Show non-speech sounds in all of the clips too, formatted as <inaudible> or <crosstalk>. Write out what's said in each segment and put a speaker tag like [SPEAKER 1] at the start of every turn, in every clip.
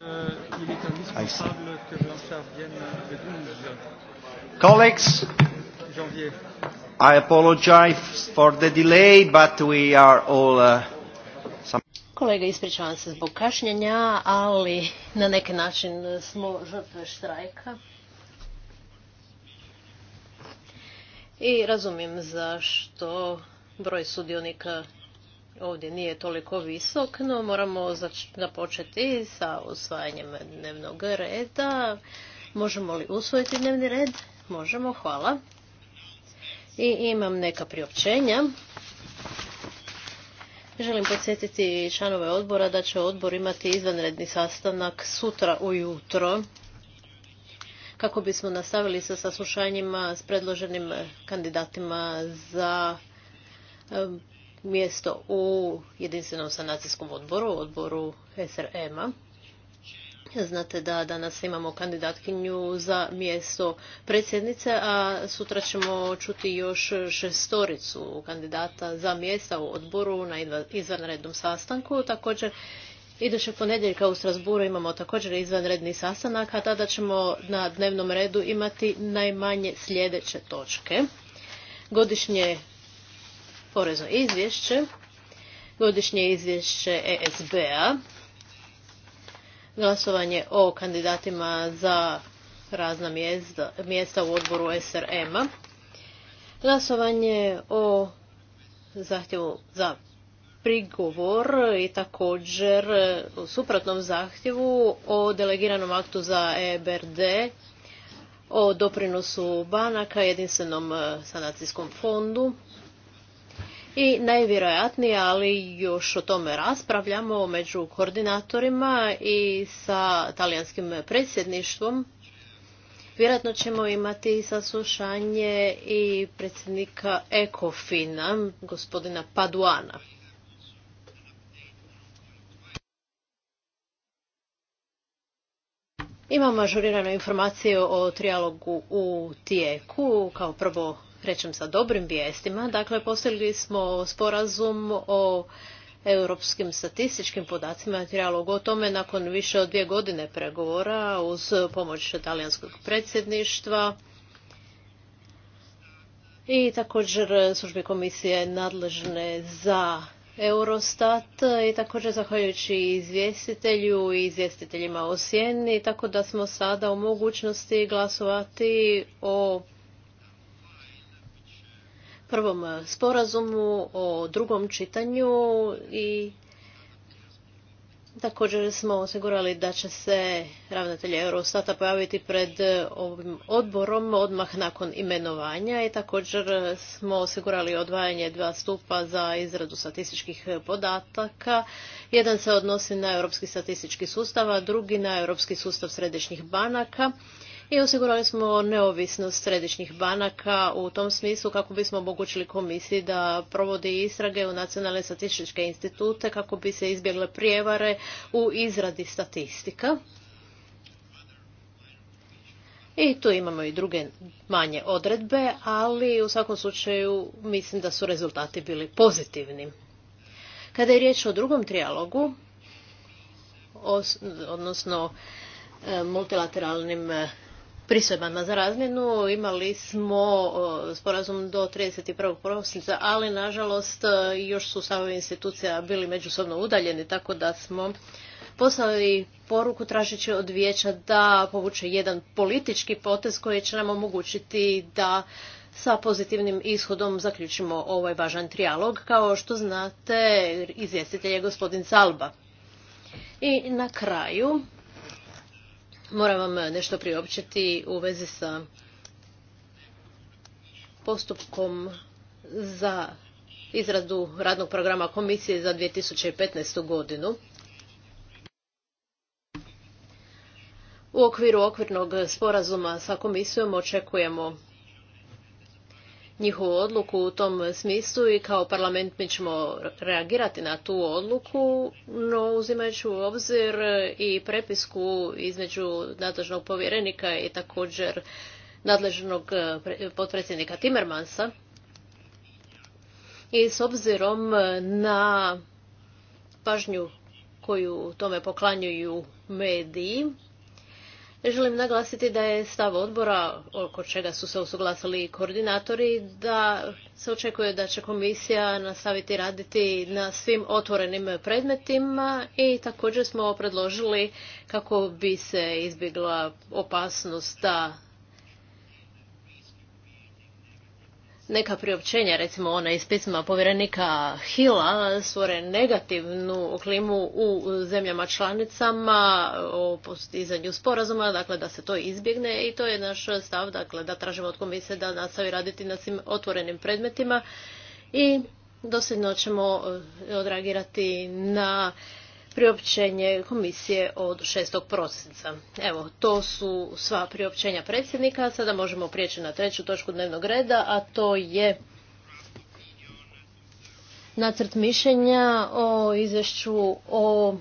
[SPEAKER 1] Euh,
[SPEAKER 2] Colleagues, I apologize for the delay, but we are all... Uh, Kolega, ispričavam se zbog kašnjenja, ali na neki način smo žrtve štrajka. I razumijem zašto broj sudionika ovdje nije toliko visok, no moramo započeti sa usvajanjem dnevnog reda. Možemo li usvojiti dnevni red? Možemo, hvala. I imam neka priopćenja. Želim podsjetiti članove odbora da će odbor imati izvanredni sastanak sutra ujutro kako bismo nastavili sa saslušanjima s predloženim kandidatima za mjesto u jedinstvenom sanacijskom odboru, odboru SRM-a. Znate da danas imamo kandidatkinju za mjesto predsjednice, a sutra ćemo čuti još šestoricu kandidata za mjesta u odboru na izvanrednom sastanku. Također, idućeg ponedjeljka u Strasburu imamo također izvanredni sastanak, a tada ćemo na dnevnom redu imati najmanje sljedeće točke. Godišnje porezno izvješće, godišnje izvješće ESB-a, glasovanje o kandidatima za razna mjesta, u odboru SRM-a, glasovanje o zahtjevu za prigovor i također u suprotnom zahtjevu o delegiranom aktu za EBRD o doprinosu banaka jedinstvenom sanacijskom fondu i najvjerojatnije, ali još o tome raspravljamo među koordinatorima i sa talijanskim predsjedništvom. Vjerojatno ćemo imati saslušanje i predsjednika Ekofina, gospodina Paduana. Imamo ažurirane informaciju o trijalogu u tijeku. Kao prvo rečem sa dobrim vijestima. Dakle, postigli smo sporazum o europskim statističkim podacima materijalu o tome nakon više od dvije godine pregovora uz pomoć talijanskog predsjedništva i također službe komisije nadležne za Eurostat i također zahvaljujući izvjestitelju i izvjestiteljima o sjeni, tako da smo sada u mogućnosti glasovati o prvom eh, sporazumu o drugom čitanju i također smo osigurali da će se ravnatelje Eurostata pojaviti pred eh, ovim odborom odmah nakon imenovanja i također eh, smo osigurali odvajanje dva stupa za izradu statističkih podataka. Jedan se odnosi na europski statistički sustav, a drugi na europski sustav središnjih banaka i osigurali smo neovisnost središnjih banaka u tom smislu kako bismo omogućili komisiji da provodi istrage u nacionalne statističke institute kako bi se izbjegle prijevare u izradi statistika. I tu imamo i druge manje odredbe, ali u svakom slučaju mislim da su rezultati bili pozitivni. Kada je riječ o drugom trijalogu, odnosno e, multilateralnim e, pristojbama za razmjenu. Imali smo sporazum do 31. prosinca, ali nažalost e, još su stavovi institucija bili međusobno udaljeni, tako da smo poslali poruku tražeći od vijeća da povuče jedan politički potez koji će nam omogućiti da sa pozitivnim ishodom zaključimo ovaj važan trijalog. Kao što znate, izvjestitelj je gospodin Salba. I na kraju, Moram vam eh, nešto priopćiti u vezi sa postupkom za izradu radnog programa komisije za 2015. godinu. U okviru okvirnog sporazuma sa komisijom očekujemo njihovu odluku u tom smislu i kao parlament mi ćemo reagirati na tu odluku, no uzimajući u obzir i prepisku između nadležnog povjerenika i također nadležnog eh, potpredsjednika Timmermansa i s obzirom eh, na pažnju koju tome poklanjuju mediji, Želim naglasiti da je stav odbora, oko čega su se usuglasili koordinatori, da se očekuje da će komisija nastaviti raditi na svim otvorenim predmetima i također smo predložili kako bi se izbjegla opasnost da neka priopćenja, recimo ona iz pisma povjerenika Hila, stvore negativnu klimu u zemljama članicama o postizanju sporazuma, dakle da se to izbjegne i to je naš stav, dakle da tražimo od komisije da nastavi raditi na svim otvorenim predmetima i dosljedno ćemo eh, odreagirati na priopćenje komisije od 6. prosinca. Evo, to su sva priopćenja predsjednika. Sada možemo prijeći na treću točku dnevnog reda, a to je nacrt mišljenja o izvješću o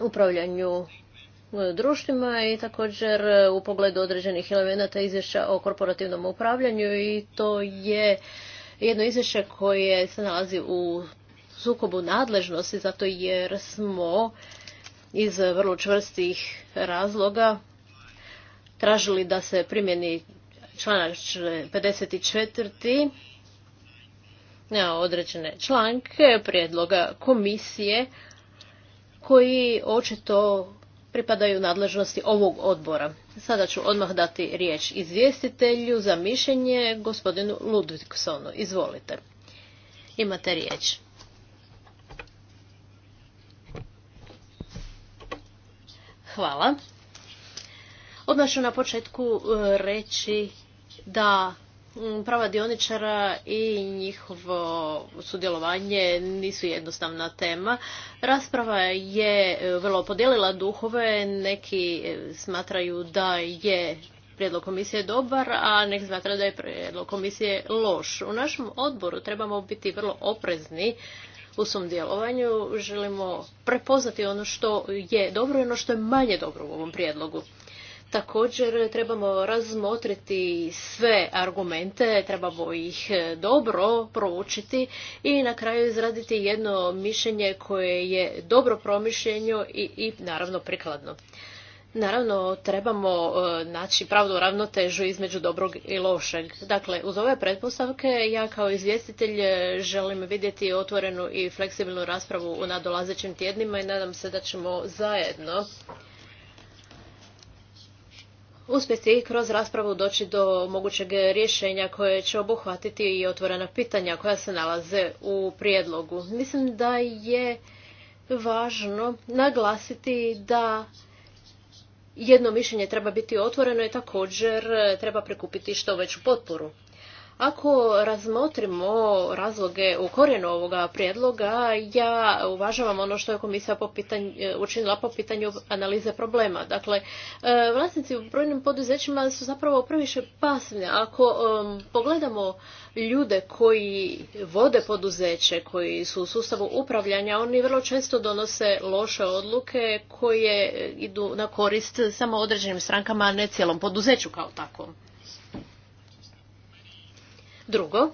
[SPEAKER 2] upravljanju e, društvima i također e, u pogledu određenih elemenata izvješća o korporativnom upravljanju i to je jedno izvješće koje se nalazi u sukobu nadležnosti zato jer smo iz vrlo čvrstih razloga tražili da se primjeni članak 54. na određene članke prijedloga komisije koji očito pripadaju nadležnosti ovog odbora. Sada ću odmah dati riječ izvjestitelju za mišljenje gospodinu Ludvigsonu. Izvolite. Imate riječ. Hvala. Odmah ću na početku e, reći da mm, prava dioničara i njihovo sudjelovanje nisu jednostavna tema. Rasprava je e, vrlo podijelila duhove, neki e, smatraju da je prijedlog komisije dobar, a neki smatraju da je prijedlog komisije loš. U našem odboru trebamo biti vrlo oprezni u svom djelovanju želimo prepoznati ono što je dobro i ono što je manje dobro u ovom prijedlogu. Također trebamo razmotriti sve argumente, trebamo ih dobro proučiti i na kraju izraditi jedno mišljenje koje je dobro promišljeno i, i naravno prikladno. Naravno, trebamo e, naći pravdu ravnotežu između dobrog i lošeg. Dakle, uz ove pretpostavke ja kao izvjestitelj e, želim vidjeti otvorenu i fleksibilnu raspravu u nadolazećim tjednima i nadam se da ćemo zajedno uspjeti kroz raspravu doći do mogućeg rješenja koje će obuhvatiti i otvorena pitanja koja se nalaze u prijedlogu. Mislim da je važno naglasiti da jedno mišljenje treba biti otvoreno i također e, treba prikupiti što veću potporu. Ako razmotrimo razloge u korijenu ovoga prijedloga, ja uvažavam ono što je komisija e, učinila po pitanju analize problema. Dakle, e, vlasnici u brojnim poduzećima su zapravo previše pasivni. Ako pogledamo ljude koji vode poduzeće, koji su u sustavu upravljanja, oni vrlo često donose loše odluke koje idu na korist samo određenim strankama, a ne cijelom poduzeću kao takvom. Drugo,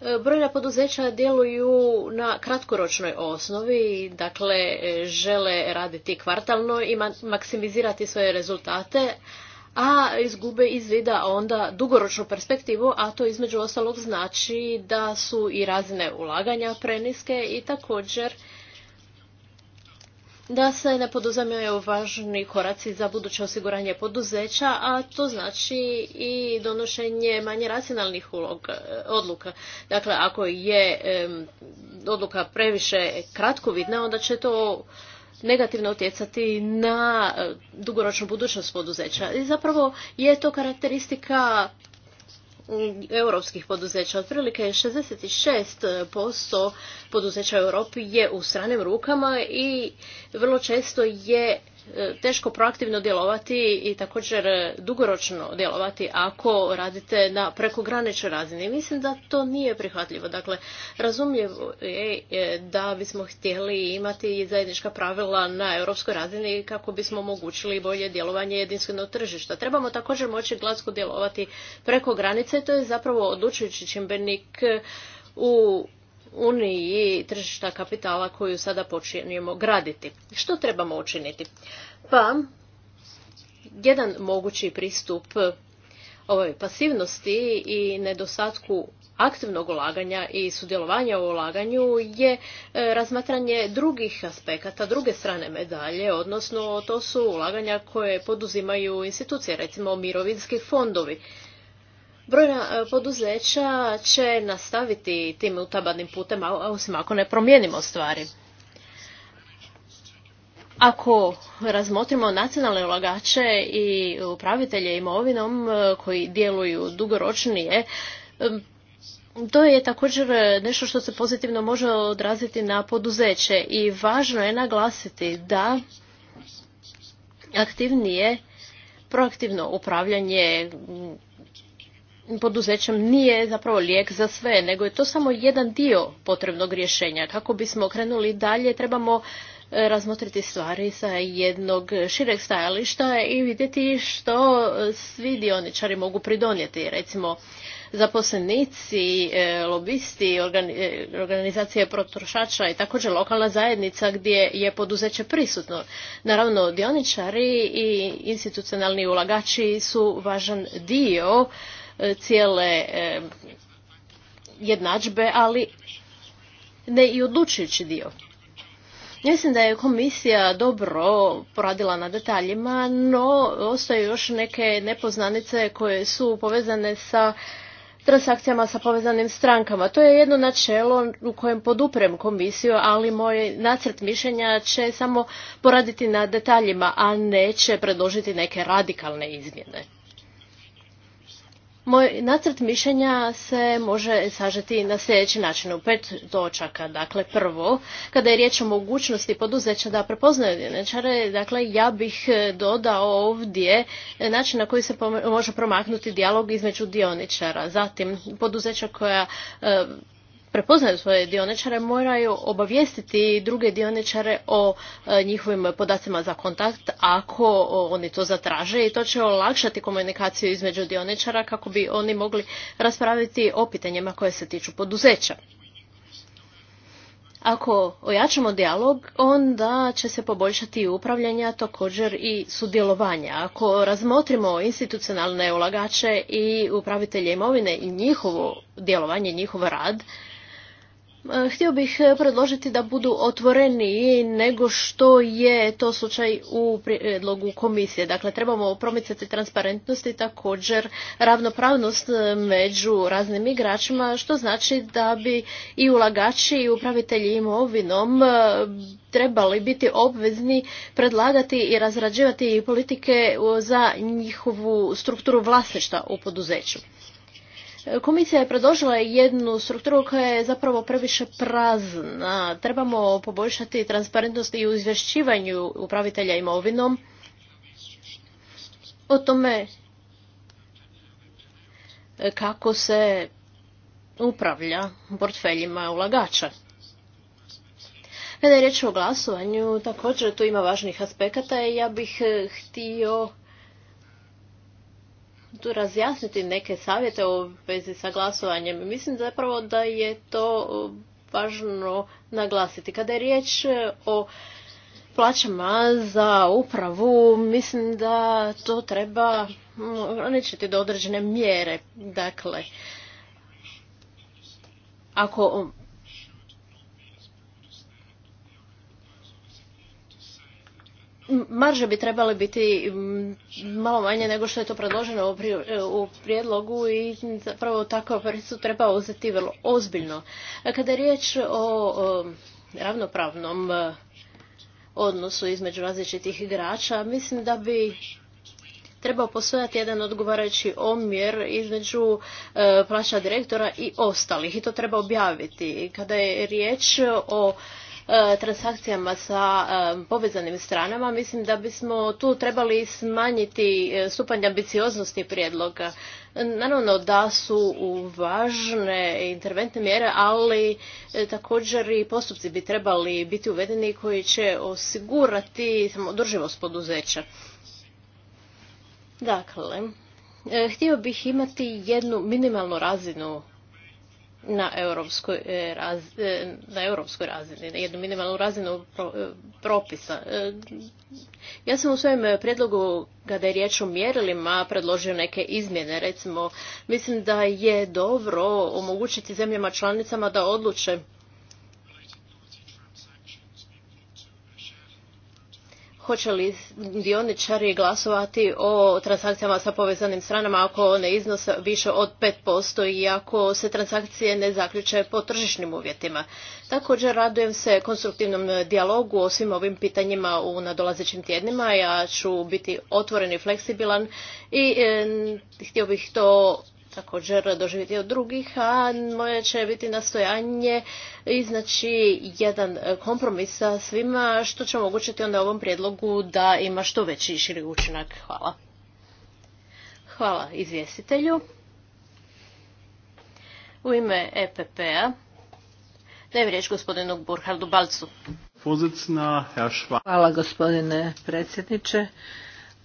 [SPEAKER 2] e, Brojna poduzeća djeluju na kratkoročnoj osnovi, dakle e, žele raditi kvartalno i maksimizirati svoje rezultate, a izgube iz vida onda dugoročnu perspektivu, a to između ostalog znači da su i razine ulaganja preniske i također da se ne poduzemaju važni koraci za buduće osiguranje poduzeća, a to znači i donošenje manje racionalnih ulog, e, odluka. Dakle, ako je odluka previše kratkovidna, onda će to negativno utjecati na e, dugoročnu budućnost poduzeća. I zapravo je to karakteristika europskih poduzeća. Otprilike 66% poduzeća u Europi je u stranim rukama i vrlo često je E, teško proaktivno djelovati i također e, dugoročno djelovati ako radite na prekograničnoj razini. Mislim da to nije prihvatljivo. Dakle, razumljivo je e, da bismo htjeli imati zajednička pravila na europskoj razini kako bismo omogućili bolje djelovanje jedinstvenog tržišta. Trebamo također moći glasko djelovati preko granice, to je zapravo odlučujući čimbenik u uniji tržišta kapitala koju sada počinjemo graditi. Što trebamo učiniti? Pa, jedan mogući pristup ovoj pasivnosti i nedostatku aktivnog ulaganja i sudjelovanja u ulaganju je e, razmatranje drugih aspekata, druge strane medalje, odnosno to su ulaganja koje poduzimaju institucije, recimo mirovinski fondovi. Brojna e, poduzeća će nastaviti tim utabanim putem, osim ako ne promijenimo stvari. Ako razmotrimo nacionalne ulagače i upravitelje imovinom e, koji djeluju dugoročnije, e, to je također nešto što se pozitivno može odraziti na poduzeće i važno je naglasiti da aktivnije proaktivno upravljanje poduzećem nije zapravo lijek za sve, nego je to samo jedan dio potrebnog rješenja. Kako bismo krenuli dalje, trebamo e, razmotriti stvari sa jednog šireg stajališta i vidjeti što svi dioničari mogu pridonijeti. Recimo, zaposlenici, e, lobisti, e, organizacije potrošača i također lokalna zajednica gdje je poduzeće prisutno. Naravno, dioničari i institucionalni ulagači su važan dio cijele e, jednadžbe, ali ne i odlučujući dio. Mislim da je komisija dobro poradila na detaljima, no ostaju još neke nepoznanice koje su povezane sa transakcijama sa povezanim strankama. To je jedno načelo u kojem poduprem komisiju, ali moj nacrt mišljenja će samo poraditi na detaljima, a neće predložiti neke radikalne izmjene. Moj nacrt mišljenja se može sažeti na sljedeći način u pet točaka. Dakle, prvo, kada je riječ o mogućnosti poduzeća da prepoznaju dioničare, dakle, ja bih e, dodao ovdje e, način na koji se može promaknuti dijalog između dioničara. Zatim, poduzeća koja e, prepoznaju svoje dioničare moraju obavijestiti druge dioničare o e, njihovim podacima za kontakt ako oni to zatraže i to će olakšati komunikaciju između dioničara kako bi oni mogli raspraviti o pitanjima koje se tiču poduzeća. Ako ojačamo dijalog, onda će se poboljšati i upravljanja, također i sudjelovanja. Ako razmotrimo institucionalne ulagače i upravitelje imovine i njihovo djelovanje, njihov rad, Eh, htio bih eh, predložiti da budu otvoreniji nego što je to slučaj u predlogu komisije. Dakle, trebamo promicati transparentnost i također ravnopravnost eh, među raznim igračima, što znači da bi i ulagači i upravitelji imovinom trebali biti obvezni predlagati i razrađivati politike za njihovu strukturu vlasništva u poduzeću. Komisija je predložila jednu strukturu koja je zapravo previše prazna. Trebamo poboljšati transparentnost i u upravitelja imovinom. O tome kako se upravlja portfeljima ulagača. Kada je riječ o glasovanju, također tu ima važnih aspekata i ja bih htio tu razjasniti neke savjete u vezi sa glasovanjem. Mislim zapravo da je to e, važno naglasiti. Kada je riječ e, o plaćama za upravu, mislim da to treba mm, ograničiti do određene mjere. Dakle, ako marže bi trebale biti malo manje nego što je to predloženo u e, prijedlogu i zapravo tako su treba uzeti vrlo ozbiljno. E, kada je riječ o ravnopravnom e, odnosu između različitih igrača, mislim da bi trebao postojati jedan odgovarajući omjer između plaća direktora i ostalih i to treba objaviti. Kada je riječ o E, transakcijama sa e, povezanim stranama, mislim da bismo tu trebali smanjiti e, stupanj ambicioznosti prijedloga. Naravno da su važne interventne mjere, ali također i postupci bi trebali biti uvedeni koji će osigurati održivost poduzeća. Dakle, htio bih imati jednu minimalnu razinu na europskoj, e, razini, e, na europskoj razini, na jednu minimalnu razinu e, propisa. Ja sam u svojem prijedlogu, kada je riječ o mjerilima, predložio neke izmjene. Recimo, mislim da je dobro omogućiti zemljama članicama da odluče hoće li dioničari glasovati o transakcijama sa povezanim stranama ako one iznose više od 5% i ako se transakcije ne zaključe po tržišnim uvjetima. Također radujem se konstruktivnom dijalogu o svim ovim pitanjima u nadolazećim tjednima. Ja ću biti otvoren i fleksibilan i htio bih to također doživjeti od drugih, a moje će biti nastojanje iznaći jedan kompromis sa svima što će omogućiti onda ovom prijedlogu da ima što veći i širi učinak. Hvala. Hvala izvjestitelju. U ime EPP-a je riječ gospodinu Burhardu Balcu.
[SPEAKER 3] Hvala gospodine predsjedniče.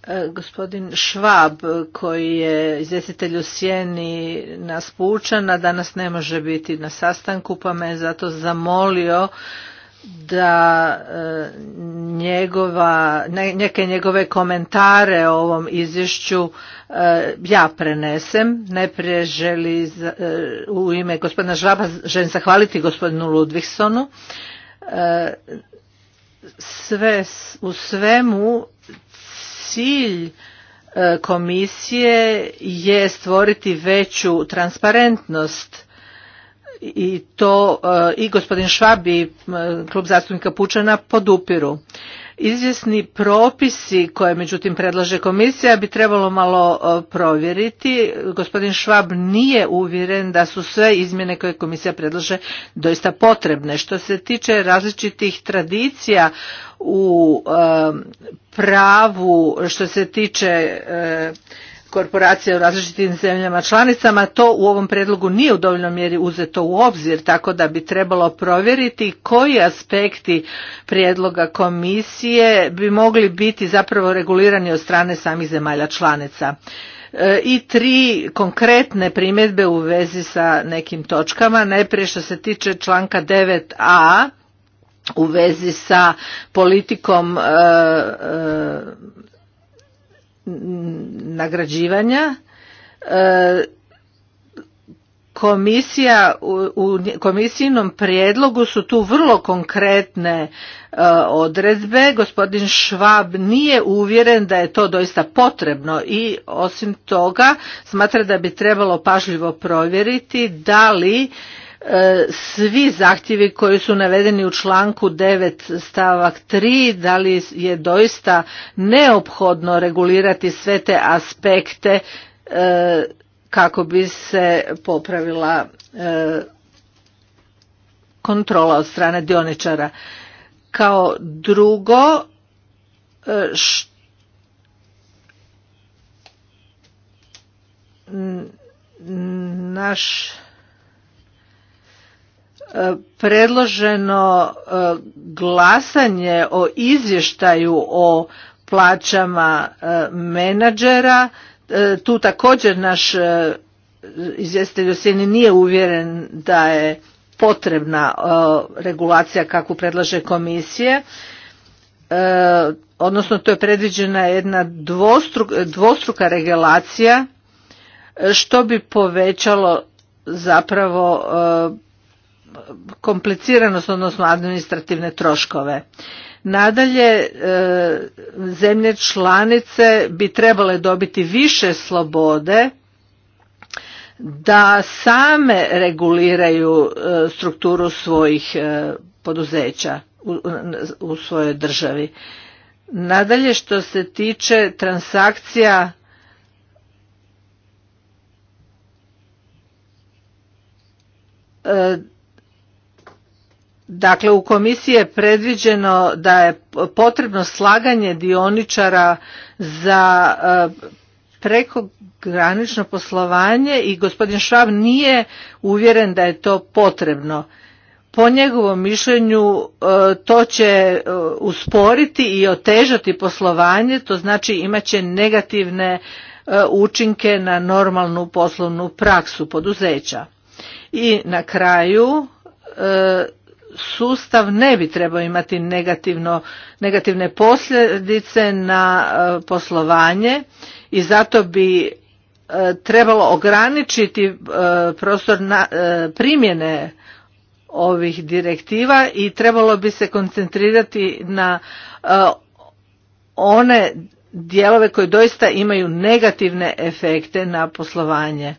[SPEAKER 3] E, gospodin Švab koji je izvjestitelj u Sjeni nas a danas ne može biti na sastanku pa me je zato zamolio da e, njegova, neke njegove komentare o ovom izvješću e, ja prenesem. Najprije želi u ime gospodina Žvaba želim zahvaliti gospodinu Ludvigsonu. Sve u svemu cilj e, komisije je stvoriti veću transparentnost i to e, i gospodin Švabi, e, klub zastupnika Pučana, podupiru. Izvjesni propisi koje međutim predlaže komisija bi trebalo malo e, provjeriti. Gospodin Švab nije uvjeren da su sve izmjene koje komisija predlaže doista potrebne. Što se tiče različitih tradicija u e, pravu, što se tiče e, korporacija u različitim zemljama članicama, to u ovom predlogu nije u dovoljnom mjeri uzeto u obzir, tako da bi trebalo provjeriti koji aspekti prijedloga komisije bi mogli biti zapravo regulirani od strane samih zemalja članica e, i tri konkretne primjedbe u vezi sa nekim točkama. Najprije što se tiče članka 9a u vezi sa politikom e, e, nagrađivanja e, komisija u komisijnom prijedlogu su tu vrlo konkretne e, odredbe gospodin Švab nije uvjeren da je to doista potrebno i osim toga smatra da bi trebalo pažljivo provjeriti da li E, svi zahtjevi koji su navedeni u članku 9 stavak 3 da li je doista neophodno regulirati sve te aspekte e, kako bi se popravila e, kontrola od strane dioničara kao drugo naš predloženo e, glasanje o izvještaju o plaćama e, menadžera. E, tu također naš izvjestitelj u nije uvjeren da je potrebna regulacija kakvu predlaže komisije. Odnosno to je predviđena jedna dvostruka regulacija što bi povećalo zapravo kompliciranost, odnosno administrativne troškove. Nadalje, e, zemlje članice bi trebale dobiti više slobode da same reguliraju e, strukturu svojih e, poduzeća u svojoj državi. Nadalje, što se tiče transakcija Dakle, u komisiji je predviđeno da je potrebno slaganje dioničara za e, prekogranično poslovanje i gospodin Švab nije uvjeren da je to potrebno. Po njegovom mišljenju e, to će e, usporiti i otežati poslovanje, to znači imat će negativne učinke na normalnu poslovnu praksu poduzeća. I na kraju sustav ne bi trebao imati negativne posljedice na e, poslovanje i zato bi e, trebalo ograničiti e, prostor primjene ovih direktiva i trebalo bi se koncentrirati na one dijelove koji doista imaju negativne efekte na poslovanje.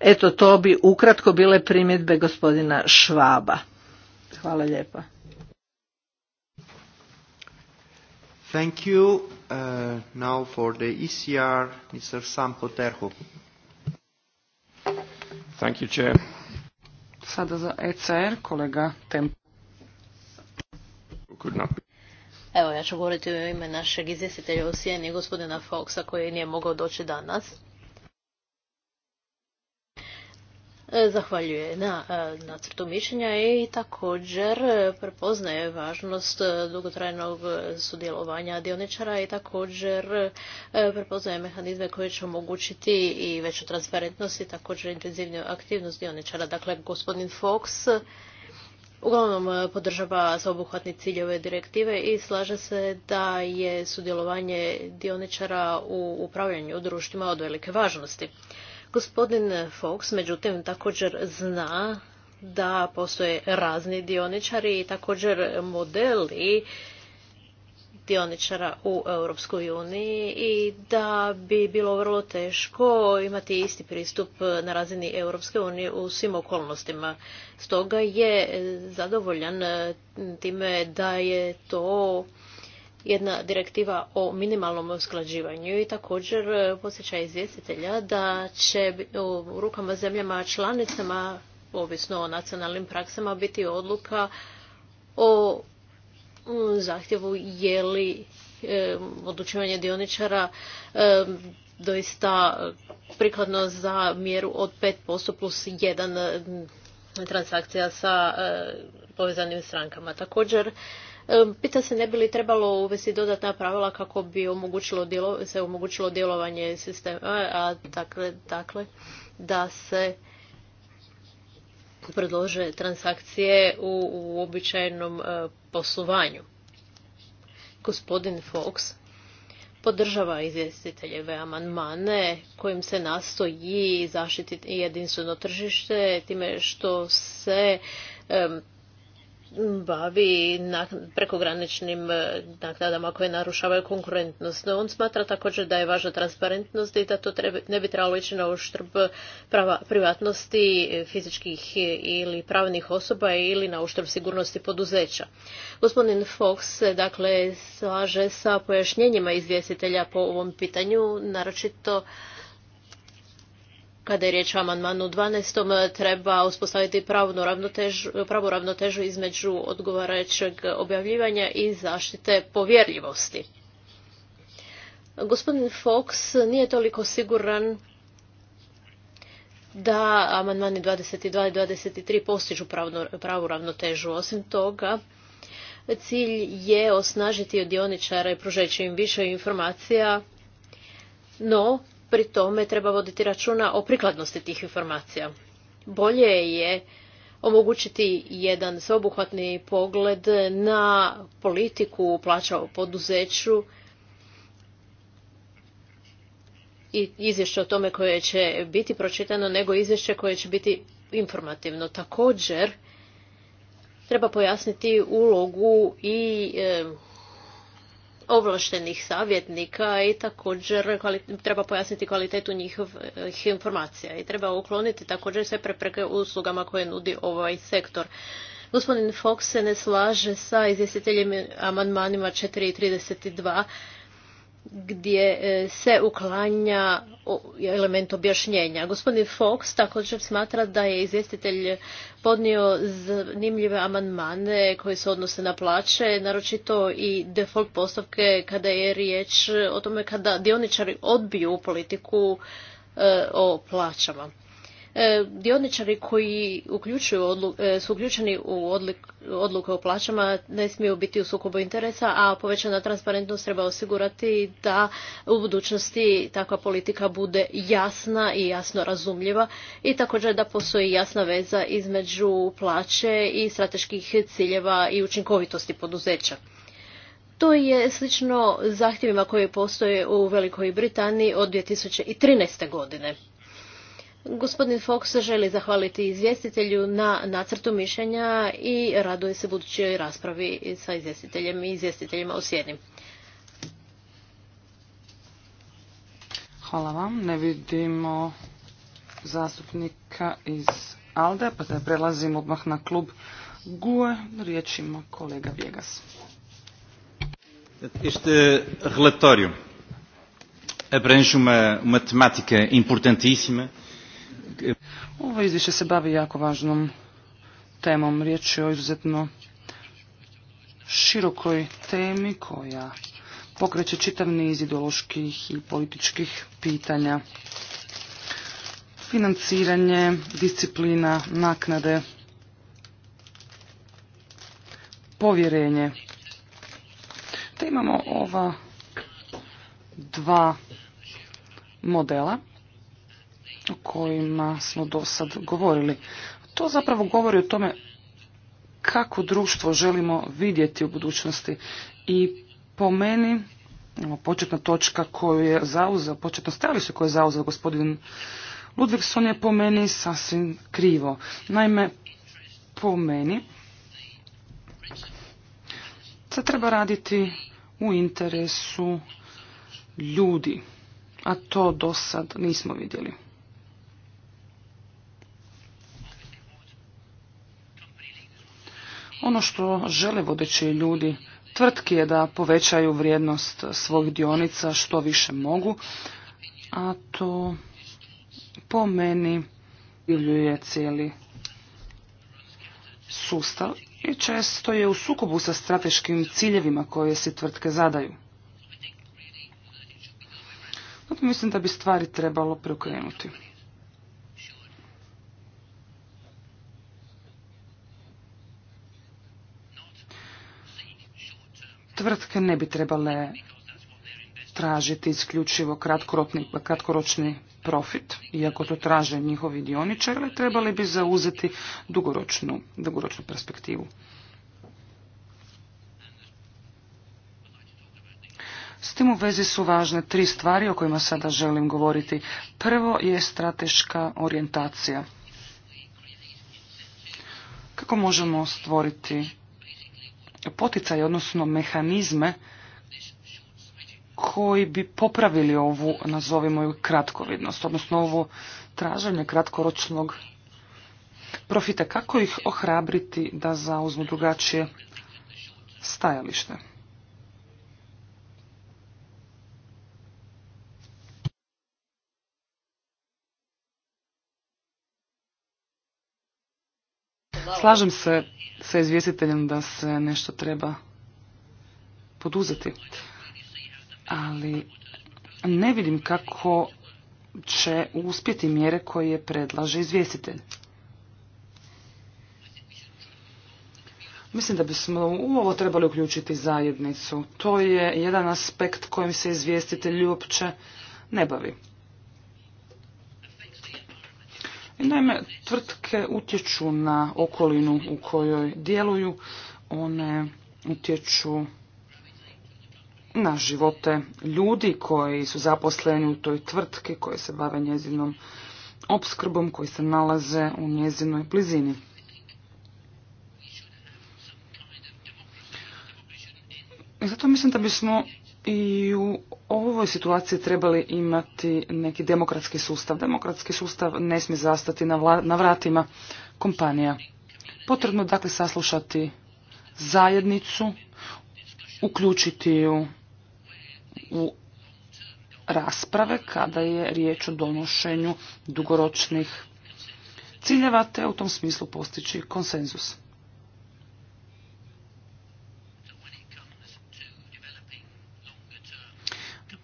[SPEAKER 3] Eto, to bi ukratko bile primjedbe gospodina Švaba. Hvala lijepa. Thank
[SPEAKER 2] you. Uh, now for the ECR, Mr. Sampo Terho.
[SPEAKER 3] Thank you, Chair.
[SPEAKER 1] Sada za ECR, kolega Tempo.
[SPEAKER 2] Could not be. Evo, ja ću govoriti u ime našeg izvjestitelja u Sijeni, gospodina Foxa, koji nije mogao doći danas. E, zahvaljuje na e, nacrtu mišljenja i također e, prepoznaje važnost dugotrajnog sudjelovanja dioničara i također prepoznaje mehanizme koje će omogućiti i veću transparentnost i također intenzivniju aktivnost dioničara. Dakle, gospodin Fox uglavnom podržava cilj ciljeve direktive i slaže se da je sudjelovanje dioničara u upravljanju društvima od velike važnosti. Gospodin Fox, međutim, također zna da postoje razni dioničari i također modeli dioničara u Europskoj uniji i da bi bilo vrlo teško imati isti pristup na razini Europske unije u svim okolnostima. Stoga je zadovoljan time da je to jedna direktiva o minimalnom usklađivanju i također e, posjeća izvjestitelja da će u rukama zemljama članicama, ovisno o nacionalnim praksama, biti odluka o mm, zahtjevu je li e, odlučivanje dioničara e, doista prikladno za mjeru od 5% plus 1 transakcija sa povezanim strankama. Također Pita se ne bi li trebalo uvesti dodatna pravila kako bi omogućilo se omogućilo djelovanje sistema, a dakle, da se predlože transakcije u uobičajenom e, poslovanju. Gospodin Fox podržava izvjestiteljeve amandmane kojim se nastoji zaštititi jedinstveno tržište time što se bavi prekograničnim e, naknadama koje narušavaju konkurentnost. No, on smatra također da je važna transparentnost i da to treba, ne bi trebalo ići na uštrb prava, privatnosti fizičkih ili pravnih osoba ili na uštrb sigurnosti poduzeća. Gospodin Fox se dakle slaže sa pojašnjenjima izvjestitelja po ovom pitanju, naročito kada je riječ o amandmanu 12. E, treba uspostaviti pravu ravnotežu između odgovarajućeg objavljivanja i zaštite povjerljivosti. Gospodin Fox nije toliko siguran da amandmani 22 i 23 postižu pravu ravnotežu. Osim toga, cilj je osnažiti dioničare i im više informacija, no Pri tome treba voditi računa o prikladnosti tih informacija. Bolje je omogućiti jedan sveobuhvatni pogled na politiku plaća u poduzeću i izvješće o tome koje će biti pročitano nego izvješće koje će biti informativno. Također treba pojasniti ulogu i ovlaštenih savjetnika i također treba pojasniti kvalitetu njihovih informacija i treba ukloniti također sve prepreke uslugama koje nudi ovaj sektor. Gospodin Fox se ne slaže sa izvjestiteljem amandmanima 4 i 32 gdje e, se uklanja element objašnjenja. Gospodin Fox također smatra da je izvjestitelj podnio zanimljive amandmane koji se odnose na plaće, naročito i default postavke kada je riječ o tome kada dioničari odbiju politiku e, o plaćama. E, dioničari koji uključuju e, su uključeni u odluke o plaćama ne smiju biti u sukobu interesa, a povećana transparentnost treba osigurati da u budućnosti takva politika bude jasna i jasno razumljiva i također da postoji jasna veza između plaće i strateških ciljeva i učinkovitosti poduzeća. To je slično zahtjevima koji postoje u Velikoj Britaniji od 2013. godine. Gospodin Fox želi zahvaliti izvjestitelju na nacrtu mišljenja i raduje se budućoj raspravi sa izvjestiteljem i izvjestiteljima u sjedni.
[SPEAKER 1] Hvala vam. Ne vidimo zastupnika iz ALDE, pa da prelazimo odmah na klub GUE. Riječ ima kolega Vjegas. Este relatório
[SPEAKER 3] abrange uma, uma temática importantíssima
[SPEAKER 1] ovo izvješće se bavi jako važnom temom. Riječ je o izuzetno širokoj temi koja pokreće čitav niz ideoloških i političkih pitanja. Financiranje, disciplina, naknade, povjerenje. Te imamo ova dva modela o kojima smo do sad govorili. To zapravo govori o tome kako društvo želimo vidjeti u budućnosti i po meni početna točka koju je zauzeo, početno stajalište koje je zauzeo gospodin Ludvigson je po meni sasvim krivo. Naime, po meni se treba raditi u interesu ljudi, a to do sad nismo vidjeli. Ono što žele vodeći ljudi tvrtki je da povećaju vrijednost svojih dionica što više mogu, a to po meni iljuje cijeli sustav i često je u sukobu sa strateškim ciljevima koje si tvrtke zadaju. Zato mislim da bi stvari trebalo preokrenuti. tvrtke ne bi trebale tražiti isključivo kratkoročni profit, iako to traže njihovi dioničari, ali trebali bi zauzeti dugoročnu, dugoročnu perspektivu. S tim u vezi su važne tri stvari o kojima sada želim govoriti. Prvo je strateška orijentacija. Kako možemo stvoriti poticaje, odnosno mehanizme koji bi popravili ovu, nazovimo ju, kratkovidnost, odnosno ovo traženje kratkoročnog profita. Kako ih ohrabriti da zauzmu drugačije stajalište? Slažem se sa izvjestiteljem da se nešto treba poduzeti, ali ne vidim kako će uspjeti mjere koje predlaže izvjestitelj. Mislim da bismo u ovo trebali uključiti zajednicu. To je jedan aspekt kojim se izvjestitelj uopće ne bavi. Naime, tvrtke utječu na okolinu u kojoj djeluju, one utječu na živote ljudi koji su zaposleni u toj tvrtki, koji se bave njezinom opskrbom, koji se nalaze u njezinoj blizini. I zato mislim da bismo i u ovoj situaciji trebali imati neki demokratski sustav. Demokratski sustav ne smije zastati na, vratima kompanija. Potrebno je dakle saslušati zajednicu, uključiti ju u rasprave kada je riječ o donošenju dugoročnih ciljeva te u tom smislu postići konsenzus.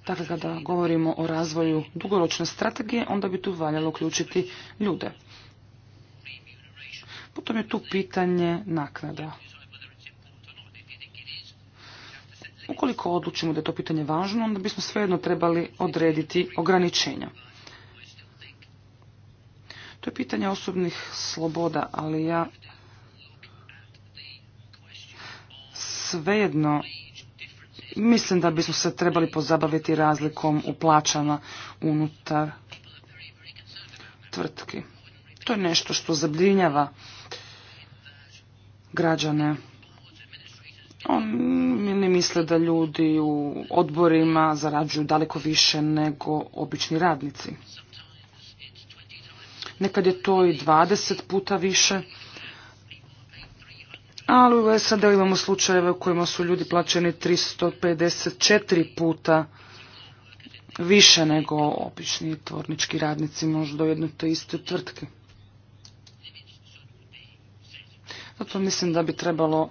[SPEAKER 1] Dakle, kada govorimo o razvoju dugoročne strategije, onda bi tu valjalo uključiti ljude. Potom je tu pitanje naknada. Ukoliko odlučimo da je to pitanje važno, onda bismo svejedno trebali odrediti ograničenja. To je pitanje osobnih sloboda, ali ja svejedno Mislim da bismo se trebali pozabaviti razlikom u plaćama unutar tvrtki. To je nešto što zabrinjava građane. Oni misle da ljudi u odborima zarađuju daleko više nego obični radnici. Nekad je to i 20 puta više. Ali u SAD imamo slučajeve u kojima su ljudi plaćeni 354 puta više nego obični tvornički radnici možda u jednoj te istoj tvrtki. Zato mislim da bi trebalo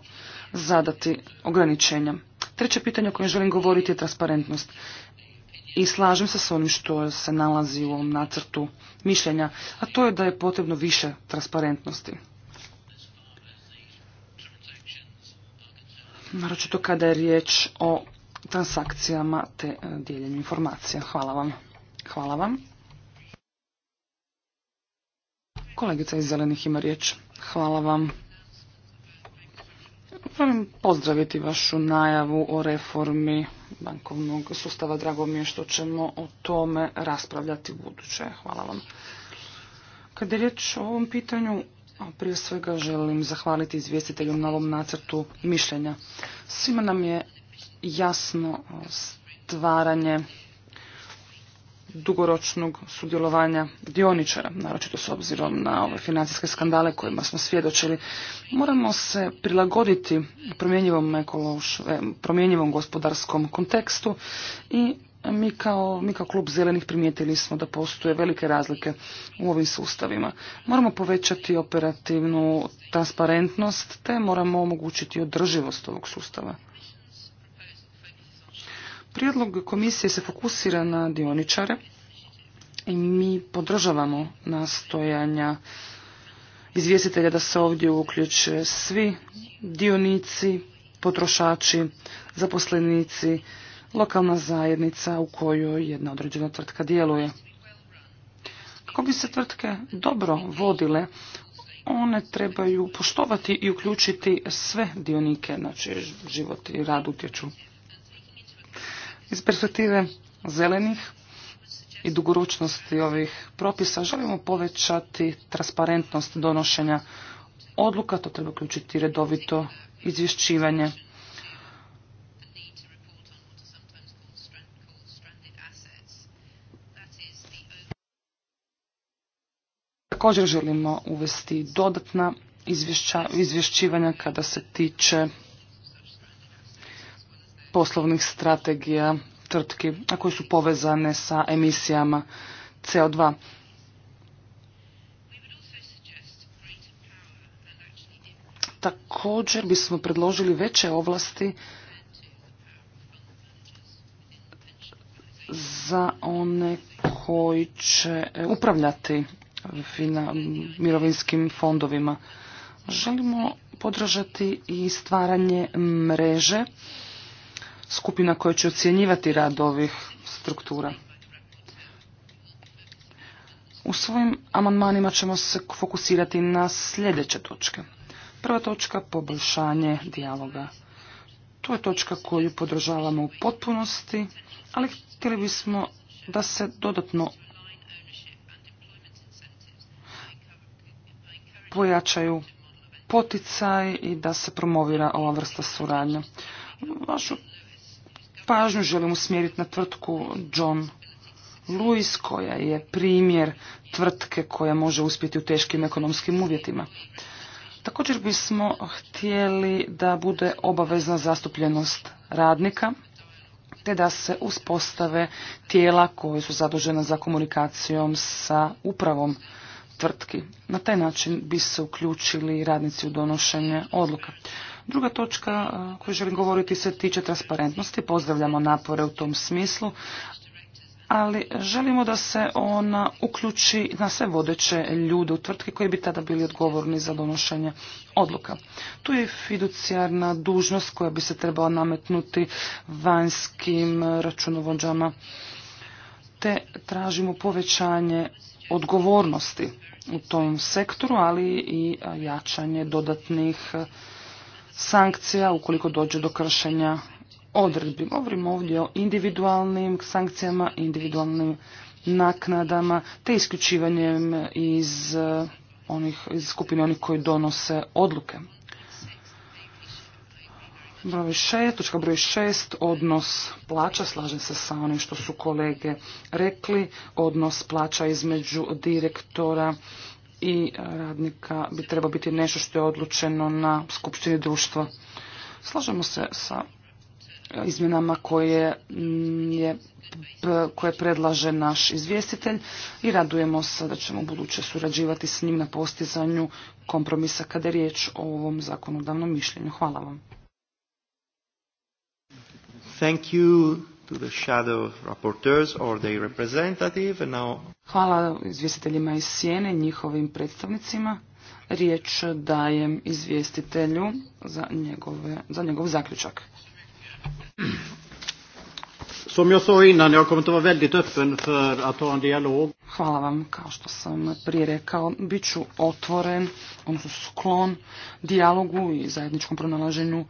[SPEAKER 1] zadati ograničenja. Treće pitanje o kojem želim govoriti je transparentnost. I slažem se s onim što se nalazi u ovom nacrtu mišljenja, a to je da je potrebno više transparentnosti. naročito kada je riječ o transakcijama te e, dijeljenju informacija. Hvala vam. Hvala vam. Kolegica iz Zelenih ima riječ. Hvala vam. Želim pozdraviti vašu najavu o reformi bankovnog sustava. Drago mi je što ćemo o tome raspravljati u buduće. Hvala vam. Kada je riječ o ovom pitanju, prije svega želim zahvaliti izvjestitelju na ovom nacrtu mišljenja. Svima nam je jasno e, stvaranje dugoročnog sudjelovanja dioničara, naročito s obzirom na ove financijske skandale kojima smo svjedočili. Moramo se prilagoditi promjenjivom, ekološ, e, promjenjivom gospodarskom kontekstu i mi kao, mi kao klub zelenih primijetili smo da postoje velike razlike u ovim sustavima. Moramo povećati operativnu transparentnost te moramo omogućiti održivost ovog sustava. Prijedlog komisije se fokusira na dioničare i mi podržavamo nastojanja izvjestitelja da se ovdje uključe svi dionici, potrošači, zaposlenici, lokalna zajednica u kojoj jedna određena tvrtka djeluje. Kako bi se tvrtke dobro vodile, one trebaju poštovati i uključiti sve dionike na čiji život i rad utječu. Iz perspektive zelenih i dugoročnosti ovih propisa želimo povećati transparentnost donošenja odluka, to treba uključiti redovito izvješćivanje. Također želimo uvesti dodatna izvješćivanja kada se tiče poslovnih strategija tvrtki, a koje su povezane sa emisijama CO2. Također bismo predložili veće ovlasti za one koji će upravljati mirovinskim fondovima. Želimo podržati i stvaranje mreže skupina koje će ocjenjivati rad ovih struktura. U svojim amandmanima ćemo se fokusirati na sljedeće točke. Prva točka poboljšanje dijaloga. To je točka koju podržavamo u potpunosti, ali htjeli bismo da se dodatno pojačaju poticaj i da se promovira ova vrsta suradnja. Vašu pažnju želim usmjeriti na tvrtku John Lewis koja je primjer tvrtke koja može uspjeti u teškim ekonomskim uvjetima. Također bismo htjeli da bude obavezna zastupljenost radnika te da se uspostave tijela koje su zadužena za komunikacijom sa upravom tvrtki. Na taj način bi se uključili radnici u donošenje odluka. Druga točka e, koju želim govoriti se tiče transparentnosti. Pozdravljamo napore u tom smislu, ali želimo da se ona uključi na sve vodeće ljude u tvrtki koji bi tada bili odgovorni za donošenje odluka. Tu je fiducijarna dužnost koja bi se trebala nametnuti vanjskim računovođama te tražimo povećanje odgovornosti u tom sektoru, ali i jačanje dodatnih sankcija ukoliko dođe do kršenja odredbi. Govorimo ovdje o individualnim sankcijama, individualnim naknadama, te isključivanjem iz, eh, onih, iz skupine onih koji donose odluke. Broj 6, točka broj šest, odnos plaća, slažem se sa onim što su kolege rekli, odnos plaća između direktora i e, radnika bi trebao biti nešto što je odlučeno na skupštini društva. Slažemo se sa e, izmjenama koje je koje predlaže naš izvjestitelj i radujemo se da ćemo buduće surađivati s njim na postizanju kompromisa kada je riječ o ovom zakonodavnom mišljenju. Hvala vam.
[SPEAKER 3] Thank you to the shadow
[SPEAKER 2] rapporteurs or their representative. And now...
[SPEAKER 1] Hvala izvjestiteljima iz Sjene, njihovim predstavnicima. Riječ dajem izvjestitelju za, njegove, za njegov zaključak. Som jag sa innan, jag kommer att vara väldigt öppen för att ha en dialog. Hvala vam, kao što sam prije rekao, bit ću otvoren, odnosno sklon dialogu i zajedničkom pronalaženju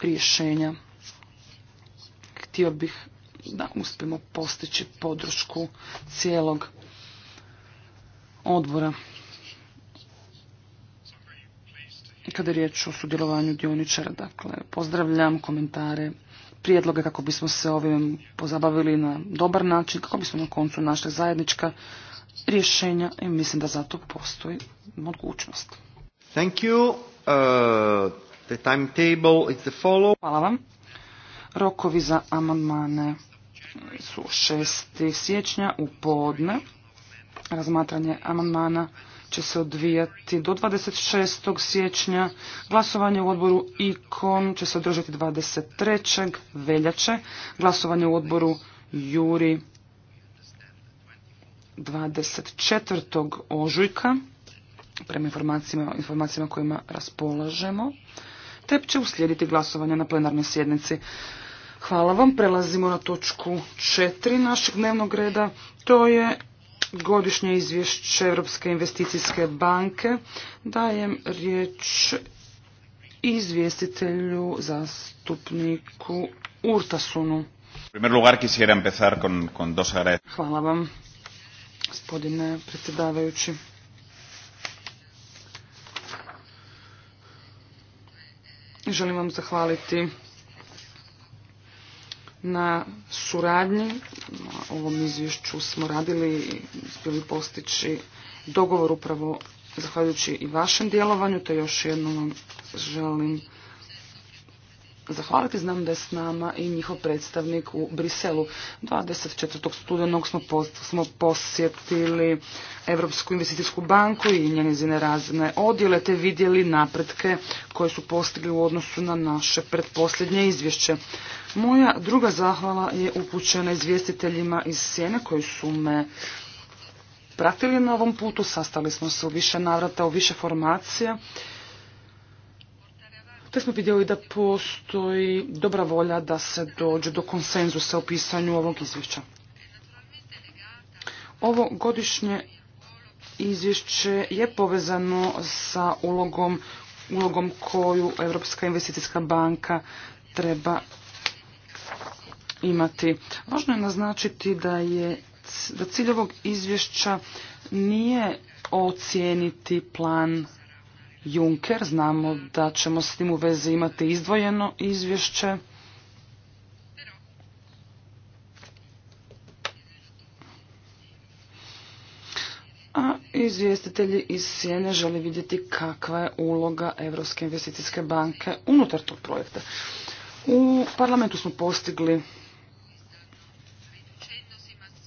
[SPEAKER 1] rješenja htio bih da uspijemo postići podršku cijelog odbora. Kada je riječ o sudjelovanju dioničara, dakle, pozdravljam komentare, prijedloge kako bismo se ovim pozabavili na dobar način, kako bismo na koncu našli zajednička rješenja i mislim da zato postoji mogućnost.
[SPEAKER 2] Uh,
[SPEAKER 1] Hvala vam. Rokovi za amandmane su 6. siječnja u podne. Razmatranje amandmana će se odvijati do 26. siječnja. Glasovanje u odboru IKON će se održati 23. veljače. Glasovanje u odboru Juri 24. ožujka prema informacijama, informacijama kojima raspolažemo te će uslijediti glasovanje na plenarnoj sjednici. Hvala vam, prelazimo na točku četiri našeg dnevnog reda, to je godišnje izvješće Europske investicijske banke. Dajem riječ izvjestitelju zastupniku Urtasunu. Hvala vam, gospodine predsjedavajući. želim vam zahvaliti na suradnji. Na ovom izvješću smo radili i uspjeli postići dogovor upravo zahvaljujući i vašem djelovanju, te još jednom vam želim zahvaliti. Znam da je s nama i njihov predstavnik u Briselu. 24. studenog smo, smo posjetili Europsku investicijsku banku i njene razne odjele te vidjeli napretke koje su postigli u odnosu na naše pretposljednje izvješće. Moja druga zahvala je upućena izvjestiteljima iz Sjene koji su me pratili na ovom putu. Sastali smo se u više navrata, u više formacija te smo vidjeli da postoji dobra volja da se dođe do konsenzusa u pisanju ovog izvješća. Ovo godišnje izvješće je povezano sa ulogom, ulogom koju Europska investicijska banka treba imati. Važno je naznačiti da je da cilj ovog izvješća nije ocijeniti plan Juncker. Znamo da ćemo s tim u vezi imati izdvojeno izvješće. A izvjestitelji iz Sjene žele vidjeti kakva je uloga Europske investicijske banke unutar tog projekta. U parlamentu smo postigli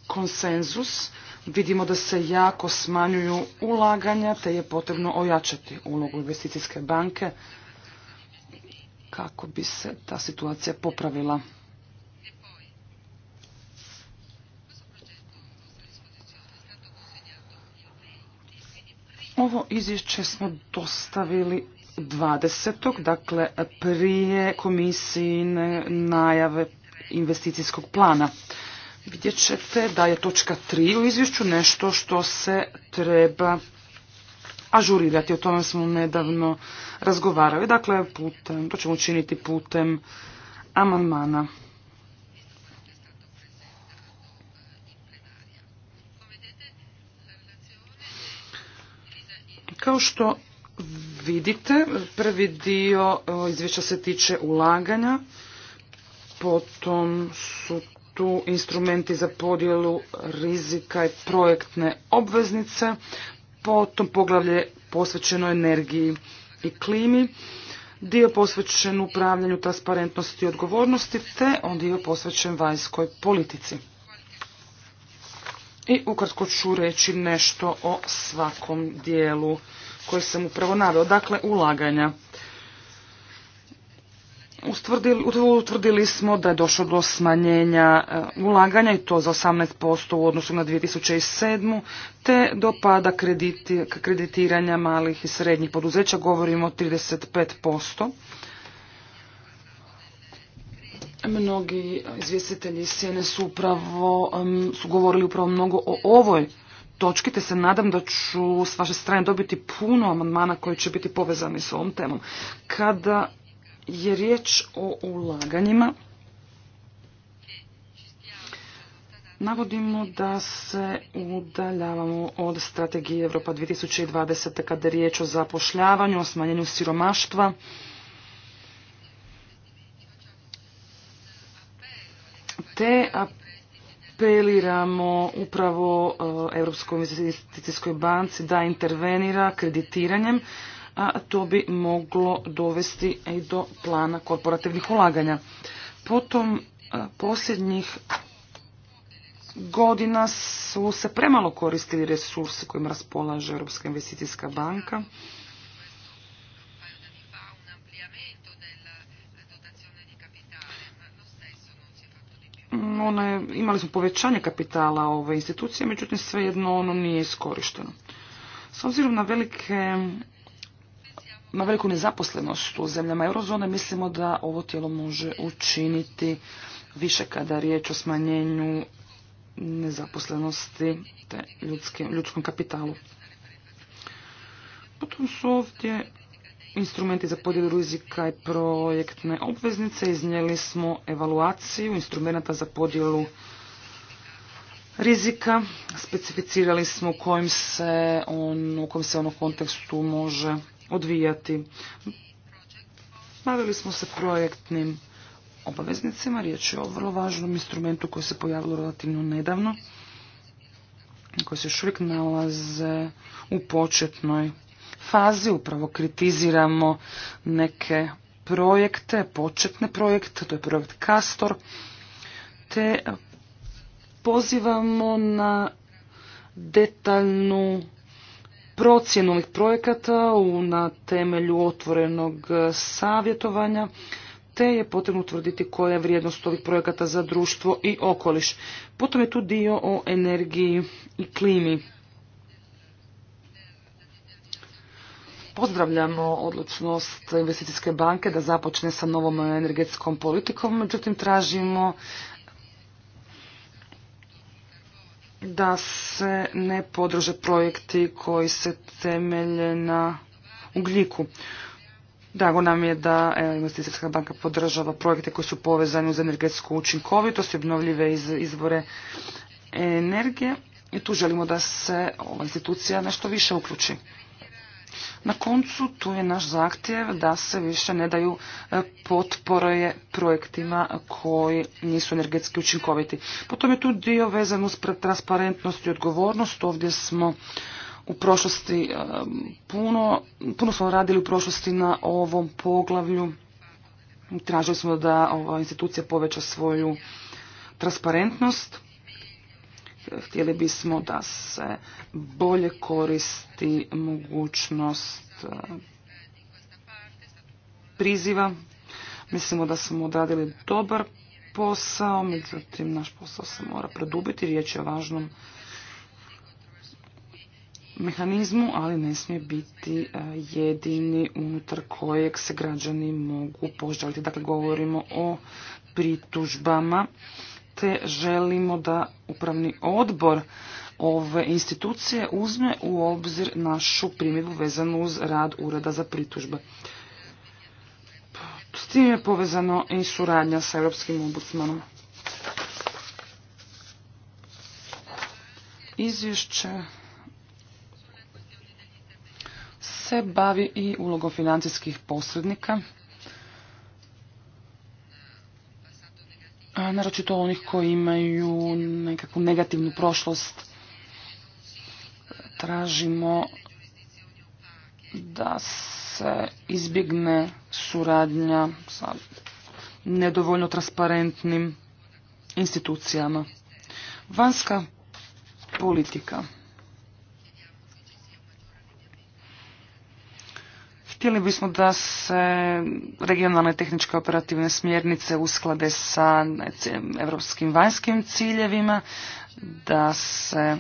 [SPEAKER 1] konsenzus vidimo da se jako smanjuju ulaganja, te je potrebno ojačati ulogu investicijske banke kako bi se ta situacija popravila. Ovo izvješće smo dostavili 20. dakle prije komisiji najave investicijskog plana vidjet ćete da je točka 3 u izvješću nešto što se treba ažurirati. O tome smo nedavno razgovarali. Dakle, putem, to ćemo učiniti putem amandmana. Kao što vidite, prvi dio e, izvješća se tiče ulaganja, potom su tu instrumenti za podjelu rizika i projektne obveznice, potom poglavlje posvećeno energiji i klimi, dio posvećen upravljanju transparentnosti i odgovornosti, te on dio posvećen vanjskoj politici. I ukratko ću reći nešto o svakom dijelu koji sam upravo naveo, dakle ulaganja utvrdili smo da je došlo do smanjenja e, ulaganja i to za 18% u odnosu na 2007. te do pada kreditiranja malih i srednjih poduzeća, govorimo o 35%. Mnogi izvjestitelji Sjene su upravo, su govorili upravo mnogo o ovoj točki, te se nadam da ću s vaše strane dobiti puno amandmana koji će biti povezani s ovom temom. Kada je riječ o ulaganjima, navodimo da se udaljavamo od strategije Europa 2020. kada je riječ o zapošljavanju, o smanjenju siromaštva. Te apeliramo upravo e, Europskoj investicijskoj banci da intervenira kreditiranjem, a to bi moglo dovesti i do plana korporativnih ulaganja. Potom e, posljednjih godina su se premalo koristili resursi kojim raspolaže Europska investicijska banka. Ona je, imali smo povećanje kapitala ove institucije, međutim svejedno ono nije iskorišteno. S obzirom na velike na veliku nezaposlenost u zemljama eurozone, mislimo da ovo tijelo može učiniti više kada je riječ o smanjenju nezaposlenosti te ljudskom kapitalu. Potom su ovdje instrumenti za podjelu rizika i projektne obveznice. Iznijeli smo evaluaciju instrumenta za podjelu rizika. Specificirali smo u se u kojem se ono kontekstu može odvijati. Bavili smo se projektnim obaveznicima, riječ je o vrlo važnom instrumentu koji se pojavilo relativno nedavno, koji se još uvijek nalaze u početnoj fazi. Upravo kritiziramo neke projekte, početne projekte, to je projekt Castor, te pozivamo na detaljnu procjenu ovih projekata na temelju otvorenog e, savjetovanja, te je potrebno utvrditi koja je vrijednost ovih projekata za društvo i okoliš. Potom je tu dio o energiji i klimi. Pozdravljamo odlučnost investicijske banke da započne sa novom energetskom politikom, međutim tražimo da se ne podrže projekti koji se temelje na ugljiku. Drago nam je da Investicijska banka podržava projekte koji su povezani uz energetsku učinkovitost i obnovljive izvore energije i tu želimo da se ova institucija nešto više uključi. Na koncu tu je naš zahtjev da se više ne daju e, potpore projektima koji nisu energetski učinkoviti. Potom je tu dio vezan uz transparentnost i odgovornost. Ovdje smo u prošlosti e, puno, puno smo radili u prošlosti na ovom poglavlju. Tražili smo da ova institucija poveća svoju transparentnost. Htjeli bismo da se bolje koristi mogućnost e, priziva. Mislimo da smo odradili dobar posao, međutim naš posao se mora produbiti, riječ je o važnom mehanizmu, ali ne smije biti e, jedini unutar kojeg se građani mogu požaliti. Dakle, govorimo o pritužbama te želimo da upravni odbor ove institucije uzme u obzir našu primjedbu vezanu uz rad Ureda za pritužbe. S tim je povezano i suradnja sa Europskim ombudsmanom. Izvješće se bavi i ulogom financijskih posrednika. a naročito onih koji imaju nekakvu negativnu prošlost. Tražimo da se izbjegne suradnja sa nedovoljno transparentnim institucijama. Vanjska politika. Htjeli bismo da se regionalne tehničke operativne smjernice usklade sa znači, europskim vanjskim ciljevima, da se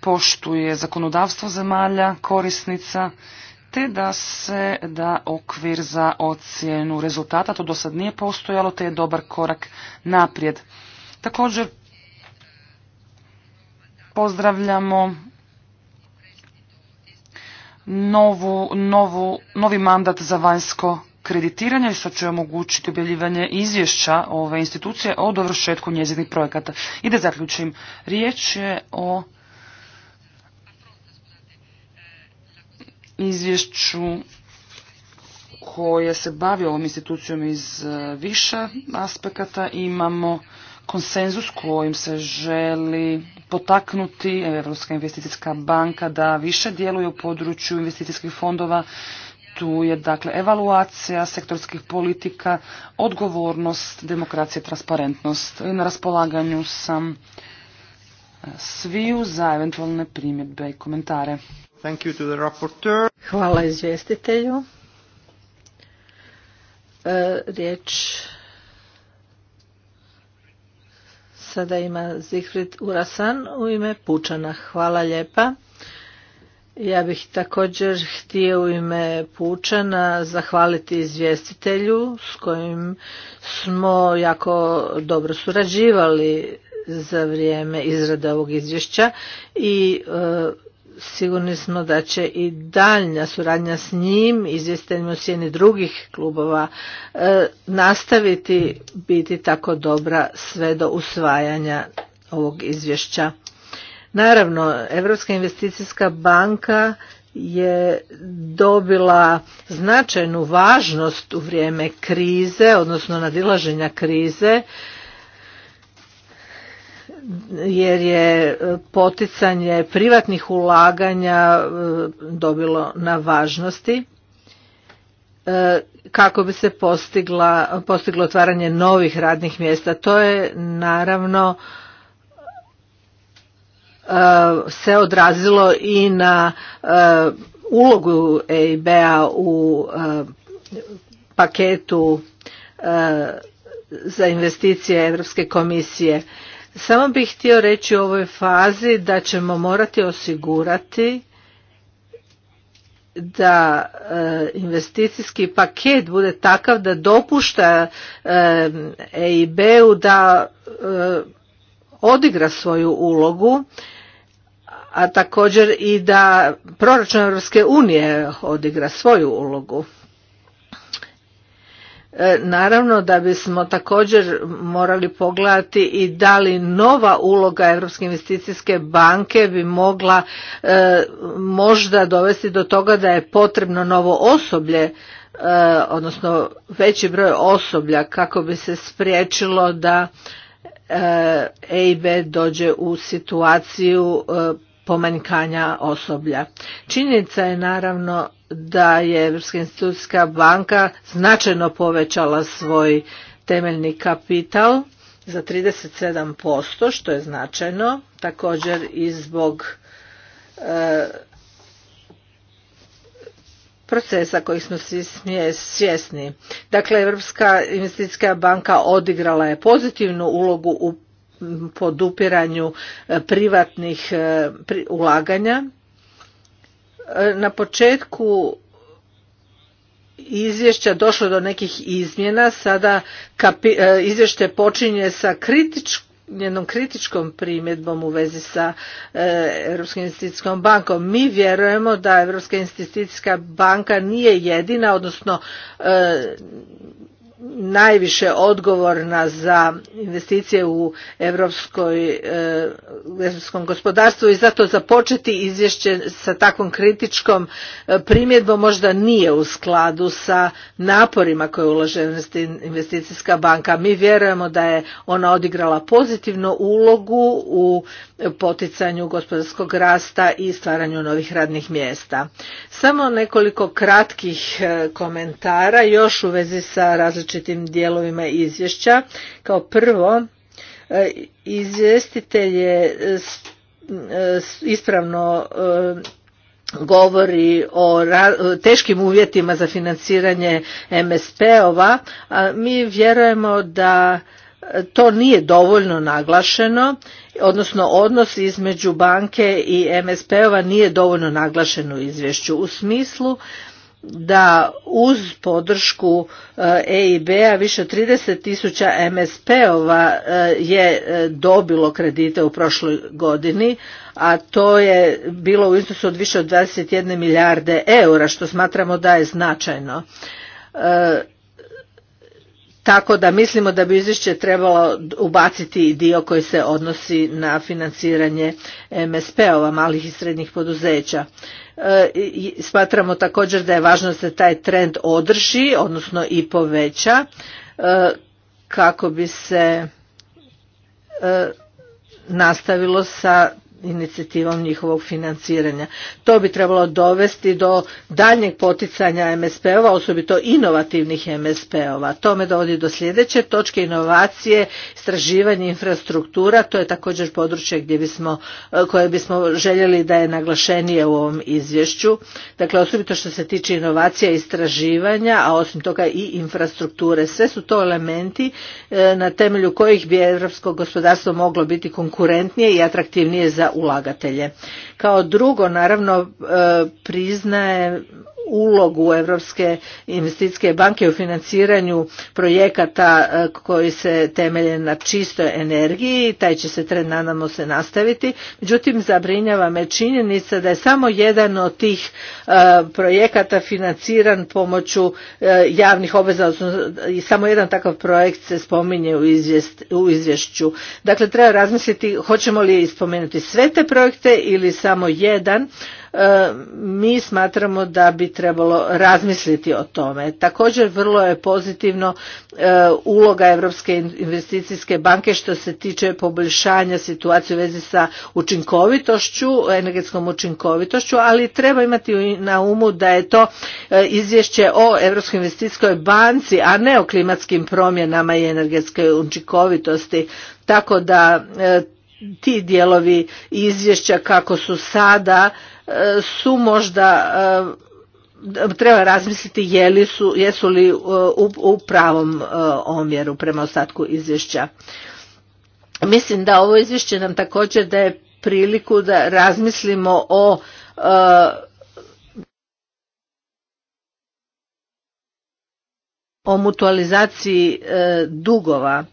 [SPEAKER 1] poštuje zakonodavstvo zemalja, korisnica, te da se da okvir za ocjenu rezultata, to do sad nije postojalo, te je dobar korak naprijed. Također pozdravljamo novu, novu, novi mandat za vanjsko kreditiranje što će omogućiti objavljivanje izvješća ove institucije o dovršetku njezinih projekata. I da zaključim, riječ je o izvješću koje se bavi ovom institucijom iz e, više aspekata. Imamo konsenzus kojim se želi potaknuti Europska investicijska banka da više djeluje u području investicijskih fondova. Tu je dakle evaluacija sektorskih politika, odgovornost, demokracija, transparentnost. I na raspolaganju sam e, sviju za eventualne primjedbe i komentare.
[SPEAKER 3] Thank you to the rapporteur. Hvala izvjestitelju. E, riječ Sada ima zihrit Urasan u ime Pučana. Hvala lijepa. Ja bih također htio u ime Pučana zahvaliti izvjestitelju s kojim smo jako dobro surađivali za vrijeme izrade ovog izvješća i e, sigurni smo da će i daljnja suradnja s njim, izvjestiteljima u sjeni drugih klubova, e, nastaviti biti tako dobra sve do usvajanja ovog izvješća. Naravno, Europska investicijska banka je dobila značajnu važnost u vrijeme krize, odnosno nadilaženja krize, jer je e, poticanje privatnih ulaganja e, dobilo na važnosti e, kako bi se postigla, postiglo otvaranje novih radnih mjesta. To je naravno se odrazilo i na ulogu EIB-a u paketu za investicije Europske komisije samo bih htio reći u ovoj fazi da ćemo morati osigurati da e, investicijski paket bude takav da dopušta EIB-u e da e, odigra svoju ulogu, a također i da proračun Europske unije odigra svoju ulogu. E, naravno da bismo također morali pogledati i da li nova uloga Europske investicijske banke bi mogla e, možda dovesti do toga da je potrebno novo osoblje, e, odnosno veći broj osoblja kako bi se spriječilo da EIB dođe u situaciju pomanjkanja osoblja. Činjenica je naravno da je Europska institucijska banka značajno povećala svoj temeljni kapital za 37%, što je značajno, također i zbog e, procesa kojih smo svi svjesni. Dakle, Europska investicijska banka odigrala je pozitivnu ulogu u podupiranju e, privatnih e, ulaganja. E, na početku izvješća došlo do nekih izmjena, sada izvješće počinje sa kritičkom jednom kritičkom primjedbom u vezi sa Europskom investicijskom bankom. Mi vjerujemo da Europska investicijska banka nije jedina, odnosno najviše odgovorna za investicije u europskoj, europskom gospodarstvu i zato započeti izvješće sa takvom kritičkom e, primjedbom možda nije u skladu sa naporima koje ulaže investicijska banka. Mi vjerujemo da je ona odigrala pozitivnu ulogu u poticanju gospodarskog rasta i stvaranju novih radnih mjesta. Samo nekoliko kratkih e, komentara još u vezi sa različitim tim dijelovima izvješća. Kao prvo, e, izvjestitelj je e, e, ispravno govori o teškim uvjetima za financiranje MSP-ova, a mi vjerujemo da to nije dovoljno naglašeno, odnosno odnos između banke i MSP-ova nije dovoljno naglašeno u izvješću. U smislu da uz podršku EIB-a e više 30 tisuća MSP-ova e, je e, dobilo kredite u prošloj godini, a to je bilo u iznosu od više od 21 milijarde eura, što smatramo da je značajno. Tako da mislimo da bi izvješće trebalo ubaciti i dio koji se odnosi na financiranje MSP-ova, malih i srednjih poduzeća. E, smatramo također da je važno da se taj trend održi, odnosno i poveća, e, kako bi se e, nastavilo sa inicijativom njihovog financiranja. To bi trebalo dovesti do daljnjeg poticanja MSP-ova, osobito inovativnih MSP-ova. To me dovodi do sljedeće točke inovacije, istraživanje infrastruktura, to je također područje gdje bismo, koje bismo željeli da je naglašenije u ovom izvješću. Dakle, osobito što se tiče inovacija i istraživanja, a osim toga i infrastrukture. Sve su to elementi eh, na temelju kojih bi europsko gospodarstvo moglo biti konkurentnije i atraktivnije za ulagatelje. Kao drugo, naravno, e, priznaje ulogu Europske investicijske banke u financiranju projekata e, koji se temelje na čistoj energiji, taj će se trend nadamo se nastaviti. Međutim, zabrinjava me činjenica da je samo jedan od tih e, projekata financiran pomoću e, javnih obveza i samo jedan takav projekt se spominje u izvješću. Dakle, treba razmisliti hoćemo li spomenuti sve te projekte ili samo jedan E, mi smatramo da bi trebalo razmisliti o tome. Također vrlo je pozitivno e, uloga Europske investicijske banke što se tiče poboljšanja situacije u vezi sa učinkovitošću, energetskom učinkovitošću, ali treba imati na umu da je to e, izvješće o Europskoj investicijskoj banci, a ne o klimatskim promjenama i energetskoj učinkovitosti, tako da ti dijelovi izvješća kako su sada su možda e, treba razmisliti su, jesu li e, u, pravom e, omjeru prema ostatku izvješća. Mislim da ovo izvješće nam također daje priliku da razmislimo o o mutualizaciji dugova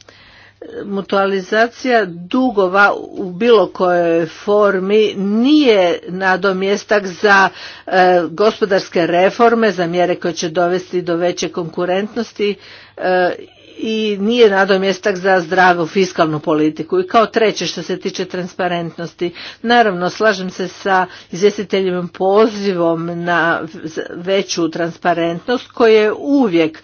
[SPEAKER 3] mutualizacija dugova u bilo kojoj formi nije nadomjestak za e, gospodarske reforme, za mjere koje će dovesti do veće konkurentnosti e, i nije nadomjestak za zdravu fiskalnu politiku. I kao treće što se tiče transparentnosti, naravno slažem se sa izvjestiteljim pozivom na veću transparentnost koji je uvijek e,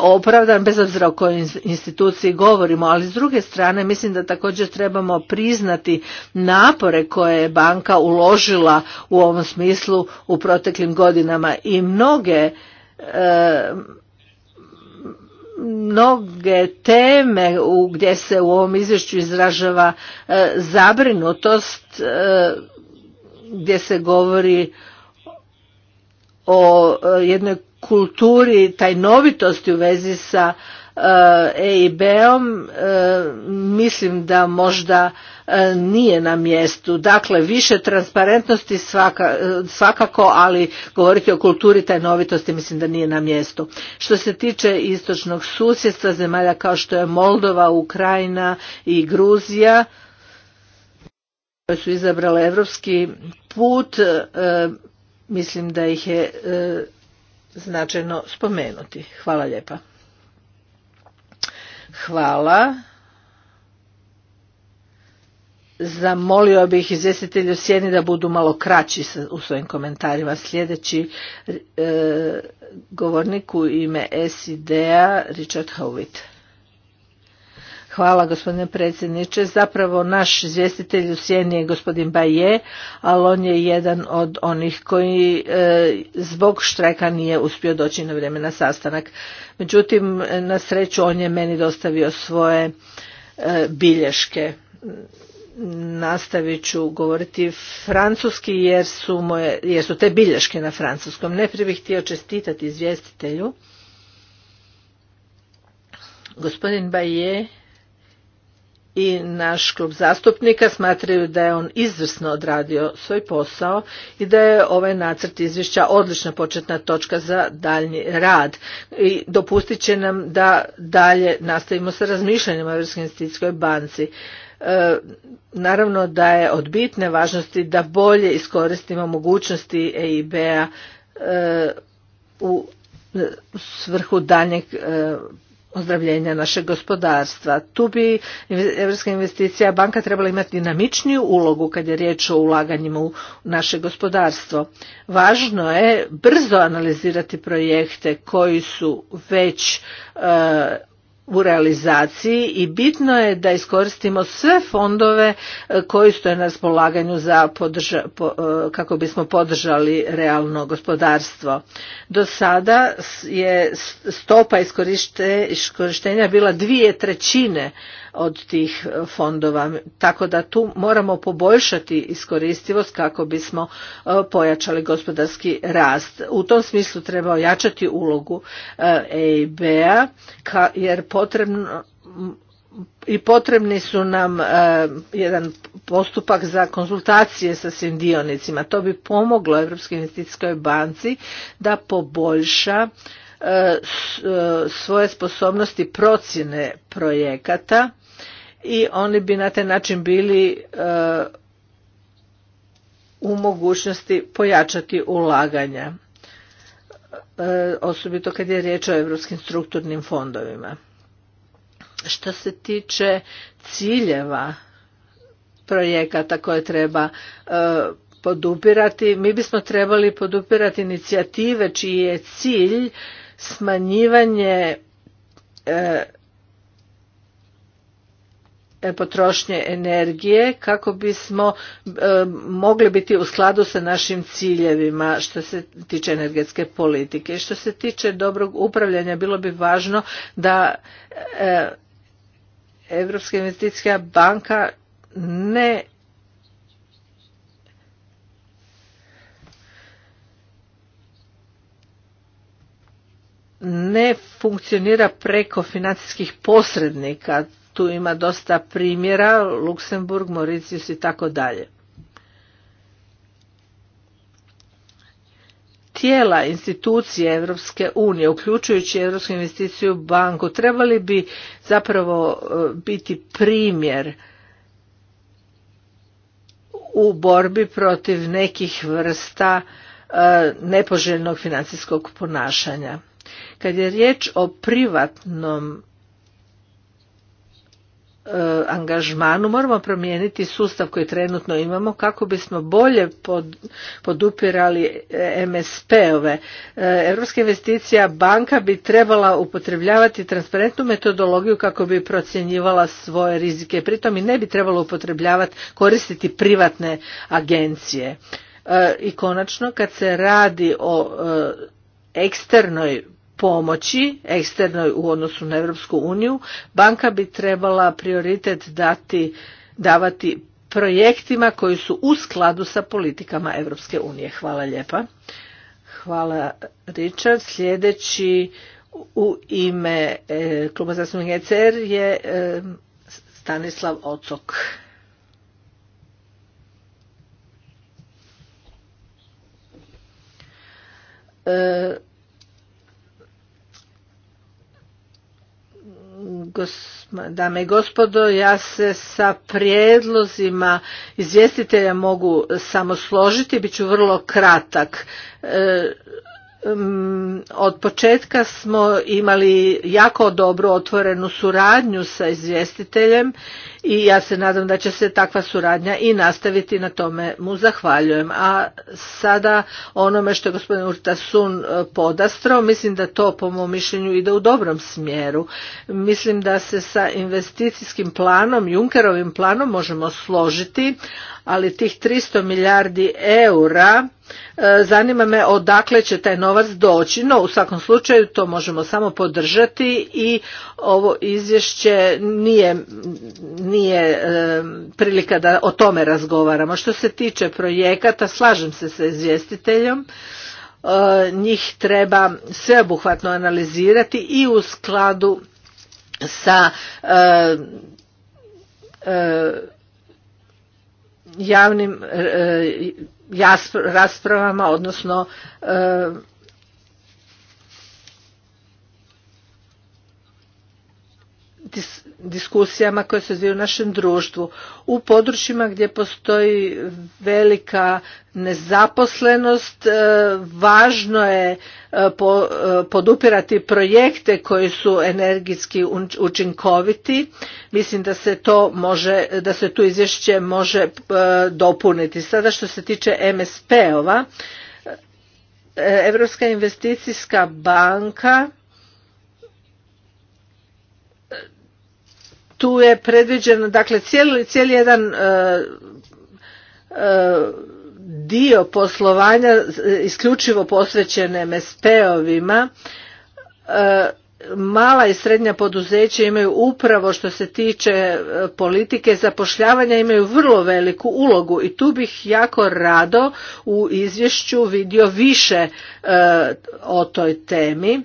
[SPEAKER 3] opravdan bez obzira o kojoj instituciji govorimo, ali s druge strane mislim da također trebamo priznati napore koje je banka uložila u ovom smislu u proteklim godinama i mnoge e, mnoge teme u, gdje se u ovom izvješću izražava e, zabrinutost e, gdje se govori o e, jednoj kulturi tajnovitosti u vezi sa EIB-om e e, mislim da možda e, nije na mjestu. Dakle, više transparentnosti svakako, ali govoriti o kulturi taj novitosti mislim da nije na mjestu. Što se tiče istočnog susjedstva, zemalja kao što je Moldova, Ukrajina i Gruzija, koje su izabrale evropski put, mislim da ih je značajno spomenuti. Hvala lijepa. Hvala. Zamolio bih izvjestitelju sjeni da budu malo kraći u svojim komentarima. Sljedeći e, govornik u ime SID-a Richard Howitt. Hvala gospodine predsjedniče. Zapravo naš izvjestitelj u sjeni je gospodin Baje, ali on je jedan od onih koji e, zbog štrajka nije uspio doći na vrijeme na sastanak. Međutim, na sreću on je meni dostavio svoje e, bilješke. Nastavit ću govoriti francuski jer su, moje, su te bilješke na francuskom. Ne bih htio čestitati izvjestitelju. Gospodin Baje i naš klub zastupnika smatraju da je on izvrsno odradio svoj posao i da je ovaj nacrt izvješća odlična početna točka za daljnji rad i dopustit će nam da dalje nastavimo sa razmišljanjem o Europskoj investicijskoj banci. E, naravno da je od bitne važnosti da bolje iskoristimo mogućnosti EIB-a e, u svrhu daljnjeg e, ozdravljenja našeg gospodarstva. Tu bi Europska investicija banka trebala imati dinamičniju ulogu kad je riječ o ulaganjima u naše gospodarstvo. Važno je brzo analizirati projekte koji su već e, u realizaciji i bitno je da iskoristimo sve fondove e, koji stoje na raspolaganju za e, kako bismo podržali realno gospodarstvo. Do sada je stopa iskorištenja bila dvije trećine, od tih fondova. Tako da tu moramo poboljšati iskoristivost kako bismo e, pojačali gospodarski rast. U tom smislu treba ojačati ulogu EIB-a e jer potrebno i potrebni su nam e, jedan postupak za konzultacije sa svim dionicima. To bi pomoglo Europskoj investicijskoj banci da poboljša svoje sposobnosti procjene projekata i oni bi na taj način bili e, u mogućnosti pojačati ulaganja e, osobito kad je riječ o europskim strukturnim fondovima. Što se tiče ciljeva projekata koje treba e, podupirati, mi bismo trebali podupirati inicijative čiji je cilj smanjivanje E, potrošnje energije kako bismo e, mogli biti u skladu sa našim ciljevima što se tiče energetske politike. što se tiče dobrog upravljanja bilo bi važno da Europska investicijska banka ne ne funkcionira preko financijskih posrednika tu ima dosta primjera, Luksemburg, Mauricius i tako dalje. Tijela institucije Europske unije, uključujući Europsku investiciju banku, trebali bi zapravo e, biti primjer u borbi protiv nekih vrsta e, nepoželjnog financijskog ponašanja. Kad je riječ o privatnom E, angažmanu moramo promijeniti sustav koji trenutno imamo kako bismo bolje podupirali MSP-ove. E, Europska investicija banka bi trebala upotrebljavati transparentnu metodologiju kako bi procjenjivala svoje rizike. Pritom i ne bi trebala upotrebljavati, koristiti privatne agencije. E, I konačno, kad se radi o eksternoj pomoći eksternoj u odnosu na Europsku uniju, banka bi trebala prioritet dati, davati projektima koji su u skladu sa politikama Europske unije. Hvala lijepa. Hvala Richard. Sljedeći u ime e, kluba zastupnika ECR je e, Stanislav Ocok. E, Dame i gospodo, ja se sa prijedlozima izvjestitelja mogu samo složiti, bit ću vrlo kratak. E, od početka smo imali jako dobro otvorenu suradnju sa izvjestiteljem i ja se nadam da će se takva suradnja i nastaviti na tome mu zahvaljujem. A sada onome što je gospodin Urtasun e, podastro, mislim da to po mom mišljenju ide u dobrom smjeru. Mislim da se sa investicijskim planom, Junkerovim planom možemo složiti, ali tih 300 milijardi eura e, zanima me odakle će taj novac doći no u svakom slučaju to možemo samo podržati i ovo izvješće nije, nije nije prilika da o tome razgovaramo. Što se tiče projekata, slažem se sa izvjestiteljom, eh, njih treba sveobuhvatno analizirati i u skladu sa javnim eh, raspravama, odnosno diskusijama koje se zviju u našem društvu. U područjima gdje postoji velika nezaposlenost, e, važno je e, e, podupirati projekte koji su energijski učinkoviti. Mislim da se to može, da se tu izvješće može dopuniti. Sada što se tiče MSP-ova, Europska investicijska banka tu je predviđeno dakle cijeli, cijeli jedan e, e, dio poslovanja isključivo posvećen MSP-ovima e, mala i srednja poduzeća imaju upravo što se tiče politike zapošljavanja imaju vrlo veliku ulogu i tu bih jako rado u izvješću vidio više o toj temi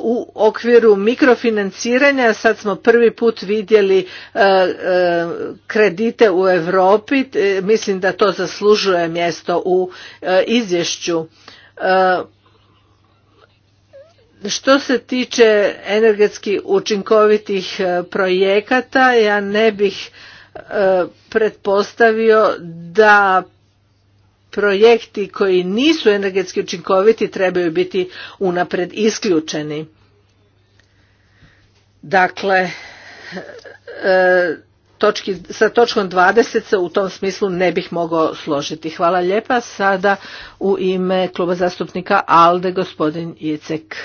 [SPEAKER 3] u okviru mikrofinanciranja sad smo prvi put vidjeli e, e, kredite u Europi e, mislim da to zaslužuje mjesto u izvješću što se tiče energetski učinkovitih projekata ja ne bih pretpostavio da projekti koji nisu energetski učinkoviti trebaju biti unapred isključeni. Dakle, e, točki, sa točkom 20 se u tom smislu ne bih mogao složiti. Hvala lijepa. Sada u ime kluba zastupnika ALDE gospodin Jecek.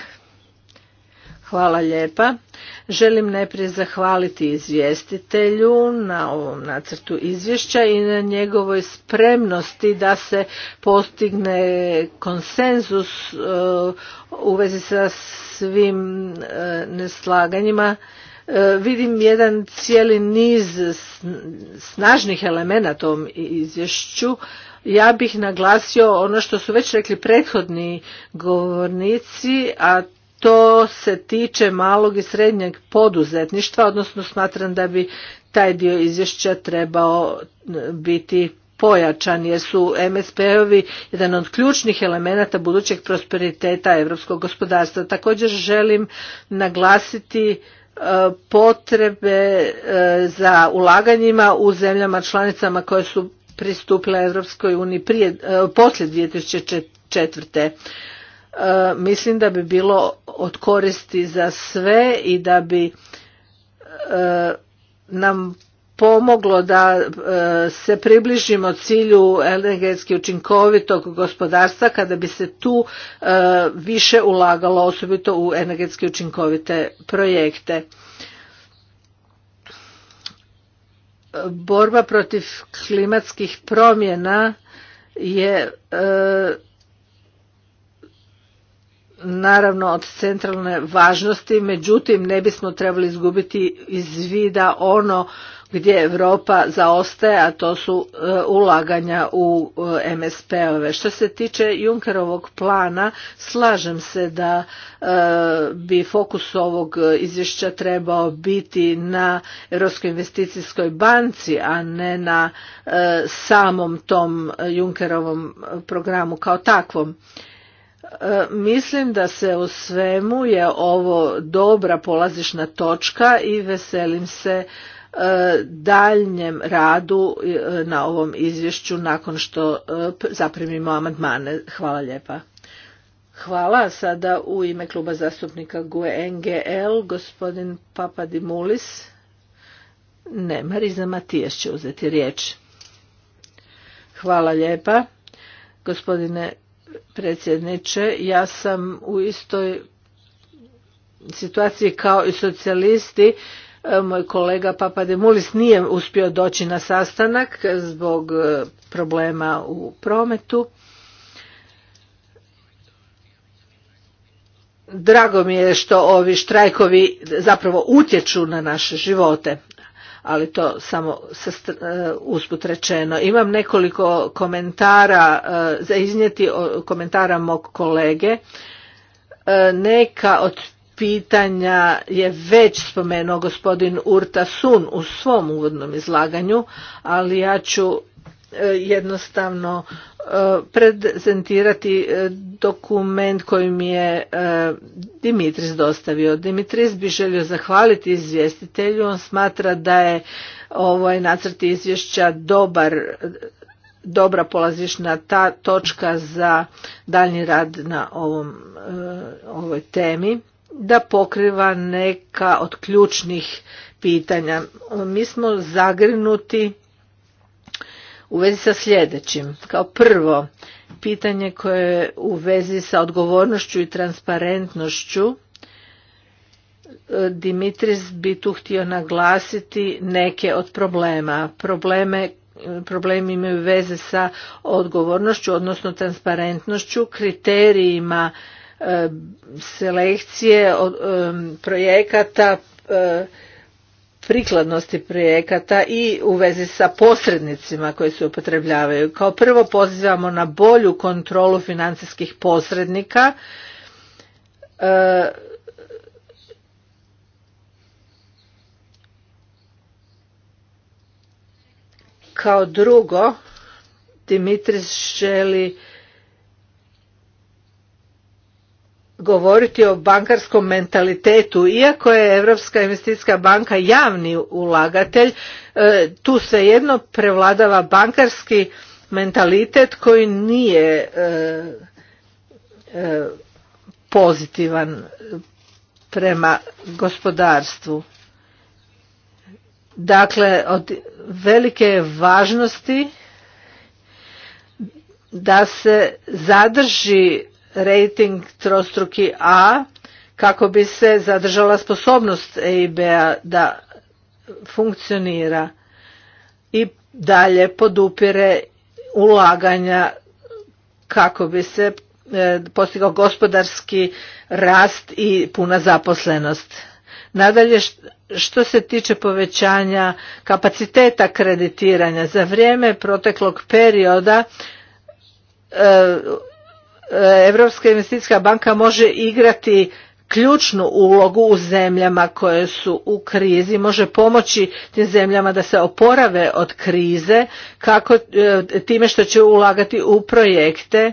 [SPEAKER 3] Hvala lijepa. Želim najprije zahvaliti izvjestitelju na ovom nacrtu izvješća i na njegovoj spremnosti da se postigne konsenzus e, u vezi sa svim e, neslaganjima. E, vidim jedan cijeli niz snažnih elemenata u izvješću. Ja bih naglasio ono što su već rekli prethodni govornici, a što se tiče malog i srednjeg poduzetništva, odnosno smatram da bi taj dio izvješća trebao e, biti pojačan jer su MSP-ovi jedan od ključnih elemenata budućeg prosperiteta europskog gospodarstva. Također želim naglasiti e, potrebe e, za ulaganjima u zemljama članicama koje su pristupile Europskoj uniji prije, poslije 2004. E, mislim da bi bilo od koristi za sve i da bi e, nam pomoglo da e, se približimo cilju energetski učinkovitog gospodarstva kada bi se tu više ulagalo osobito u energetski učinkovite projekte. Borba protiv klimatskih promjena je naravno od centralne važnosti, međutim ne bismo trebali izgubiti iz vida ono gdje Europa zaostaje, a to su e, ulaganja u e, MSP-ove. Što se tiče Junkerovog plana, slažem se da e, bi fokus ovog izvješća trebao biti na Europskoj investicijskoj banci, a ne na samom tom Junkerovom programu kao takvom. E, mislim da se u svemu je ovo dobra polazišna točka i veselim se e, daljnjem radu e, na ovom izvješću nakon što zaprimimo amandmane. Hvala lijepa. Hvala. Sada u ime kluba zastupnika GUE NGL gospodin Papadimulis. Ne, Mariza Matiješ će uzeti riječ. Hvala lijepa. Gospodine predsjedniče. Ja sam u istoj situaciji kao i socijalisti. E, moj kolega Papademulis nije uspio doći na sastanak zbog e, problema u prometu. Drago mi je što ovi štrajkovi zapravo utječu na naše živote ali to samo e, usput rečeno. Imam nekoliko komentara e, za iznijeti komentara mog kolege. E, neka od pitanja je već spomenuo gospodin Urta Sun u svom uvodnom izlaganju, ali ja ću jednostavno prezentirati e, dokument mi je e, Dimitris dostavio. Dimitris bi želio zahvaliti izvjestitelju, on smatra da je ovaj nacrt izvješća dobar, dobra polazišna ta točka za daljnji rad na ovom, e, ovoj temi, da pokriva neka od ključnih pitanja. Mi smo zagrinuti u vezi sa sljedećim. Kao prvo, pitanje koje je u vezi sa odgovornošću i transparentnošću. E, Dimitris bi tu htio naglasiti neke od problema. Probleme problemi imaju veze sa odgovornošću, odnosno transparentnošću, kriterijima e, selekcije e, projekata, prikladnosti projekata i u vezi sa posrednicima koji se upotrebljavaju. Kao prvo pozivamo na bolju kontrolu financijskih posrednika e, kao drugo Dimitris želi govoriti o bankarskom mentalitetu iako je Europska investicijska banka javni ulagatelj e, tu se jedno prevladava bankarski mentalitet koji nije e, e, pozitivan prema gospodarstvu dakle od velike važnosti da se zadrži rating trostruki A kako bi se zadržala sposobnost EIB-a da funkcionira i dalje podupire ulaganja kako bi se e, postigao gospodarski rast i puna zaposlenost. Nadalje, što se tiče povećanja kapaciteta kreditiranja, za vrijeme proteklog perioda e, Europska investicijska banka može igrati ključnu ulogu u zemljama koje su u krizi, može pomoći tim zemljama da se oporave od krize kako e, time što će ulagati u projekte e,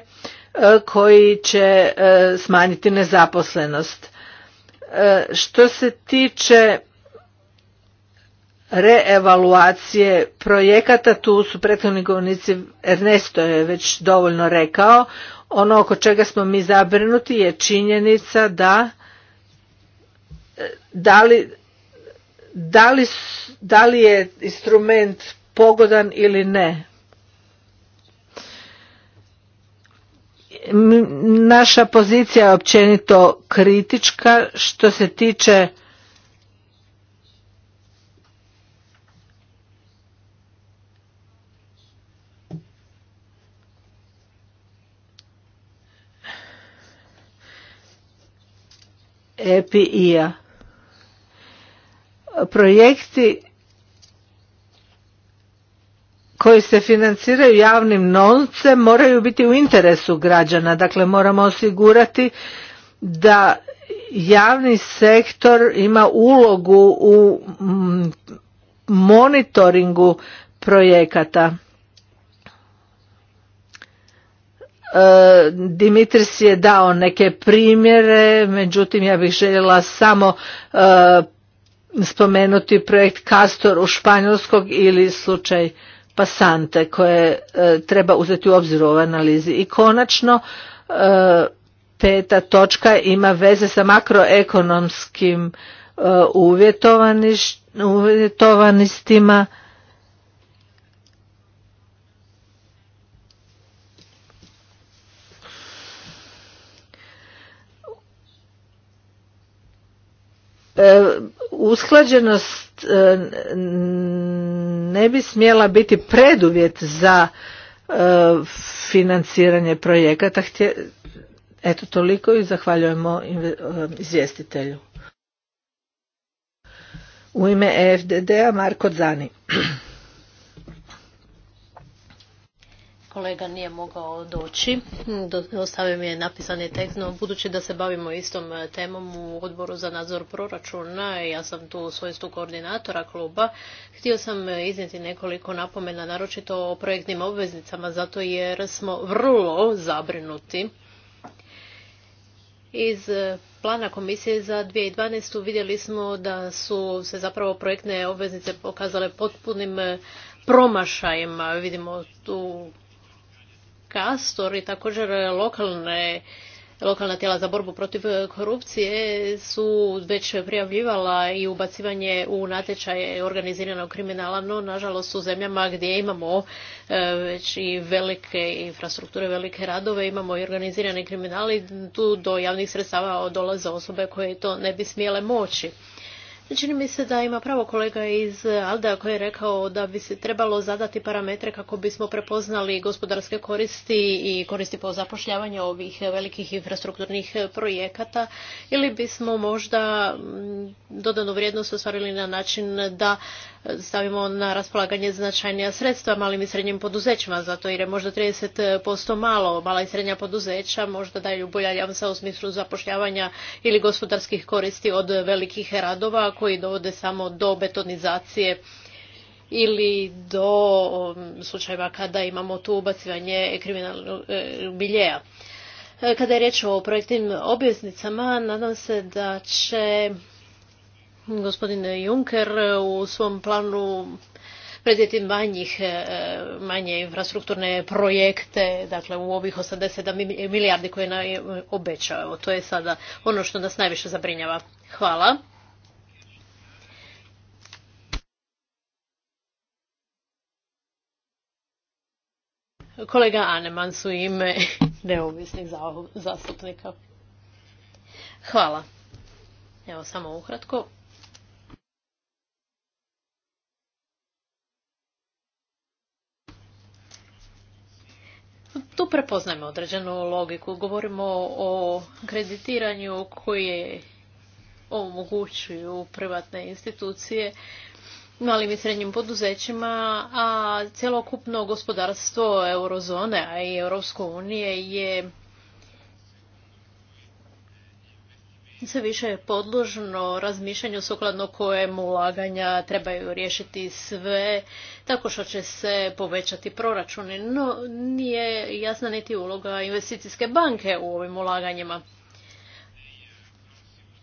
[SPEAKER 3] koji će e, smanjiti nezaposlenost. Što se tiče reevaluacije projekata, tu su prethodni govornici Ernesto je već dovoljno rekao, ono oko čega smo mi zabrinuti je činjenica da da li, da li, da li je instrument pogodan ili ne. Naša pozicija je općenito kritička što se tiče EPI-a. Projekti koji se financiraju javnim novcem moraju biti u interesu građana. Dakle, moramo osigurati da javni sektor ima ulogu u monitoringu projekata. Dimitris je dao neke primjere, međutim ja bih željela samo e, spomenuti projekt Castor u Španjolskog ili slučaj Pasante koje e, treba uzeti u obzir u ovoj analizi. I konačno e, peta točka ima veze sa makroekonomskim uvjetovanistima E, usklađenost e, ne bi smjela biti preduvjet za e, financiranje projekata. Eto toliko i zahvaljujemo izvjestitelju. U ime EFDD-a Marko Zani. <clears throat>
[SPEAKER 2] kolega nije mogao doći. Ostavio mi je napisani tekst, no budući da se bavimo istom e, temom u odboru za nadzor proračuna, ja sam tu u svojstvu koordinatora kluba, htio sam e, iznijeti nekoliko napomena, naročito o projektnim obveznicama, zato jer smo vrlo zabrinuti. Iz e, plana komisije za 2012. vidjeli smo da su se zapravo projektne obveznice pokazale potpunim promašajima. Vidimo tu Kastor i također lokalne lokalna tijela za borbu protiv korupcije su već prijavljivala i ubacivanje u natječaje organiziranog kriminala, no nažalost u zemljama gdje imamo e, već i velike infrastrukture, velike radove, imamo i organizirani kriminal i tu do javnih sredstava dolaze osobe koje to ne bi smjele moći. Čini mi se da ima pravo kolega iz Alda koji je rekao da bi se trebalo zadati parametre kako bismo prepoznali gospodarske koristi i koristi po zapošljavanju ovih velikih infrastrukturnih projekata ili bismo možda mm, dodanu vrijednost ostvarili na način da stavimo na raspolaganje značajnija sredstva malim i srednjim poduzećima, zato jer je možda 30% malo mala i srednja poduzeća, možda daju bolja ljamsa u smislu zapošljavanja ili gospodarskih koristi od velikih radova koji dovode samo do betonizacije ili do um, slučajeva kada imamo tu ubacivanje kriminalnog biljeja. E, e, kada je riječ o projektnim obveznicama, nadam se da će Gospodine Juncker, u svom planu predjeti manjih, e, manje infrastrukturne projekte, dakle u ovih 87 milijardi koje nam je obećao. To je sada ono što nas najviše zabrinjava. Hvala. Kolega Aneman su ime <laughs> neovisnih zastupnika. Hvala. Evo samo ukratko. Tu prepoznajemo određenu logiku. Govorimo o kreditiranju koje omogućuju privatne institucije malim i srednjim poduzećima, a cjelokupno gospodarstvo eurozone, a i Europske unije je sve više je podložno razmišljanju sukladno kojem ulaganja trebaju riješiti sve tako što će se povećati proračuni, no nije jasna niti uloga investicijske banke u ovim ulaganjima.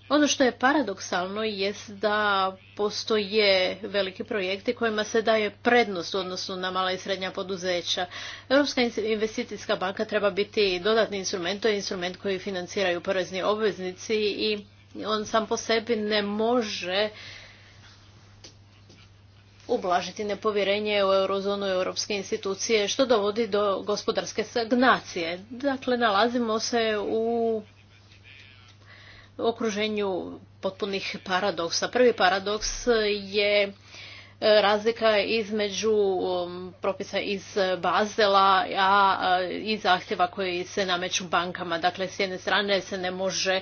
[SPEAKER 2] Ono što je paradoksalno jest da postoje veliki projekti kojima se daje prednost odnosno na mala i srednja poduzeća. Europska investicijska banka treba biti dodatni instrument, to je instrument koji financiraju porezni obveznici i on sam po sebi ne može ublažiti nepovjerenje u eurozonu i europske institucije, što dovodi do gospodarske stagnacije. Dakle, nalazimo se u okruženju potpunih paradoksa. Prvi paradoks je e, razlika između um, propisa iz Bazela a i zahtjeva koji se nameću bankama. Dakle, s jedne strane se ne može e,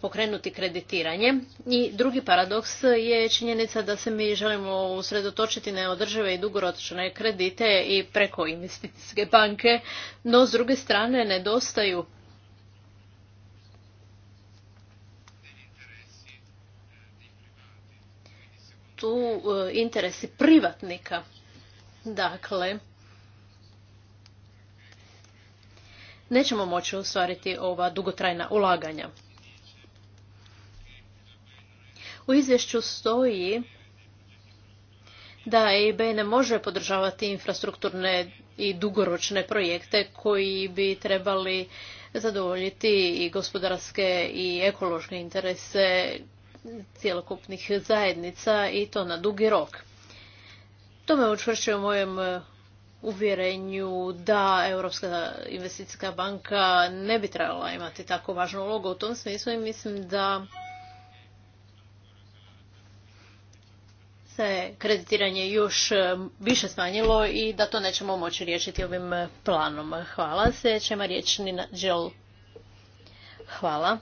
[SPEAKER 2] pokrenuti kreditiranje. I drugi paradoks je činjenica da se mi želimo usredotočiti na i dugoročne kredite i preko investicijske banke, no s druge strane nedostaju tu e, interesi privatnika. Dakle, nećemo moći ostvariti ova dugotrajna ulaganja. U izvješću stoji da EIB ne može podržavati infrastrukturne i dugoročne projekte koji bi trebali zadovoljiti i gospodarske i ekološke interese cjelokupnih zajednica i to na dugi rok. To me učvršuje u mojem e, uvjerenju da Europska investicijska banka ne bi trebala imati tako važnu ulogu u tom smislu i mislim da se kreditiranje još e, više smanjilo i da to nećemo moći riješiti ovim planom. Hvala. se Čema riječ Nina Đel. Hvala.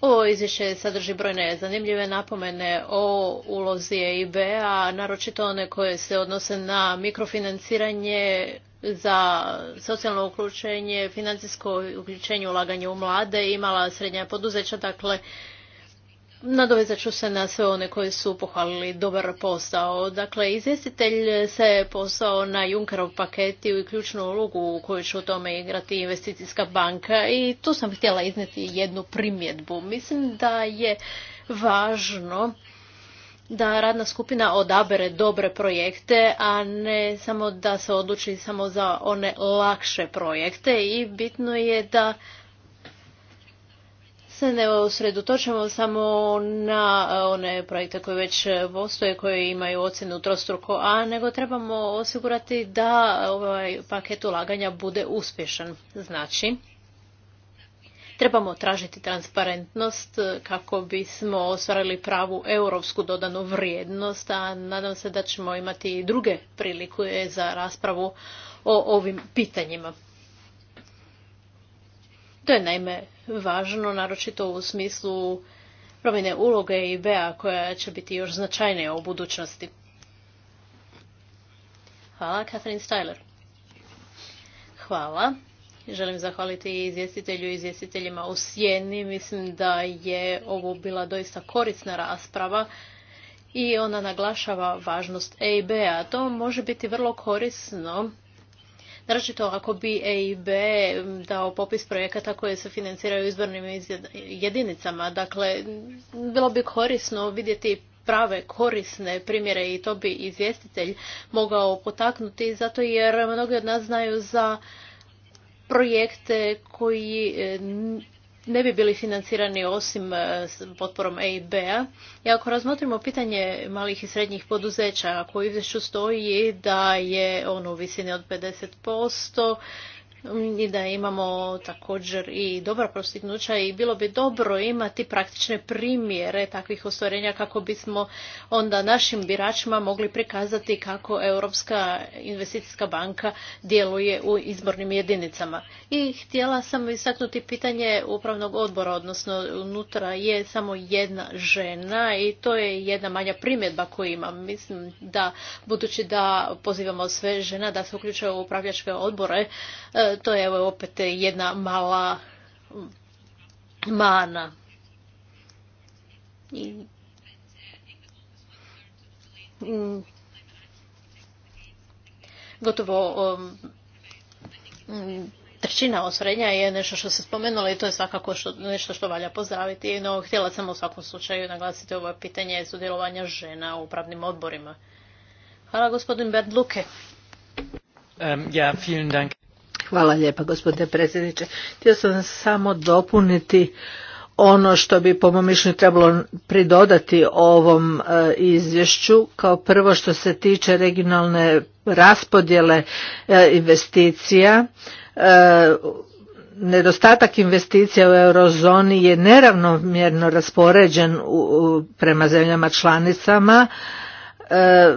[SPEAKER 2] Ovo izvješće sadrži brojne zanimljive napomene o ulozi EIB-a, naročito one koje se odnose na mikrofinanciranje za socijalno uključenje, financijsko uključenje ulaganje u mlade i mala srednja poduzeća, dakle Nadovezat ću se na sve one koji su pohvalili dobar posao. Dakle, izvjestitelj se posao na Junkerov paket i ključnu ulogu koju će u tome igrati investicijska banka i tu sam htjela izneti jednu primjedbu. Mislim da je važno da radna skupina odabere dobre projekte, a ne samo da se odluči samo za one lakše projekte i bitno je da se ne osredotočamo samo na e, one projekte koje već e, postoje, koje imaju ocjenu trostruko A, nego trebamo osigurati da ovaj paket ulaganja bude uspješan. Znači, trebamo tražiti transparentnost e, kako bismo ostvarili pravu europsku dodanu vrijednost, a nadam se da ćemo imati i druge prilike za raspravu o ovim pitanjima. To je naime važno, naročito u smislu promjene uloge eib koja će biti još značajnija u budućnosti. Hvala, Catherine Styler. Hvala. Želim zahvaliti izvjestitelju i izvjestiteljima u Sjeni. Mislim da je ovo bila doista korisna rasprava i ona naglašava važnost EIB-a. To može biti vrlo korisno naročito ako bi EIB dao popis projekata koje se financiraju izbornim jedinicama. Dakle, bilo bi korisno vidjeti prave korisne primjere i to bi izvjestitelj mogao potaknuti zato jer mnogi od nas znaju za projekte koji e, ne bi bili financirani osim e, potporom EIB-a. I ako razmotrimo pitanje malih i srednjih poduzeća, ako u izvješću stoji da je ono u visini od 50%, i da imamo također i dobra postignuća i bilo bi dobro imati praktične primjere takvih ostvarenja kako bismo onda našim biračima mogli prikazati kako Europska investicijska banka djeluje u izbornim jedinicama. I htjela sam istaknuti pitanje upravnog odbora, odnosno unutra je samo jedna žena i to je jedna manja primjedba koju imam. Mislim da budući da pozivamo sve žena da se uključe u upravljačke odbore, e, to je evo, opet jedna mala mana. Mm, gotovo um, mm, osvrednja je nešto što se spomenulo i to je svakako nešto što valja pozdraviti. No, htjela sam u svakom slučaju naglasiti ovo pitanje sudjelovanja žena u upravnim odborima. Hvala gospodin Bernd
[SPEAKER 3] Luke. Um, ja, vielen dank. Hvala lijepa gospodine predsjedniče. Htio sam samo dopuniti ono što bi po mom mišljenju trebalo pridodati ovom e, izvješću kao prvo što se tiče regionalne raspodjele e, investicija e, nedostatak investicija u eurozoni je neravnomjerno raspoređen prema zemljama članicama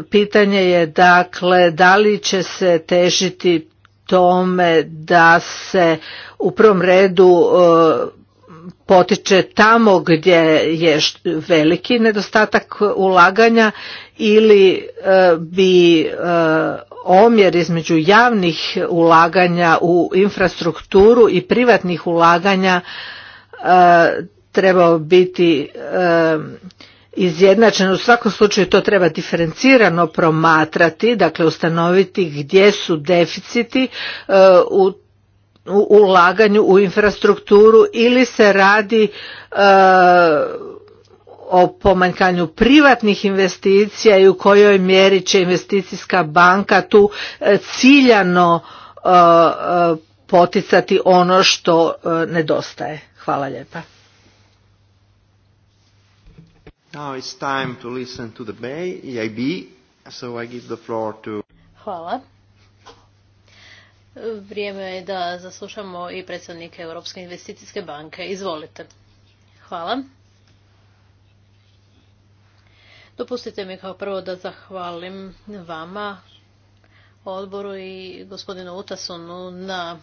[SPEAKER 3] pitanje je dakle da li će se težiti tome da se u prvom redu e, potiče tamo gdje je veliki nedostatak ulaganja ili e, bi e, omjer između javnih ulaganja u infrastrukturu i privatnih ulaganja trebao biti Izjednačeno, U svakom slučaju to treba diferencirano promatrati, dakle ustanoviti gdje su deficiti e, u ulaganju u infrastrukturu ili se radi e, o pomanjkanju privatnih investicija i u kojoj mjeri će investicijska banka tu e, ciljano poticati ono što nedostaje. Hvala lijepa.
[SPEAKER 2] Now it's time to listen to the Bay, e so I give the floor to... Hvala. Vrijeme je da zaslušamo i predstavnike Europske investicijske banke. Izvolite. Hvala. Dopustite mi kao prvo da zahvalim vama, odboru i gospodinu Utasonu na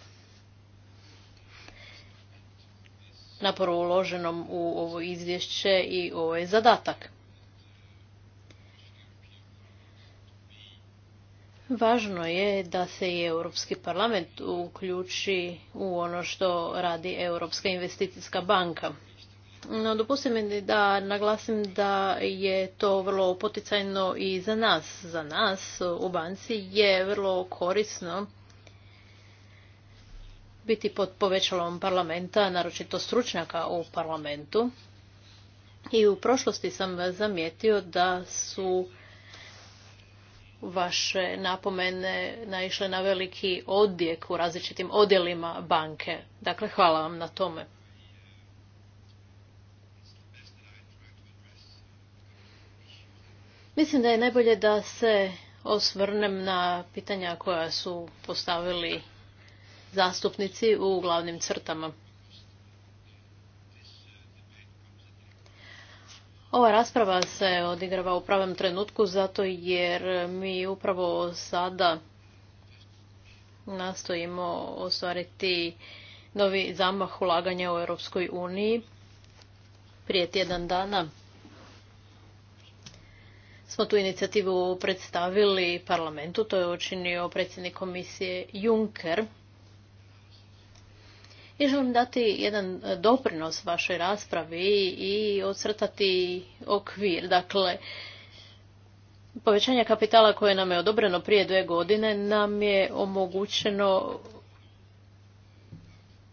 [SPEAKER 2] naporu uloženom u ovo izvješće i u ovaj zadatak. Važno je da se i Europski parlament uključi u ono što radi Europska investicijska banka. No, dopustite mi da naglasim da je to vrlo poticajno i za nas. Za nas u banci je vrlo korisno biti pod povećalom parlamenta, naročito stručnjaka u parlamentu. I u prošlosti sam zamijetio da su vaše napomene naišle na veliki odjek u različitim odjelima banke. Dakle, hvala vam na tome. Mislim da je najbolje da se osvrnem na pitanja koja su postavili zastupnici u glavnim crtama. Ova rasprava se odigrava u pravom trenutku zato jer mi upravo sada nastojimo ostvariti novi zamah ulaganja u Europskoj uniji. Prije tjedan dana smo tu inicijativu predstavili parlamentu, to je učinio predsjednik komisije Juncker i želim dati jedan e, doprinos vašoj raspravi i ocrtati okvir. Dakle, povećanje kapitala koje nam je odobreno prije dve godine nam je omogućeno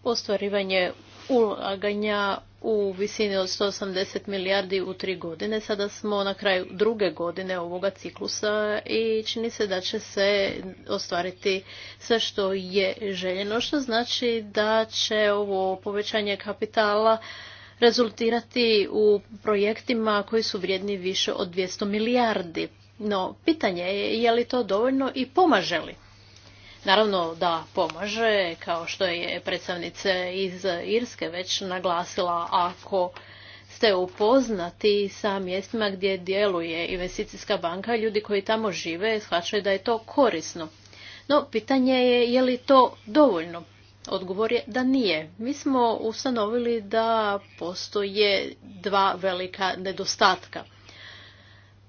[SPEAKER 2] ostvarivanje ulaganja u visini od 180 milijardi u tri godine. Sada smo na kraju druge godine ovoga ciklusa i čini se da će se ostvariti sve što je željeno, što znači da će ovo povećanje kapitala rezultirati u projektima koji su vrijedni više od 200 milijardi. No, pitanje je je li to dovoljno i pomaže li? Naravno da pomaže, kao što je predstavnice iz Irske već naglasila, ako ste upoznati sa mjestima gdje djeluje investicijska banka, ljudi koji tamo žive shvaćaju da je to korisno. No, pitanje je je li to dovoljno. Odgovor je da nije. Mi smo ustanovili da postoje dva velika nedostatka.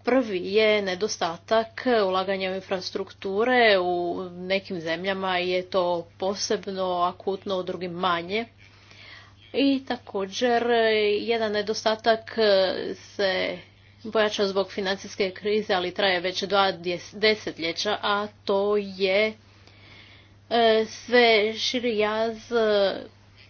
[SPEAKER 2] Prvi je nedostatak ulaganja u infrastrukture. U nekim zemljama je to posebno akutno, u drugim manje. I također jedan nedostatak se pojača zbog financijske krize, ali traje već dva desetljeća, a to je e, sve širi jaz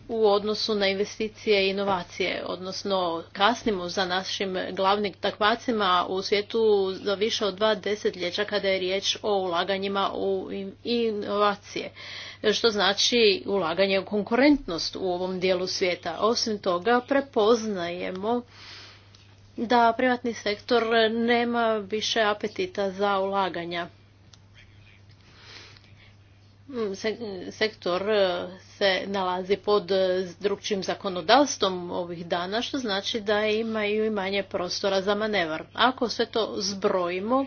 [SPEAKER 2] u odnosu na investicije i inovacije, odnosno kasnimo za našim glavnim takvacima u svijetu za više od dva desetljeća kada je riječ o ulaganjima u inovacije, što znači ulaganje u konkurentnost u ovom dijelu svijeta. Osim toga, prepoznajemo da privatni sektor nema više apetita za ulaganja sektor e, se nalazi pod e, drugčim zakonodavstvom ovih dana, što znači da imaju i manje prostora za manevar. Ako sve to zbrojimo,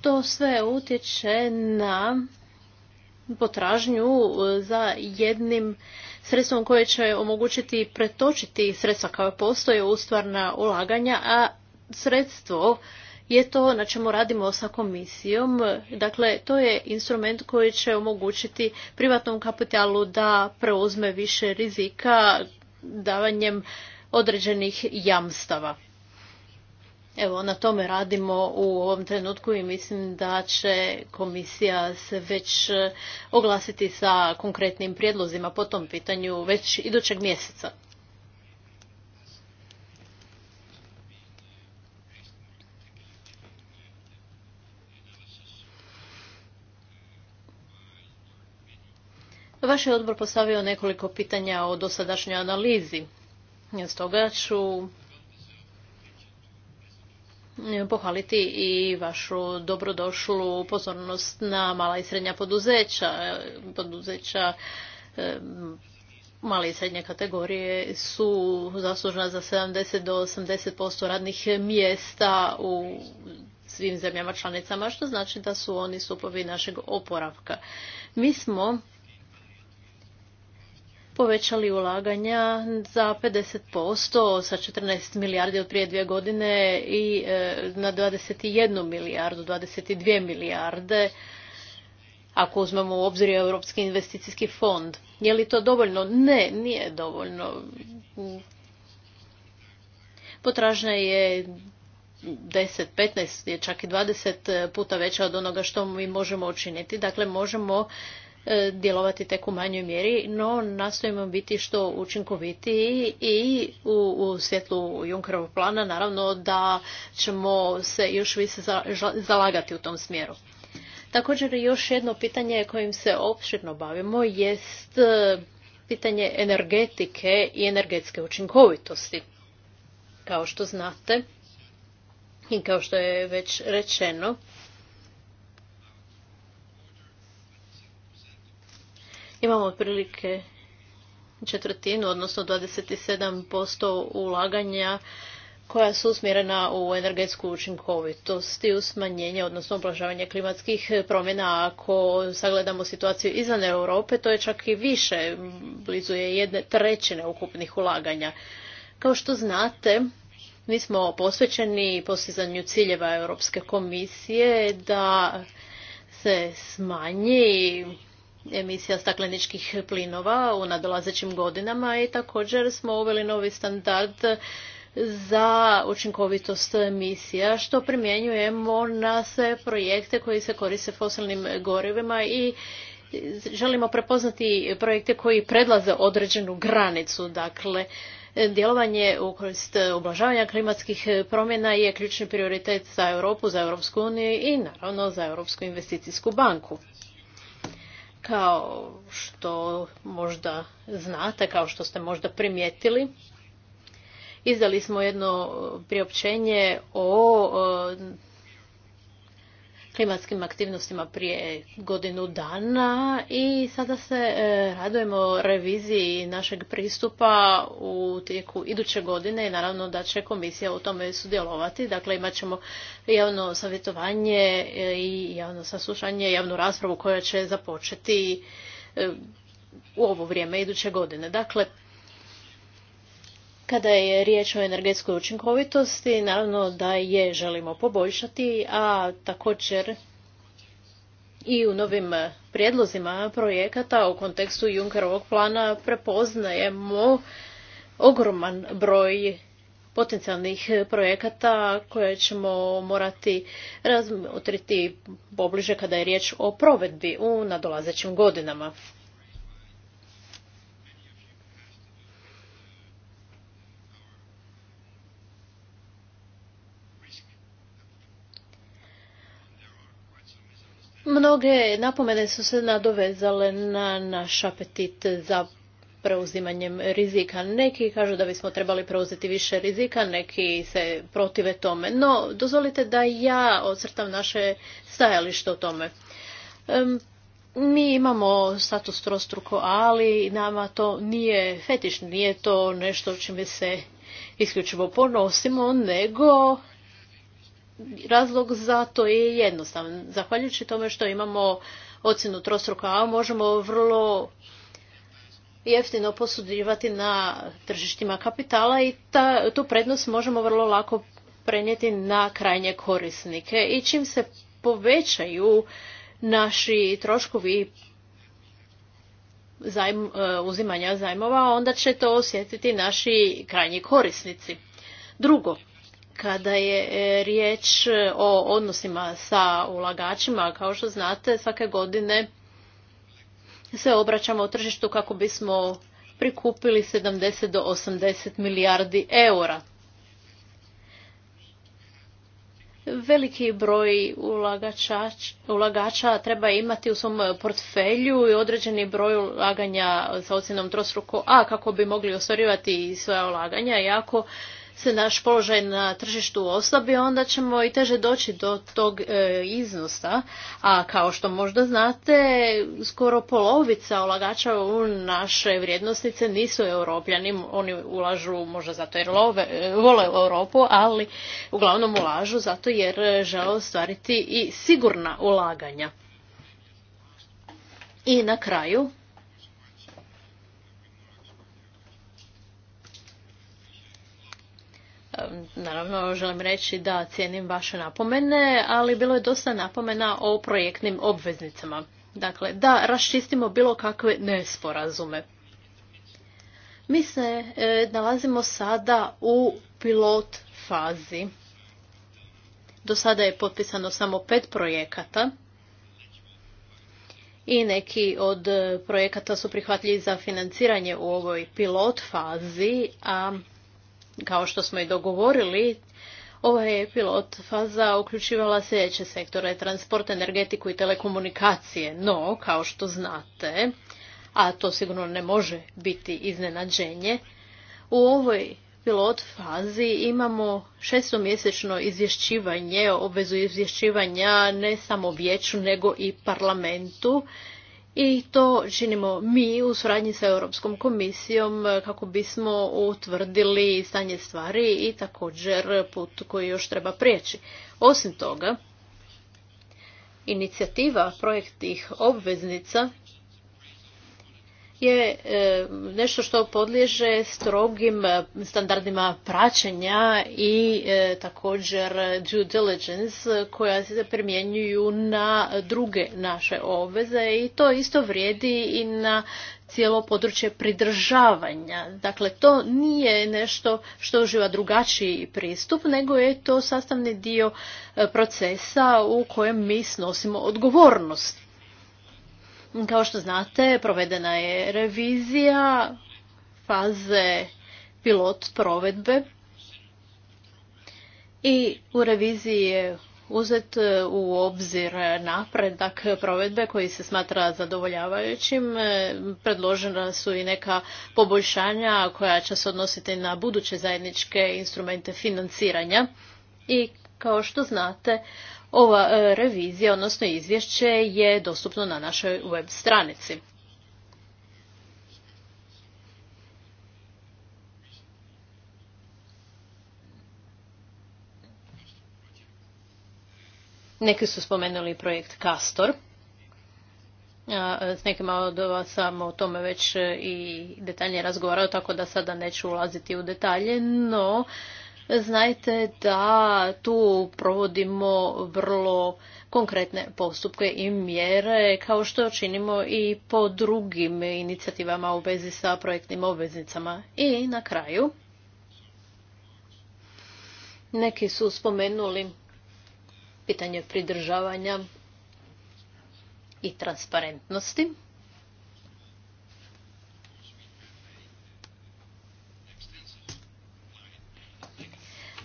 [SPEAKER 2] to sve utječe na potražnju e, za jednim sredstvom koje će omogućiti pretočiti sredstva kao postoje u stvarna ulaganja, a sredstvo je to na čemu radimo sa komisijom. Dakle, to je instrument koji će omogućiti privatnom kapitalu da preuzme više rizika davanjem određenih jamstava. Evo, na tome radimo u ovom trenutku i mislim da će komisija se već eh, oglasiti sa konkretnim prijedlozima po tom pitanju već idućeg mjeseca. Vaš je odbor postavio nekoliko pitanja o dosadašnjoj analizi. Stoga ću pohvaliti i vašu dobrodošlu pozornost na mala i srednja poduzeća. Poduzeća male i srednje kategorije su zaslužna za 70 do 80% radnih mjesta u svim zemljama članicama, što znači da su oni stupovi našeg oporavka. Mi smo povećali ulaganja za 50%, sa 14 milijardi od prije dvije godine i e, na 21 milijardu, 22 milijarde, ako uzmemo u obzir Europski investicijski fond. Je li to dovoljno? Ne, nije dovoljno. Potražnja je 10, 15, čak i 20 puta veća od onoga što mi možemo učiniti. Dakle, možemo E, djelovati tek u manjoj mjeri, no nastojimo biti što učinkovitiji i u, u svjetlu Junkerovog plana naravno da ćemo se još više zalagati u tom smjeru. Također još jedno pitanje kojim se opširno bavimo jest e, pitanje energetike i energetske učinkovitosti. Kao što znate i kao što je već rečeno, Imamo otprilike četvrtinu, odnosno 27% ulaganja koja su usmjerena u energetsku učinkovitost i u smanjenje, odnosno ublažavanje klimatskih promjena. Ako sagledamo situaciju izvan Europe, to je čak i više, blizu je jedne trećine ukupnih ulaganja. Kao što znate, mi smo posvećeni postizanju ciljeva Europske komisije da se smanji emisija stakleničkih plinova u nadolazećim godinama i također smo uveli novi standard za učinkovitost emisija što primjenjujemo na sve projekte koji se koriste fosilnim gorivima i želimo prepoznati projekte koji predlaze određenu granicu. Dakle, djelovanje u korist ublažavanja klimatskih promjena je ključni prioritet za Europu, za Europsku uniju i naravno za Europsku investicijsku banku. Kao što možda znate, kao što ste možda primijetili, izdali smo jedno priopćenje o klimatskim aktivnostima prije godinu dana i sada se e, radujemo reviziji našeg pristupa u tijeku iduće godine i naravno da će komisija u tome sudjelovati. Dakle, imat ćemo javno savjetovanje e, i javno saslušanje, javnu raspravu koja će započeti e, u ovo vrijeme iduće godine. Dakle, kada je riječ o energetskoj učinkovitosti, naravno da je želimo poboljšati, a također i u novim prijedlozima projekata u kontekstu Junkerovog plana prepoznajemo ogroman broj potencijalnih projekata koje ćemo morati razmotriti pobliže kada je riječ o provedbi u nadolazećim godinama. Mnoge napomene su se nadovezale na naš apetit za preuzimanjem rizika. Neki kažu da bismo trebali preuzeti više rizika, neki se protive tome. No, dozvolite da ja ocrtam naše stajalište o tome. mi imamo status trostruko, ali nama to nije fetiš, nije to nešto čime se isključivo ponosimo, nego razlog za to je jednostavan. Zahvaljujući tome što imamo ocjenu trostruka A, možemo vrlo jeftino posudivati na tržištima kapitala i ta, tu prednost možemo vrlo lako prenijeti na krajnje korisnike. I čim se povećaju naši troškovi zajm, e, uzimanja zajmova, onda će to osjetiti naši krajnji korisnici. Drugo, kada je e, riječ e, o odnosima sa ulagačima, kao što znate, svake godine se obraćamo u tržištu kako bismo prikupili 70 do 80 milijardi eura. Veliki broj ulagača, ulagača treba imati u svom portfelju i određeni broj ulaganja sa ocjenom trostruko A kako bi mogli ostvarivati svoja ulaganja Jako se naš položaj na tržištu oslabi, onda ćemo i teže doći do tog e, iznosa. A kao što možda znate, skoro polovica ulagača u naše vrijednosnice nisu europljani. Oni ulažu možda zato jer love, e, vole Europu, ali uglavnom ulažu zato jer e, žele ostvariti i sigurna ulaganja. I na kraju, Naravno, želim reći da cijenim vaše napomene, ali bilo je dosta napomena o projektnim obveznicama. Dakle, da raščistimo bilo kakve nesporazume. Mi se e, nalazimo sada u pilot fazi. Do sada je potpisano samo pet projekata i neki od projekata su prihvatljivi za financiranje u ovoj pilot fazi, a kao što smo i dogovorili, ova je pilot faza uključivala sljedeće sektore, transport, energetiku i telekomunikacije, no, kao što znate, a to sigurno ne može biti iznenađenje, u ovoj pilot fazi imamo šestomjesečno izvješćivanje, obvezu izvješćivanja ne samo vijeću nego i parlamentu i to činimo mi u suradnji sa Europskom komisijom kako bismo utvrdili stanje stvari i također put koji još treba prijeći. Osim toga, inicijativa projektnih obveznica je e, nešto što podliježe strogim e, standardima praćenja i e, također due diligence koja se primjenjuju na druge naše obveze i to isto vrijedi i na cijelo područje pridržavanja. Dakle, to nije nešto što uživa drugačiji pristup, nego je to sastavni dio procesa u kojem mi snosimo odgovornost. Kao što znate, provedena je revizija faze pilot provedbe i u reviziji je uzet u obzir napredak provedbe koji se smatra zadovoljavajućim. Predložena su i neka poboljšanja koja će se odnositi na buduće zajedničke instrumente financiranja i kao što znate, ova e, revizija, odnosno izvješće, je dostupno na našoj web stranici. Neki su spomenuli projekt Castor. E, s nekima od vas sam o tome već e, i detaljnije razgovarao, tako da sada neću ulaziti u detalje, no znajte da tu provodimo vrlo konkretne postupke i mjere kao što činimo i po drugim inicijativama u vezi sa projektnim obveznicama. I na kraju, neki su spomenuli pitanje pridržavanja i transparentnosti.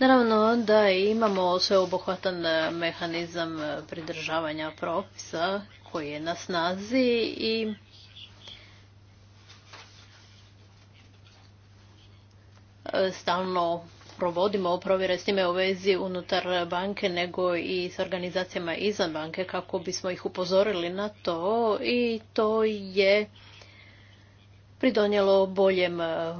[SPEAKER 2] Naravno da imamo sveobuhvatan e, mehanizam e, pridržavanja propisa koji je na snazi i e, stalno provodimo provjere s time u vezi unutar banke nego i s organizacijama izvan banke kako bismo ih upozorili na to i to je pridonijelo boljem e,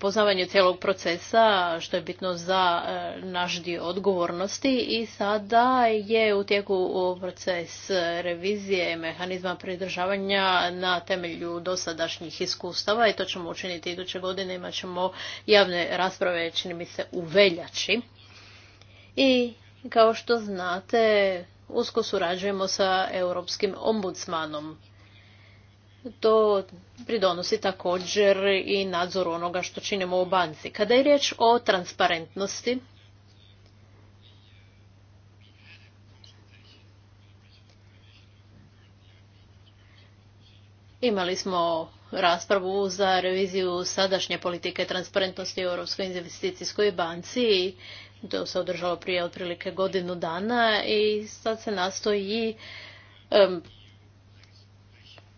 [SPEAKER 2] poznavanju cijelog procesa, što je bitno za e, naš dio odgovornosti i sada je u tijeku proces revizije mehanizma pridržavanja na temelju dosadašnjih iskustava i to ćemo učiniti iduće godine, imat ćemo javne rasprave, čini mi se, u veljači. I kao što znate, usko surađujemo sa europskim ombudsmanom to pridonosi također i nadzoru onoga što činimo u banci. Kada je riječ o transparentnosti, imali smo raspravu za reviziju sadašnje politike transparentnosti u Europskoj investicijskoj banci i to se održalo prije otprilike godinu dana i sad se nastoji um,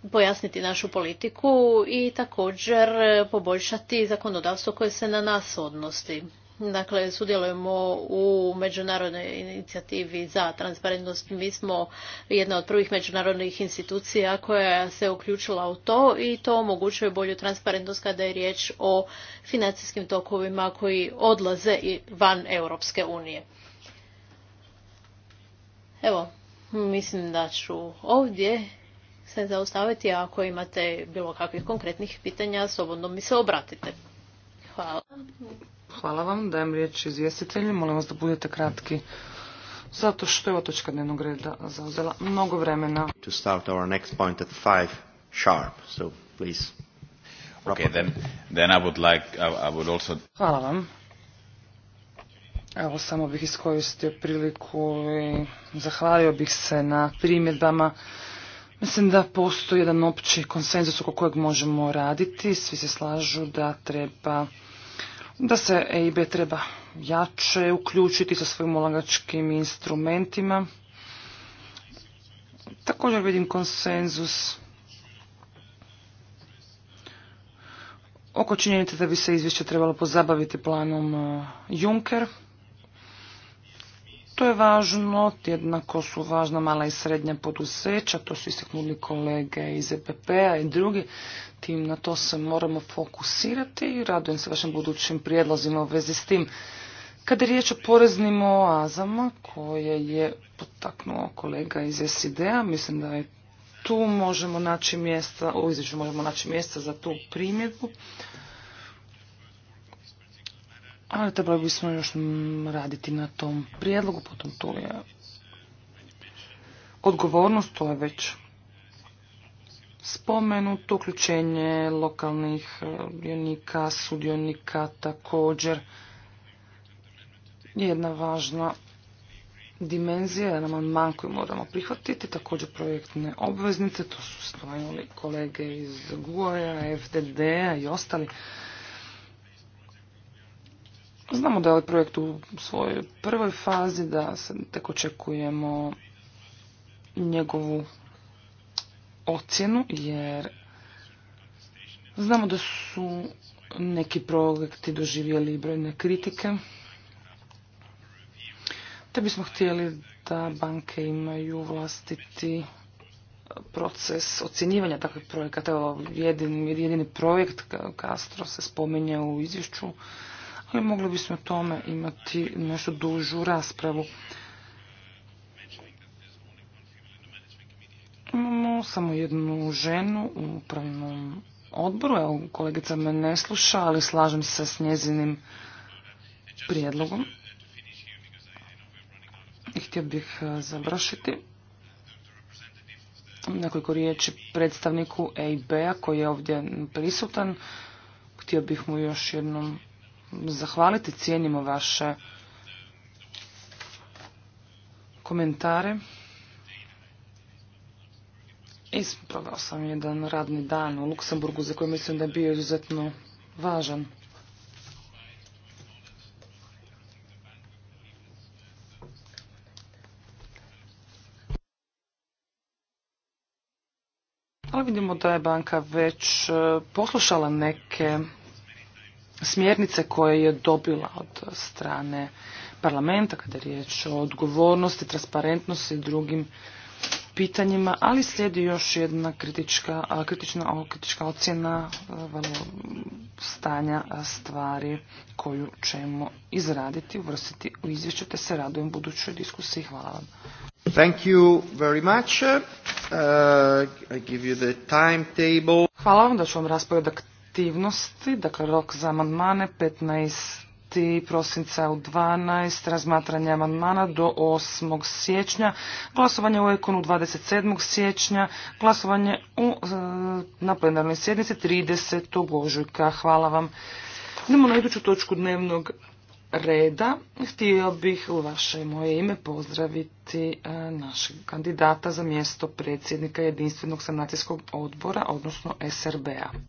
[SPEAKER 2] pojasniti našu politiku i također poboljšati zakonodavstvo koje se na nas odnosi. Dakle, sudjelujemo u međunarodnoj inicijativi za transparentnost. Mi smo jedna od prvih međunarodnih institucija koja se uključila u to i to omogućuje bolju transparentnost kada je riječ o financijskim tokovima koji odlaze van Europske unije. Evo, mislim da ću ovdje se zaustaviti, a ako imate bilo kakvih konkretnih pitanja, slobodno mi se obratite. Hvala.
[SPEAKER 1] Hvala vam, dajem riječ izvjestitelju, molim vas da budete kratki. Zato što je otočka dnevnog reda zauzela mnogo vremena.
[SPEAKER 2] To start our next point at five sharp, so please. Okay, then, then I would like, I would also...
[SPEAKER 1] Hvala vam. Evo, samo bih iskoristio priliku i zahvalio bih se na primjedbama Mislim da postoji jedan opći konsenzus oko kojeg možemo raditi. Svi se slažu da treba da se EIB treba jače uključiti sa svojim ulagačkim instrumentima. Također vidim konsenzus oko činjenice da bi se izvješće trebalo pozabaviti planom eh, Juncker. To je važno, jednako su važna mala i srednja poduzeća, to su istaknuli kolege iz EPP-a i drugi, tim na to se moramo fokusirati i radujem se vašim budućim prijedlozima u vezi s tim. Kada je riječ o poreznim oazama, koje je potaknuo kolega iz SID-a, mislim da je tu možemo naći mjesta, u izvješću možemo naći mjesta za tu primjedbu. Ali trebali bismo još raditi na tom prijedlogu, potom to je odgovornost, to je već spomenuto, uključenje lokalnih eh, dionika, sudionika također jedna važna dimenzija, jedan amandman koji moramo prihvatiti, također projektne obveznice, to su spomenuli kolege iz GUA-a, FDD-a i ostali. Znamo da je ovaj projekt u svojoj prvoj fazi, da se tek očekujemo njegovu ocjenu, jer znamo da su neki projekti doživjeli brojne kritike, te bismo htjeli da banke imaju vlastiti proces ocjenjivanja takvih projekata. Evo, jedini, jedini projekt, Castro se spominje u izvješću, ali mogli bismo o tome imati nešto dužu raspravu. Imamo samo jednu ženu u upravnom odboru. Evo, kolegica me ne sluša, ali slažem se s njezinim prijedlogom. I htio bih e, završiti nekoliko riječi predstavniku EIB-a koji je ovdje prisutan. Htio bih mu još jednom zahvaliti, cijenimo vaše komentare. Ispravao sam jedan radni dan u Luksemburgu za koji mislim da je bio izuzetno važan. Ali vidimo da je banka već e, poslušala neke smjernice koje je dobila od strane parlamenta kada je riječ o odgovornosti, transparentnosti i drugim pitanjima, ali slijedi još jedna kritička, kritična, kritička ocjena stanja stvari koju ćemo izraditi, uvrstiti u izvješću, te se radujem budućoj diskusiji. Hvala vam. Thank you very much. Uh, I give you the Hvala vam da ću vam rasporedak aktivnosti, dakle rok za amandmane 15. prosinca u 12. razmatranje amandmana do 8. siječnja, glasovanje u ekonu 27. siječnja, glasovanje u, e, na plenarnoj sjednici 30. ožujka. Hvala vam. Idemo na iduću točku dnevnog reda. Htio bih u vaše moje ime pozdraviti e, našeg kandidata za mjesto predsjednika Jedinstvenog sanacijskog odbora, odnosno
[SPEAKER 2] SRB-a.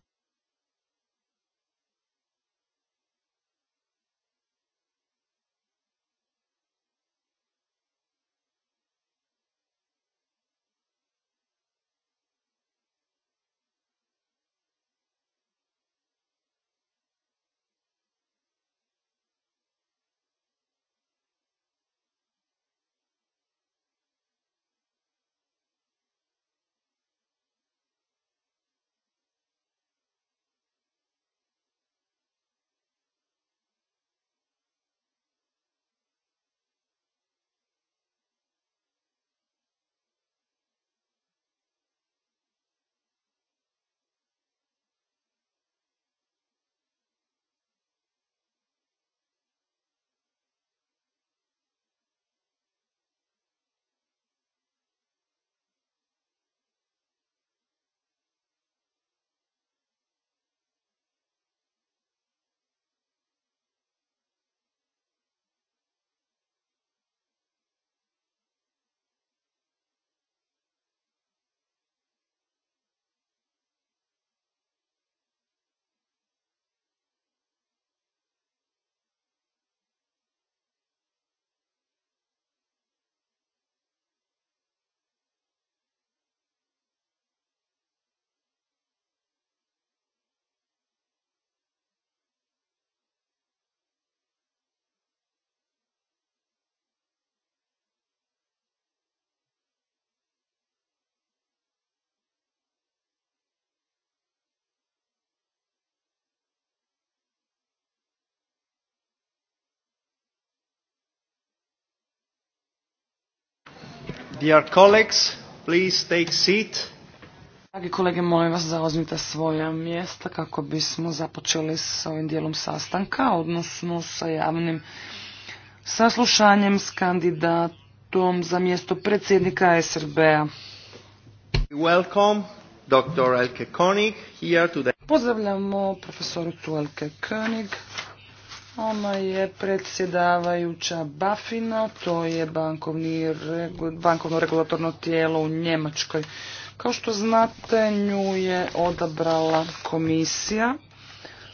[SPEAKER 1] Dear colleagues, please take seat. Dragi kolege, molim vas zauzmite svoja mjesta kako bismo započeli s ovim dijelom sastanka, odnosno sa javnim saslušanjem s kandidatom za mjesto predsjednika SRB-a.
[SPEAKER 2] Welcome Dr. Elke Koenig
[SPEAKER 1] here today. Pozdravljamo profesoricu Elke Koenig ona je predsjedavajuća Bafina, to je bankovno regulatorno tijelo u Njemačkoj. Kao što znate, nju je odabrala komisija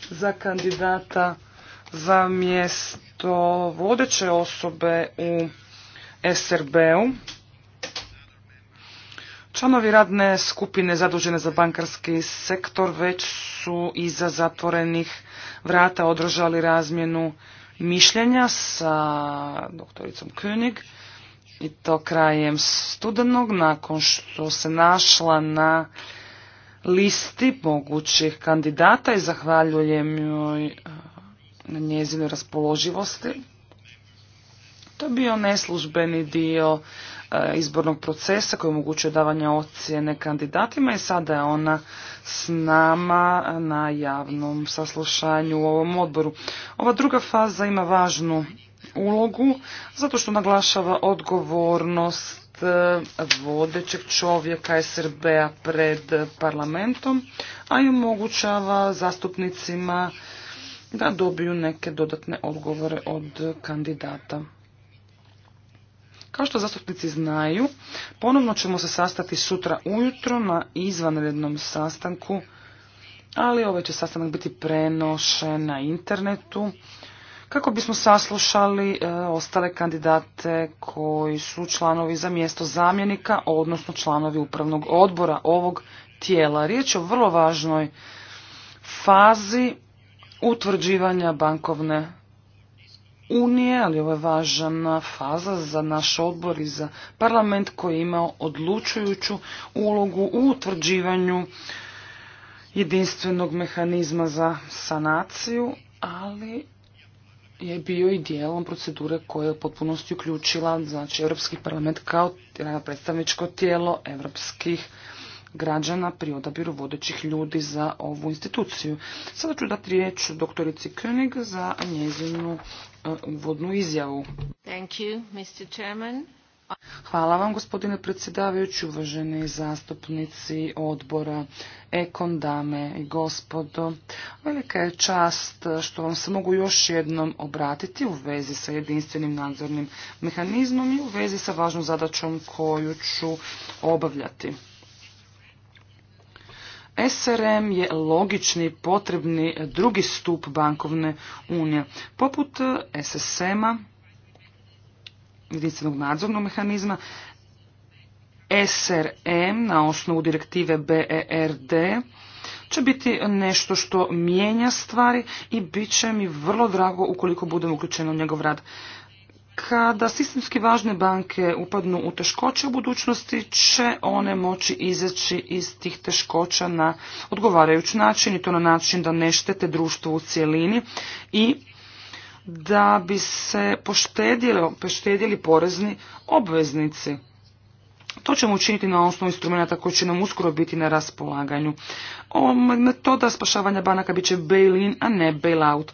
[SPEAKER 1] za kandidata za mjesto vodeće osobe u SRB-u. Članovi radne skupine zadužene za bankarski sektor već su iza zatvorenih vrata održali razmjenu mišljenja sa doktoricom König i to krajem studenog nakon što se našla na listi mogućih kandidata i zahvaljujem joj e, na njezinoj raspoloživosti. To je bio neslužbeni dio E, izbornog procesa koji omogućuje davanje ocjene kandidatima i sada je ona s nama na javnom saslušanju u ovom odboru. Ova druga faza ima važnu ulogu zato što naglašava odgovornost e, vodećeg čovjeka SRB-a pred parlamentom, a i omogućava zastupnicima da dobiju neke dodatne odgovore od kandidata. Kao što zastupnici znaju, ponovno ćemo se sastati sutra ujutro na izvanrednom sastanku, ali ovaj će sastanak biti prenošen na internetu kako bismo saslušali e, ostale kandidate koji su članovi za mjesto zamjenika, odnosno članovi upravnog odbora ovog tijela. Riječ je o vrlo važnoj fazi utvrđivanja bankovne unije, ali ovo je važna faza za naš odbor i za parlament koji je imao odlučujuću ulogu u utvrđivanju jedinstvenog mehanizma za sanaciju, ali je bio i dijelom procedure koja je u potpunosti uključila znači Europski parlament kao predstavničko tijelo europskih građana pri odabiru vodećih ljudi za ovu instituciju. Sada ću dati riječ doktorici König za njezinu e, uvodnu izjavu. Thank Hvala vam gospodine predsjedavajući, uvaženi zastupnici odbora Ekon, dame i gospodo. Velika je čast što vam se mogu još jednom obratiti u vezi sa jedinstvenim nadzornim mehanizmom i u vezi sa važnom zadaćom koju ću obavljati. SRM je logični potrebni drugi stup bankovne unije, poput eh, SSM-a, jedinstvenog nadzornog mehanizma, SRM na osnovu direktive BERD će biti nešto što mijenja stvari i bit će mi vrlo drago ukoliko budem uključena u njegov rad. Kada sistemski važne banke upadnu u teškoće u budućnosti, će one moći izaći iz tih teškoća na odgovarajući način i to na način da ne štete društvu u cjelini i da bi se poštedili porezni obveznici. To ćemo učiniti na osnovu instrumenta koji će nam uskoro biti na raspolaganju. Ovo metoda spašavanja banaka bit će bail-in, a ne bail-out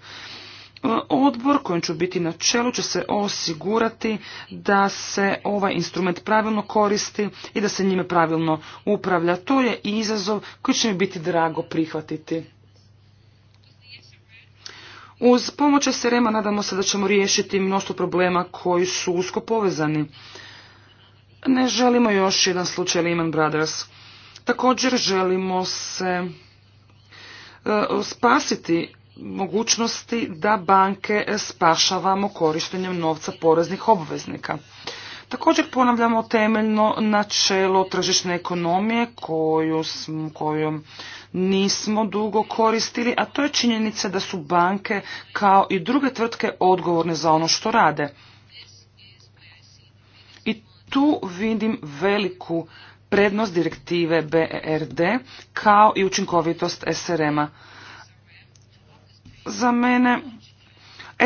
[SPEAKER 1] odbor kojim ću biti na čelu će se osigurati da se ovaj instrument pravilno koristi i da se njime pravilno upravlja. To je izazov koji će mi biti drago prihvatiti. Uz pomoć SRM-a nadamo se da ćemo riješiti mnoštvo problema koji su usko povezani. Ne želimo još jedan slučaj Lehman Brothers. Također želimo se e, spasiti mogućnosti da banke spašavamo korištenjem novca poreznih obveznika. Također ponavljamo temeljno načelo tržišne ekonomije koju, kojom nismo dugo koristili, a to je činjenica da su banke kao i druge tvrtke odgovorne za ono što rade. I tu vidim veliku prednost direktive BERD kao i učinkovitost SRM-a za mene.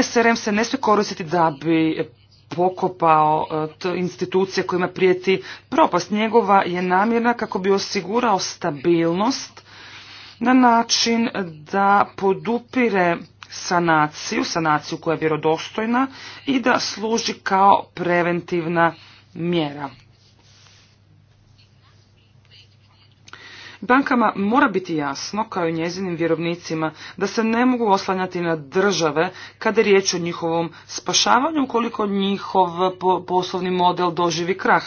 [SPEAKER 1] SRM se ne smije koristiti da bi pokopao e, institucije kojima prijeti propast. Njegova je namjerna kako bi osigurao stabilnost na način da podupire sanaciju, sanaciju koja je vjerodostojna i da služi kao preventivna mjera. Bankama mora biti jasno, kao i njezinim vjerovnicima, da se ne mogu oslanjati na države kada je riječ o njihovom spašavanju ukoliko njihov poslovni model doživi krah.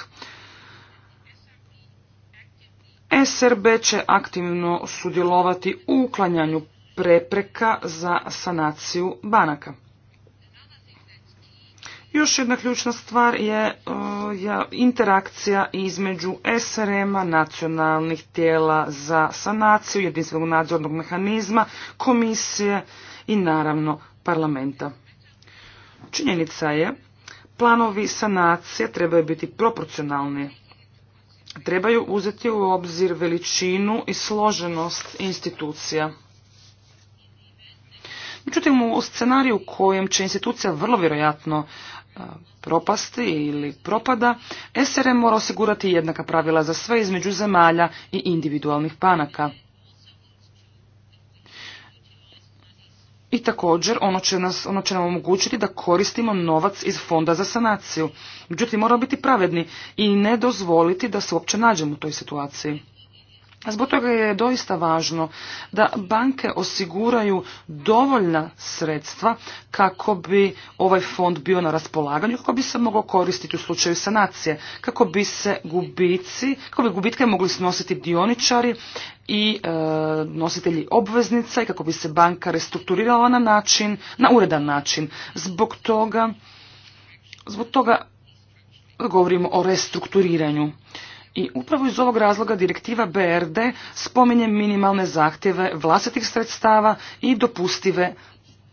[SPEAKER 1] SRB će aktivno sudjelovati u uklanjanju prepreka za sanaciju banaka. Još jedna ključna stvar je e, interakcija između SRM-a, nacionalnih tijela za sanaciju, jedinstvenog nadzornog mehanizma, komisije i naravno parlamenta. Činjenica je, planovi sanacije trebaju biti proporcionalni. Trebaju uzeti u obzir veličinu i složenost institucija. Međutim, u scenariju u kojem će institucija vrlo vjerojatno propasti ili propada, SRM mora osigurati jednaka pravila za sve između zemalja i individualnih panaka. I također ono će, nas, ono će nam omogućiti da koristimo novac iz fonda za sanaciju. Međutim, moramo biti pravedni i ne dozvoliti da se uopće nađemo u toj situaciji. Zbog toga je doista važno da banke osiguraju dovoljna sredstva kako bi ovaj fond bio na raspolaganju, kako bi se mogao koristiti u slučaju sanacije, kako bi se gubici, kako bi gubitke mogli snositi dioničari i e, nositelji obveznica i kako bi se banka restrukturirala na način, na uredan način. Zbog toga, zbog toga govorimo o restrukturiranju. I upravo iz ovog razloga direktiva BRD spominje minimalne zahtjeve vlastitih sredstava i dopustive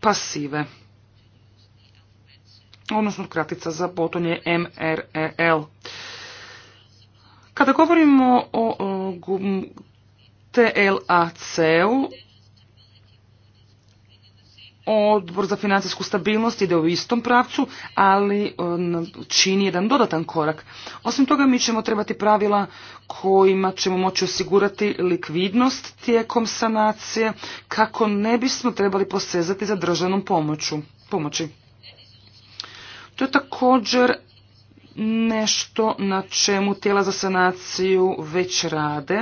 [SPEAKER 1] pasive. Odnosno kratica za potonje MREL. Kada govorimo o TLAC-u, Odbor za financijsku stabilnost ide u istom pravcu, ali e, čini jedan dodatan korak. Osim toga, mi ćemo trebati pravila kojima ćemo moći osigurati likvidnost tijekom sanacije, kako ne bismo trebali posezati za državnom pomoći. To je također nešto na čemu tijela za sanaciju već rade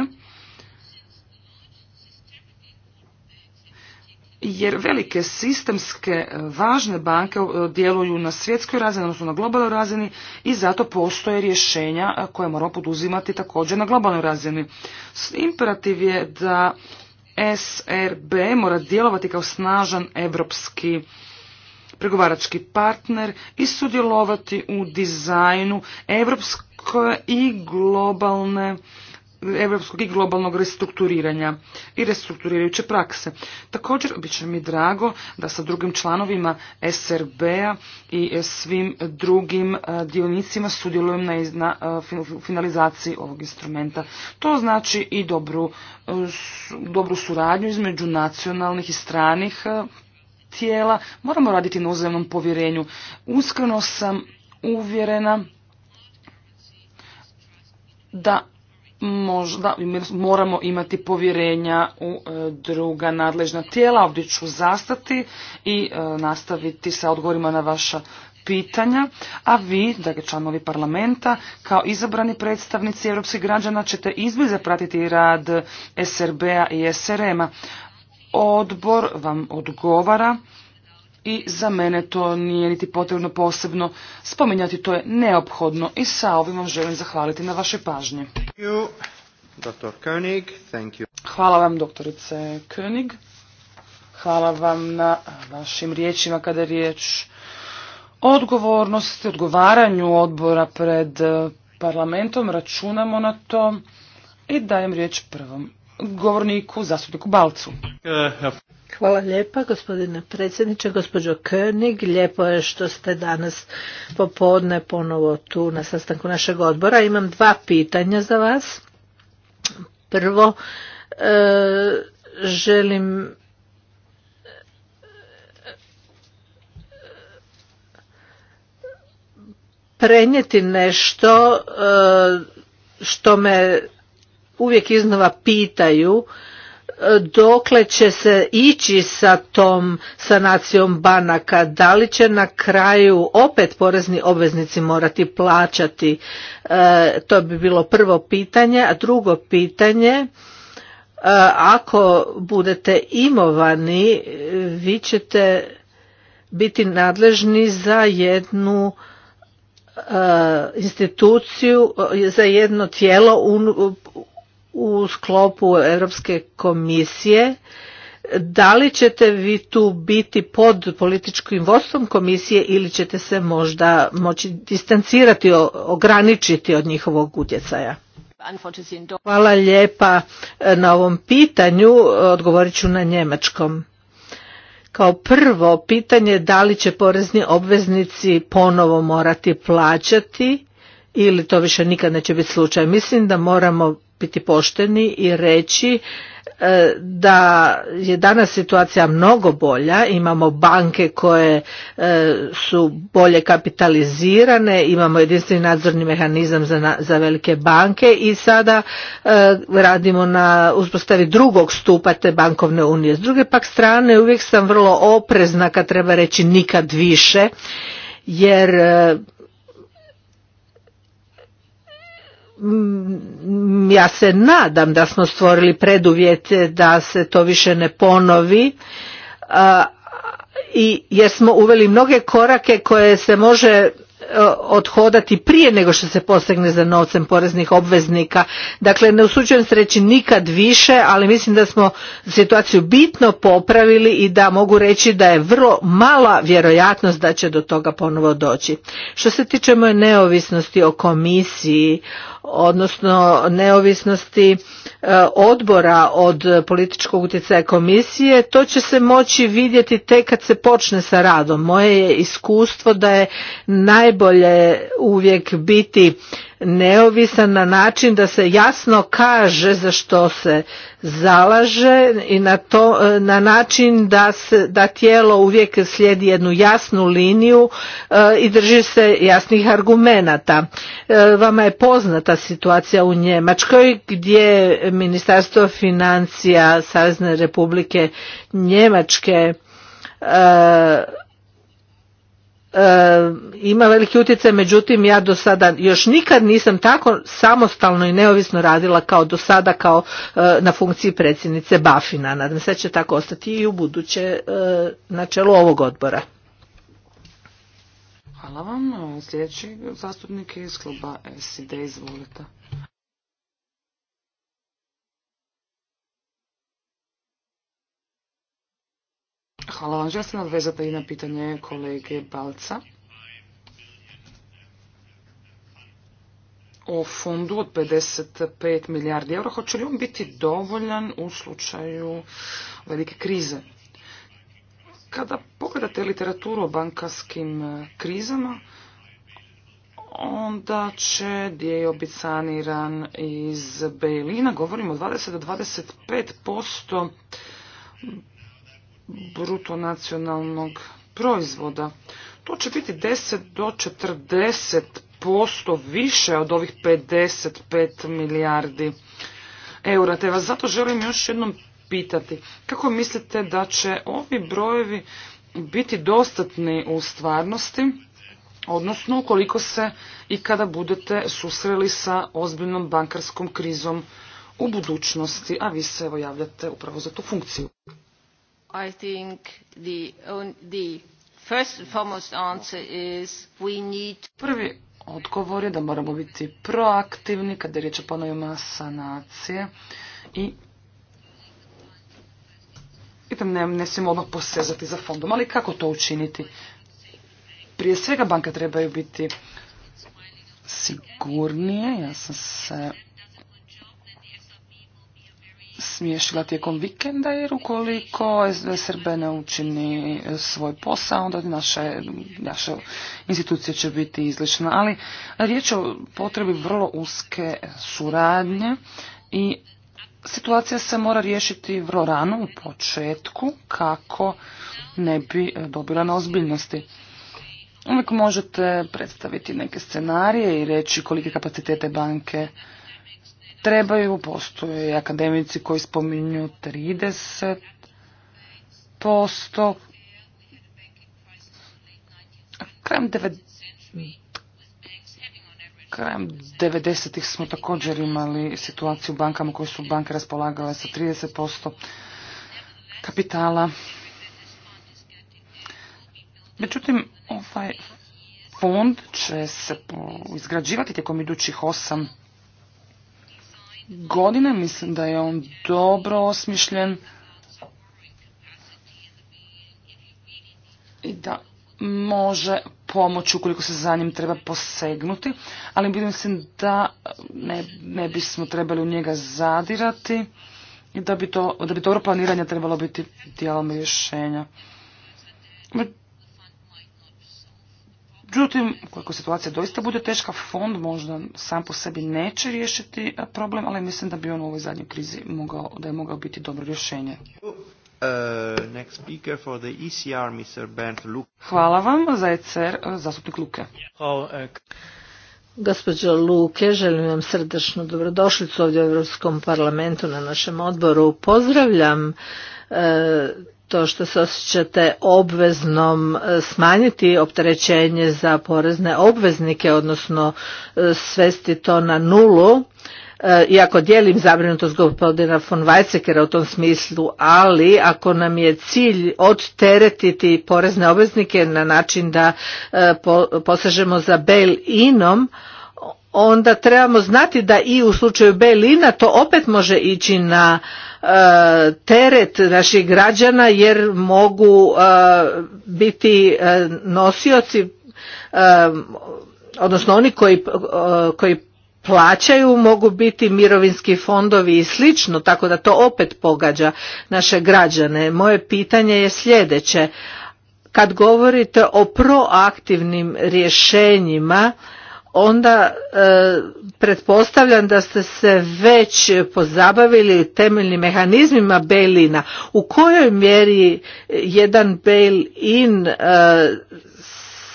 [SPEAKER 1] jer velike sistemske e, važne banke e, djeluju na svjetskoj razini, odnosno na globalnoj razini i zato postoje rješenja e, koje moramo poduzimati također na globalnoj razini. Imperativ je da SRB mora djelovati kao snažan europski pregovarački partner i sudjelovati u dizajnu europske i globalne europskog i globalnog restrukturiranja i restrukturirajuće prakse. Također, bit mi drago da sa drugim članovima SRB-a i svim drugim e, dionicima sudjelujem na, e, finalizaciji ovog instrumenta. To znači i dobru, e, dobru suradnju između nacionalnih i stranih tijela. Moramo raditi na uzemnom povjerenju. Uskreno sam uvjerena da možda moramo imati povjerenja u e, druga nadležna tijela. Ovdje ću zastati i e, nastaviti sa odgovorima na vaša pitanja, a vi, dakle članovi parlamenta, kao izabrani predstavnici europskih građana ćete izbliza pratiti rad SRB-a i SRM-a. Odbor vam odgovara i za mene to nije niti potrebno posebno spominjati, to je neophodno i sa ovim vam želim zahvaliti na vaše pažnje. Hvala vam doktorice König, hvala vam na vašim riječima kada je riječ o odgovornosti, odgovaranju odbora pred parlamentom, računamo na to i dajem riječ prvom govorniku, zastupniku Balcu.
[SPEAKER 2] E,
[SPEAKER 3] Hvala lijepa gospodine predsjedniče, gospođo König. Lijepo je što ste danas popodne ponovo tu na sastanku našeg odbora. Imam dva pitanja za vas. Prvo, e, želim prenijeti nešto e, što me uvijek iznova pitaju dokle će se ići sa tom sanacijom banaka, da li će na kraju opet porezni obveznici morati plaćati, e, to bi bilo prvo pitanje, a drugo pitanje, e, ako budete imovani, vi ćete biti nadležni za jednu e, instituciju za jedno tijelo u sklopu Europske komisije da li ćete vi tu biti pod političkim vodstvom komisije ili ćete se možda moći distancirati, ograničiti od njihovog utjecaja? Hvala lijepa e, na ovom pitanju, e, odgovorit ću na njemačkom. Kao prvo pitanje da li će porezni obveznici ponovo morati plaćati ili to više nikad neće biti slučaj. Mislim da moramo biti pošteni i reći e, da je danas situacija mnogo bolja, imamo banke koje e, su bolje kapitalizirane, imamo jedinstveni nadzorni mehanizam za, velike banke i sada e, radimo na uspostavi drugog stupa te bankovne unije. S druge pak strane uvijek sam vrlo oprezna kad treba reći nikad više jer Mm, ja se nadam da smo stvorili preduvjete da se to više ne ponovi i jer smo uveli mnoge korake koje se može e, odhodati prije nego što se posegne za novcem poreznih obveznika. Dakle, ne usuđujem se reći nikad više, ali mislim da smo situaciju bitno popravili i da mogu reći da je vrlo mala vjerojatnost da će do toga ponovo doći. Što se tiče moje neovisnosti o komisiji, odnosno neovisnosti e, odbora od političkog utjecaja komisije, to će se moći vidjeti tek kad se počne sa radom. Moje je iskustvo da je najbolje uvijek biti neovisan na način da se jasno kaže za što se zalaže i na, to, na način da, se, da tijelo uvijek slijedi jednu jasnu liniju e, i drži se jasnih argumenata. E, vama je poznata situacija u Njemačkoj gdje Ministarstvo financija Savezne Republike Njemačke e, E, ima veliki utjecaj, međutim ja do sada još nikad nisam tako samostalno i neovisno radila kao do sada kao e, na funkciji predsjednice Bafina. Nadam se će tako ostati i u buduće e, na čelu ovog odbora.
[SPEAKER 1] Hvala vam. Sljedeći zastupnik je iz kluba SID. Izvolite. Hvala vam. Želim se nadvezati i na pitanje kolege Balca o fondu od 55 milijardi eura. Hoće li on biti dovoljan u slučaju velike krize? Kada pogledate literaturu o bankarskim e, krizama, onda će dio biti saniran iz Bejlina. Govorimo o 20 do 25 bruto nacionalnog proizvoda. To će biti 10 do 40 posto više od ovih 55 milijardi eura. Te vas zato želim još jednom pitati. Kako mislite da će ovi brojevi biti dostatni u stvarnosti, odnosno ukoliko se i kada budete susreli sa ozbiljnom bankarskom krizom u budućnosti, a vi se evo javljate upravo za tu funkciju.
[SPEAKER 3] I think the, the first foremost answer is we need... Prvi
[SPEAKER 1] odgovor je da moramo biti proaktivni kada je riječ o ponovima sanacije i i da ne, ne smijemo odmah posezati za fondom. Ali kako to učiniti? Prije svega banke trebaju biti sigurnije. Ja sam se smiješila tijekom vikenda jer ukoliko SRB ne učini e, svoj posao onda naše, naše institucije će biti izlična. Ali riječ je o potrebi vrlo uske suradnje i situacija se mora riješiti vrlo rano u početku kako ne bi e, dobila na ozbiljnosti. Uvijek možete predstaviti neke scenarije i reći kolike kapacitete banke trebaju. Postoje akademici koji spominju 30%. Krajem 90 krajem 90-ih smo također imali situaciju u bankama koje su banke raspolagale sa 30% kapitala. Međutim, ovaj fond će se izgrađivati tijekom idućih osam godine. Mislim da je on dobro osmišljen. I da može pomoći ukoliko se za njim treba posegnuti, ali mislim da ne, ne bismo trebali u njega zadirati i da bi, to, da bi dobro planiranje trebalo biti dijelom rješenja. Međutim, koliko situacija doista bude teška, fond možda sam po sebi neće riješiti e, problem, ali mislim da bi on u ovoj zadnjoj krizi mogao, da je mogao biti dobro rješenje.
[SPEAKER 3] Uh,
[SPEAKER 2] e Hvala
[SPEAKER 3] vam za ECR, e, zastupnik Luke. Gospođo Luke, želim vam srdečnu dobrodošlicu ovdje u Europskom parlamentu na našem odboru. Pozdravljam e, to što se osjećate obveznom e, smanjiti opterećenje za porezne obveznike, odnosno e, svesti to na nulu iako dijelim zabrinutost gospodina von Weizsäckera u tom smislu, ali ako nam je cilj odteretiti porezne obveznike na način da e, posežemo za bail-inom, onda trebamo znati da i u slučaju Belina to opet može ići na e, teret naših građana jer mogu e, biti nosioci odnosno oni koji, koji plaćaju mogu biti mirovinski fondovi i slično, tako da to opet pogađa naše građane. Moje pitanje je sljedeće. Kad govorite o proaktivnim rješenjima, onda e, pretpostavljam da ste se već pozabavili temeljnim mehanizmima bail-ina. U kojoj mjeri jedan bail-in e,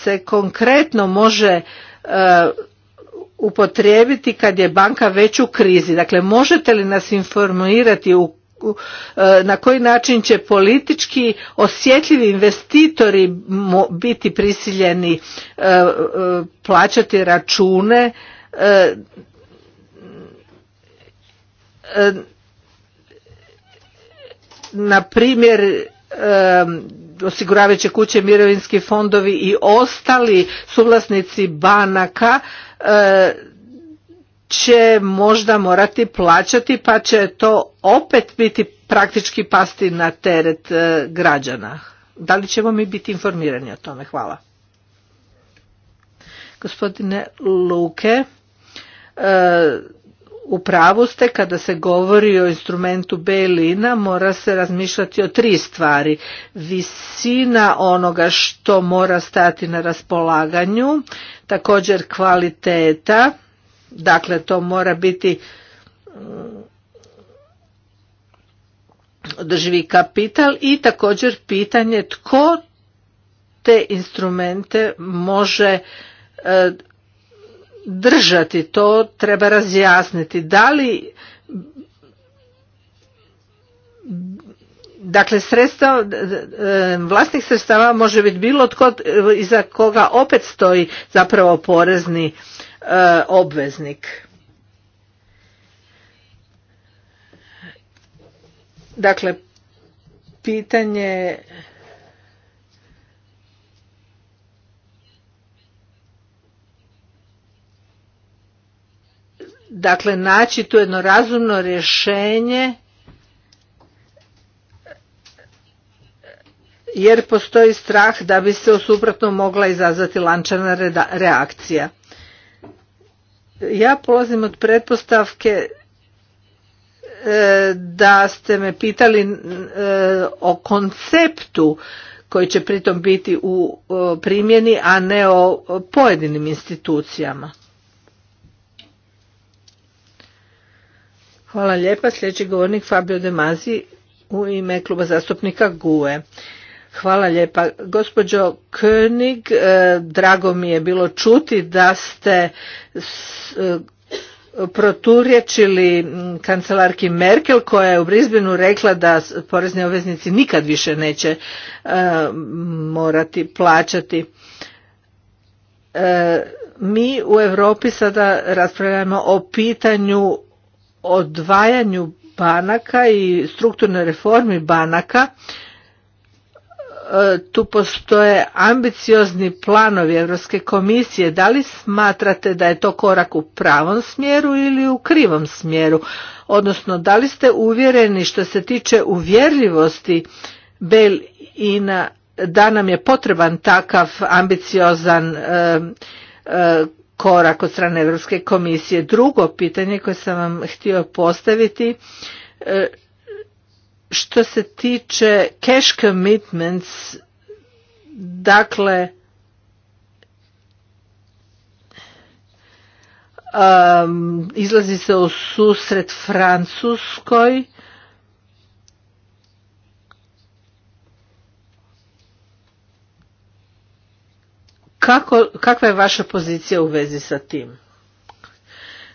[SPEAKER 3] se konkretno može e, upotrijebiti kad je banka već u krizi. Dakle, možete li nas informirati u e, na koji način će politički osjetljivi investitori biti prisiljeni e, e, plaćati račune na primjer osiguravajuće kuće, mirovinski fondovi i ostali suvlasnici banaka E, će možda morati plaćati pa će to opet biti praktički pasti na teret e, građana. Da li ćemo mi biti informirani o tome? Hvala. Gospodine Luke, e, u pravu ste kada se govori o instrumentu Belina mora se razmišljati o tri stvari. Visina onoga što mora stati na raspolaganju, također kvaliteta, dakle to mora biti mm, održivi kapital i također pitanje tko te instrumente može e, držati, to treba razjasniti. Da li dakle sredstva, e, vlasnih sredstava može biti bilo tko iza koga opet stoji zapravo porezni e, obveznik. Dakle, pitanje dakle naći tu jedno razumno rješenje jer postoji strah da bi se u suprotno mogla izazvati lančana reakcija. Ja polazim od pretpostavke e, da ste me pitali e, o konceptu koji će pritom biti u primjeni, a ne o pojedinim institucijama. Hvala lijepa. Sljedeći govornik Fabio De Mazi u ime kluba zastupnika GUE. Hvala lijepa. Gospođo König, e, drago mi je bilo čuti da ste e, proturječili kancelarki Merkel koja je u Brisbaneu rekla da porezni obveznici nikad više neće e, morati plaćati. Mi u Europi sada raspravljamo o pitanju odvajanju banaka i strukturnoj reformi banaka e, tu postoje ambiciozni planovi Europske komisije. Da li smatrate da je to korak u pravom smjeru ili u krivom smjeru? Odnosno, da li ste uvjereni što se tiče uvjerljivosti Bel i da nam je potreban takav ambiciozan e, e, korak od strane Europske komisije. Drugo pitanje koje sam vam htio postaviti e, što se tiče cash commitments dakle um, izlazi se u susret Francuskoj Kako, kakva je vaša pozicija u vezi sa tim?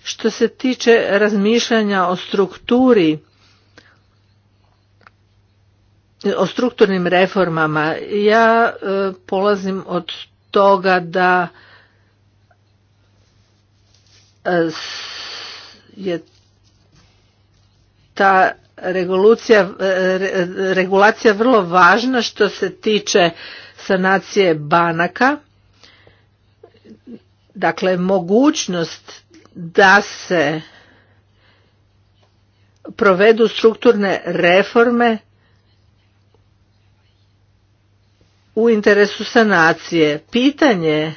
[SPEAKER 3] Što se tiče razmišljanja o strukturi, o strukturnim reformama, ja e, polazim od toga da e, je ta e, regulacija vrlo važna što se tiče sanacije banaka dakle mogućnost da se provedu strukturne reforme u interesu sanacije. Pitanje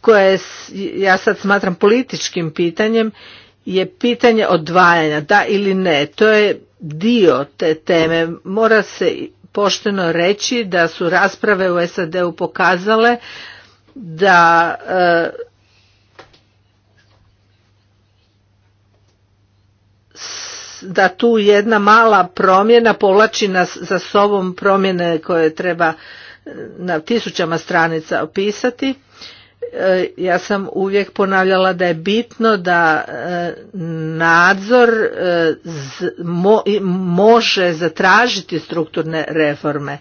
[SPEAKER 3] koje ja sad smatram političkim pitanjem je pitanje odvajanja, da ili ne. To je dio te teme. Mora se pošteno reći da su rasprave u SAD-u pokazale da e, da tu jedna mala promjena povlači nas za sobom promjene koje treba e, na tisućama stranica opisati E, ja sam uvijek ponavljala da je bitno da e, nadzor e, može zatražiti strukturne reforme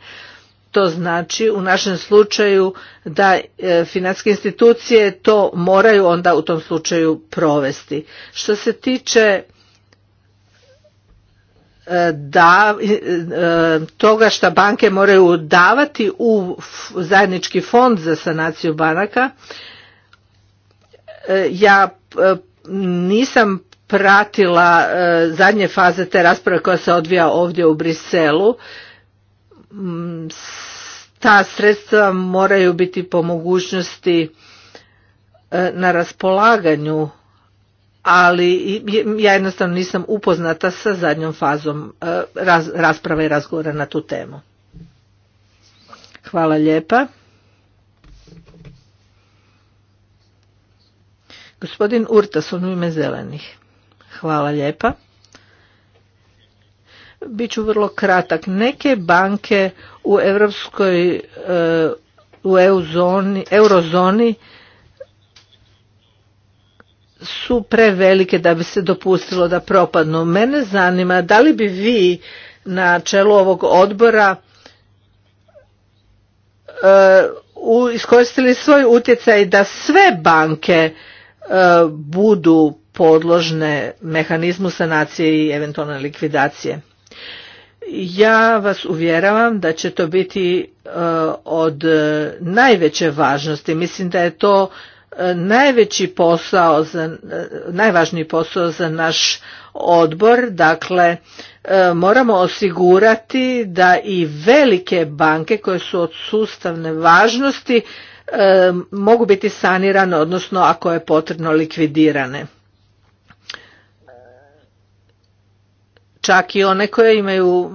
[SPEAKER 3] to znači u našem slučaju da financijske institucije to moraju onda u tom slučaju provesti što se tiče E, da e, e, toga što banke moraju davati u zajednički fond za sanaciju banaka ja nisam pratila zadnje faze te rasprave koja se odvija ovdje u Briselu mm, ta sredstva moraju biti po mogućnosti na raspolaganju ali ja jednostavno nisam upoznata sa zadnjom fazom e, rasprave i razgovora na tu temu. Hvala lijepa. Gospodin Urtas, u ime zelenih. Hvala lijepa. Biću vrlo kratak. Neke banke u europskoj e, u zoni, eurozoni su prevelike da bi se dopustilo da propadnu. Mene zanima da li bi vi na čelu ovog odbora e, iskoristili svoj utjecaj da sve banke e, budu podložne mehanizmu sanacije i eventualne likvidacije. Ja vas uvjeravam da će to biti e, od najveće važnosti. Mislim da je to najveći posao, za, e, najvažniji posao za naš odbor, dakle e, moramo osigurati da i velike banke koje su od sustavne važnosti e, mogu biti sanirane, odnosno ako je potrebno likvidirane. čak i one koje, imaju,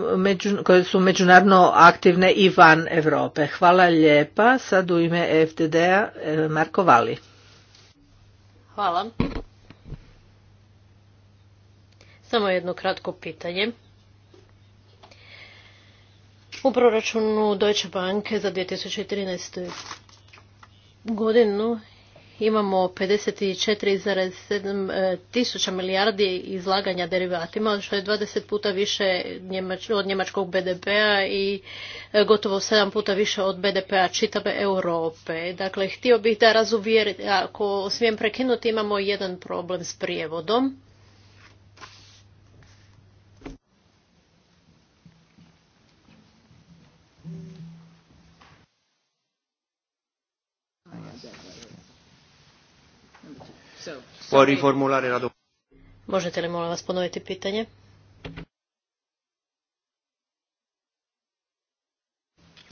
[SPEAKER 3] koje su međunarodno aktivne i van Europe. Hvala lijepa. Sad u ime FTD-a
[SPEAKER 2] Hvala. Samo jedno kratko pitanje. U proračunu Deutsche Banke za 2013. godinu imamo 54,7 e, tisuća milijardi izlaganja derivatima, što je 20 p-a e, puta više od njemačkog BDP-a i gotovo 7 puta više od BDP-a čitave Europe. Dakle, htio bih da razuvjeriti, ako smijem prekinuti, imamo jedan problem s prijevodom. la domanda. Možete li molim vas ponoviti pitanje?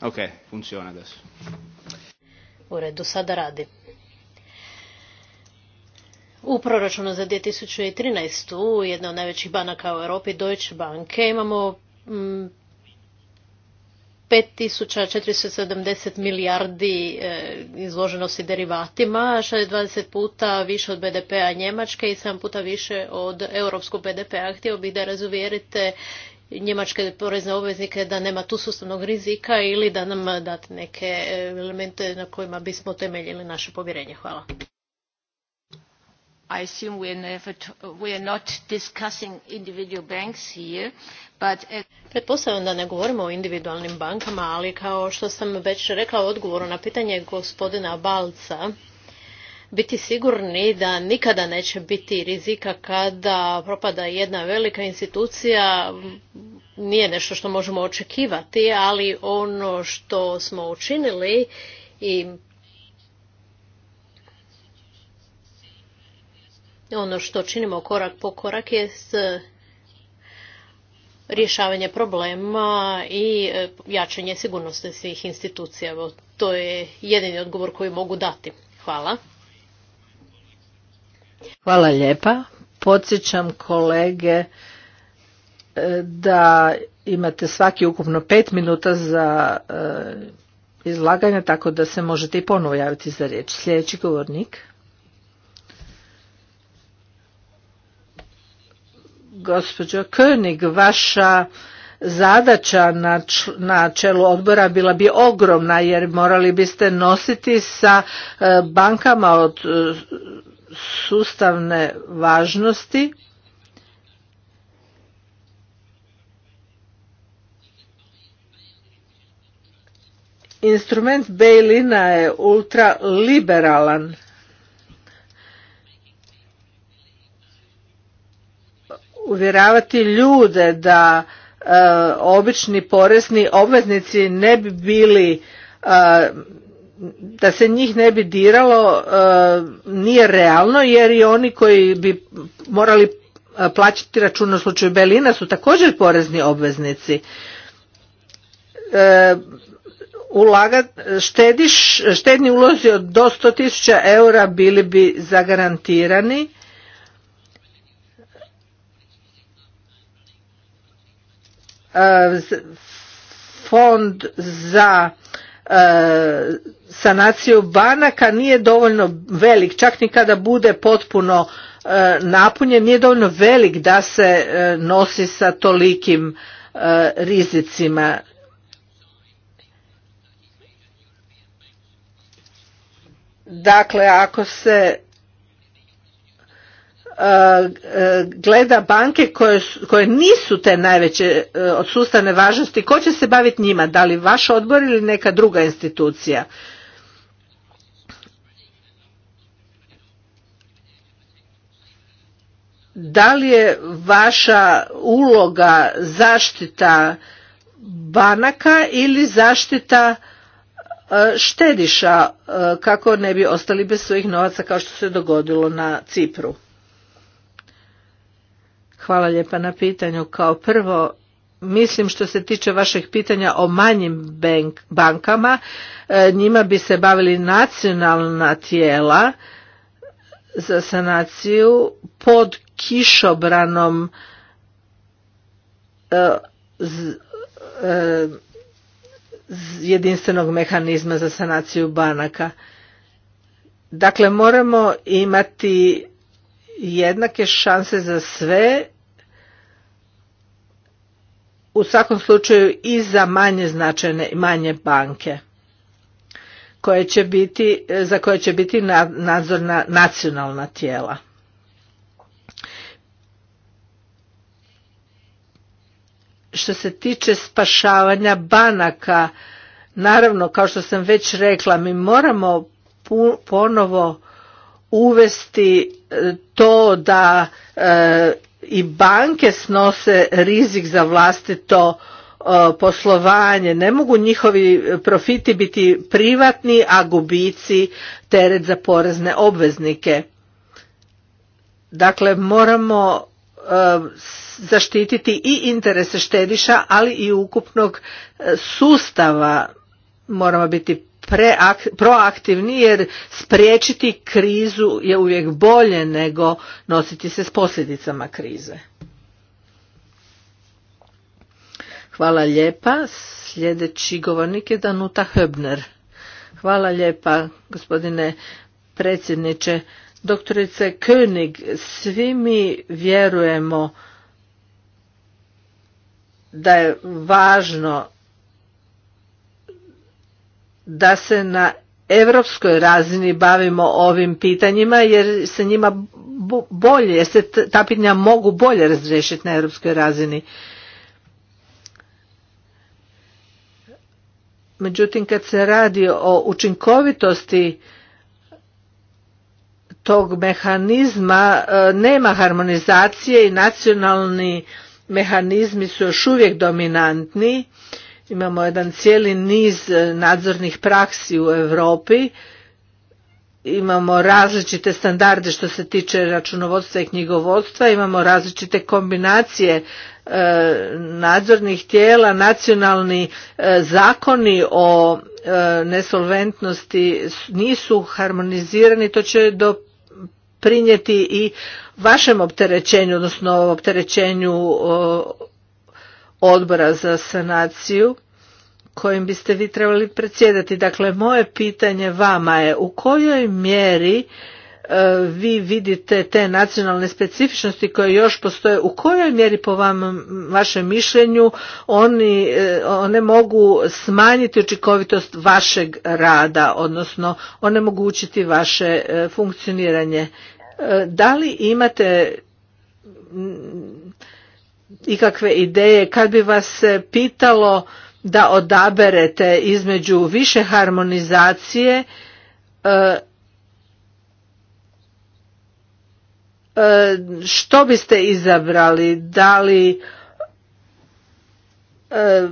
[SPEAKER 3] Ok, funziona adesso.
[SPEAKER 2] U redu, sada radi. U proračunu za 2013. u jedna od najvećih banaka u Europi, Deutsche Bank, imamo mm, 5470 milijardi e, izloženosti derivatima, je što 20 puta više od BDP-a Njemačke i 7 puta više od europskog BDP-a. Htio bih da razuvjerite njemačke porezne obveznike da nema tu sustavnog rizika ili da nam date neke e, elemente na kojima bismo temeljili naše povjerenje. Hvala. I assume we not discussing individual banks here, but... Uh, Pretpostavljam da ne govorimo o individualnim bankama, ali kao što sam već rekla u odgovoru na pitanje gospodina Balca, biti sigurni da nikada neće biti rizika kada propada jedna velika institucija nije nešto što možemo očekivati, ali ono što smo učinili i ono što činimo korak po korak je e, rješavanje problema i e, jačanje sigurnosti svih institucija. To je jedini odgovor koji mogu dati. Hvala.
[SPEAKER 3] Hvala lijepa. Podsjećam kolege e, da imate svaki ukupno pet minuta za izlaganje, tako da se možete i ponovo javiti za riječ. Sljedeći govornik. Gospođo König, vaša zadaća na, na čelu odbora bila bi ogromna jer morali biste nositi sa e, bankama od e, sustavne važnosti. Instrument Bejlina je ultraliberalan. uvjeravati ljude da e, obični porezni obveznici ne bi bili e, da se njih ne bi diralo e, nije realno jer i oni koji bi morali plaćati račun u slučaju Belina su također porezni obveznici. Ulaga, štediš, štedni ulozi od do 100.000 eura bili bi zagarantirani E, fond za e, sanaciju banaka nije dovoljno velik, čak ni kada bude potpuno e, napunjen, nije dovoljno velik da se nosi sa tolikim rizicima. Dakle, ako se E, gleda banke koje, nisu te najveće e, od sustavne važnosti, ko će se baviti njima, da li vaš odbor ili neka druga institucija? Da li je vaša uloga zaštita banaka ili zaštita e, štediša kako ne bi ostali bez svojih novaca kao što se dogodilo na Cipru? Hvala lijepa na pitanju. Kao prvo, mislim što se tiče vašeg pitanja o manjim bankama, e, njima bi se bavili nacionalna tijela za sanaciju pod kišobranom e, e, jedinstvenog mehanizma za sanaciju banaka. Dakle, moramo imati jednake šanse za sve u svakom slučaju i za manje značajne i manje banke koje će biti, za koje će biti nadzorna nacionalna tijela. Što se tiče spašavanja banaka, naravno kao što sam već rekla, mi moramo ponovo uvesti e, to da e, i banke snose rizik za vlastito e, poslovanje ne mogu njihovi profiti biti privatni a gubici teret za porezne obveznike dakle moramo e, zaštititi i interese štediša ali i ukupnog e, sustava moramo biti proaktivni jer spriječiti krizu je uvijek bolje nego nositi se s posljedicama krize. Hvala lijepa. Sljedeći govornik je Danuta Höbner. Hvala lijepa gospodine predsjedniče. Doktorice König, svi mi vjerujemo da je važno da se na europskoj razini bavimo ovim pitanjima jer se njima bolje, jer se ta pitanja mogu bolje razriješiti na europskoj razini. Međutim, kad se radi o učinkovitosti tog mehanizma, e, nema harmonizacije i nacionalni mehanizmi su još uvijek dominantni Imamo jedan cijeli niz e, nadzornih praksi u Europi. Imamo različite standarde što se tiče računovodstva i knjigovodstva, imamo različite kombinacije e, nadzornih tijela, nacionalni e, zakoni o nesolventnosti nisu harmonizirani, to će doprinijeti i vašem opterećenju, odnosno opterećenju odbora za sanaciju kojim biste vi trebali predsjedati. Dakle, moje pitanje vama je u kojoj mjeri e, vi vidite te nacionalne specifičnosti koje još postoje, u kojoj mjeri po vam, vašem mišljenju oni, e, one mogu smanjiti učinkovitost vašeg rada, odnosno onemogućiti vaše e, funkcioniranje. Da li imate ikakve ideje kad bi vas pitalo da odaberete između više harmonizacije e, e, što biste izabrali da li e,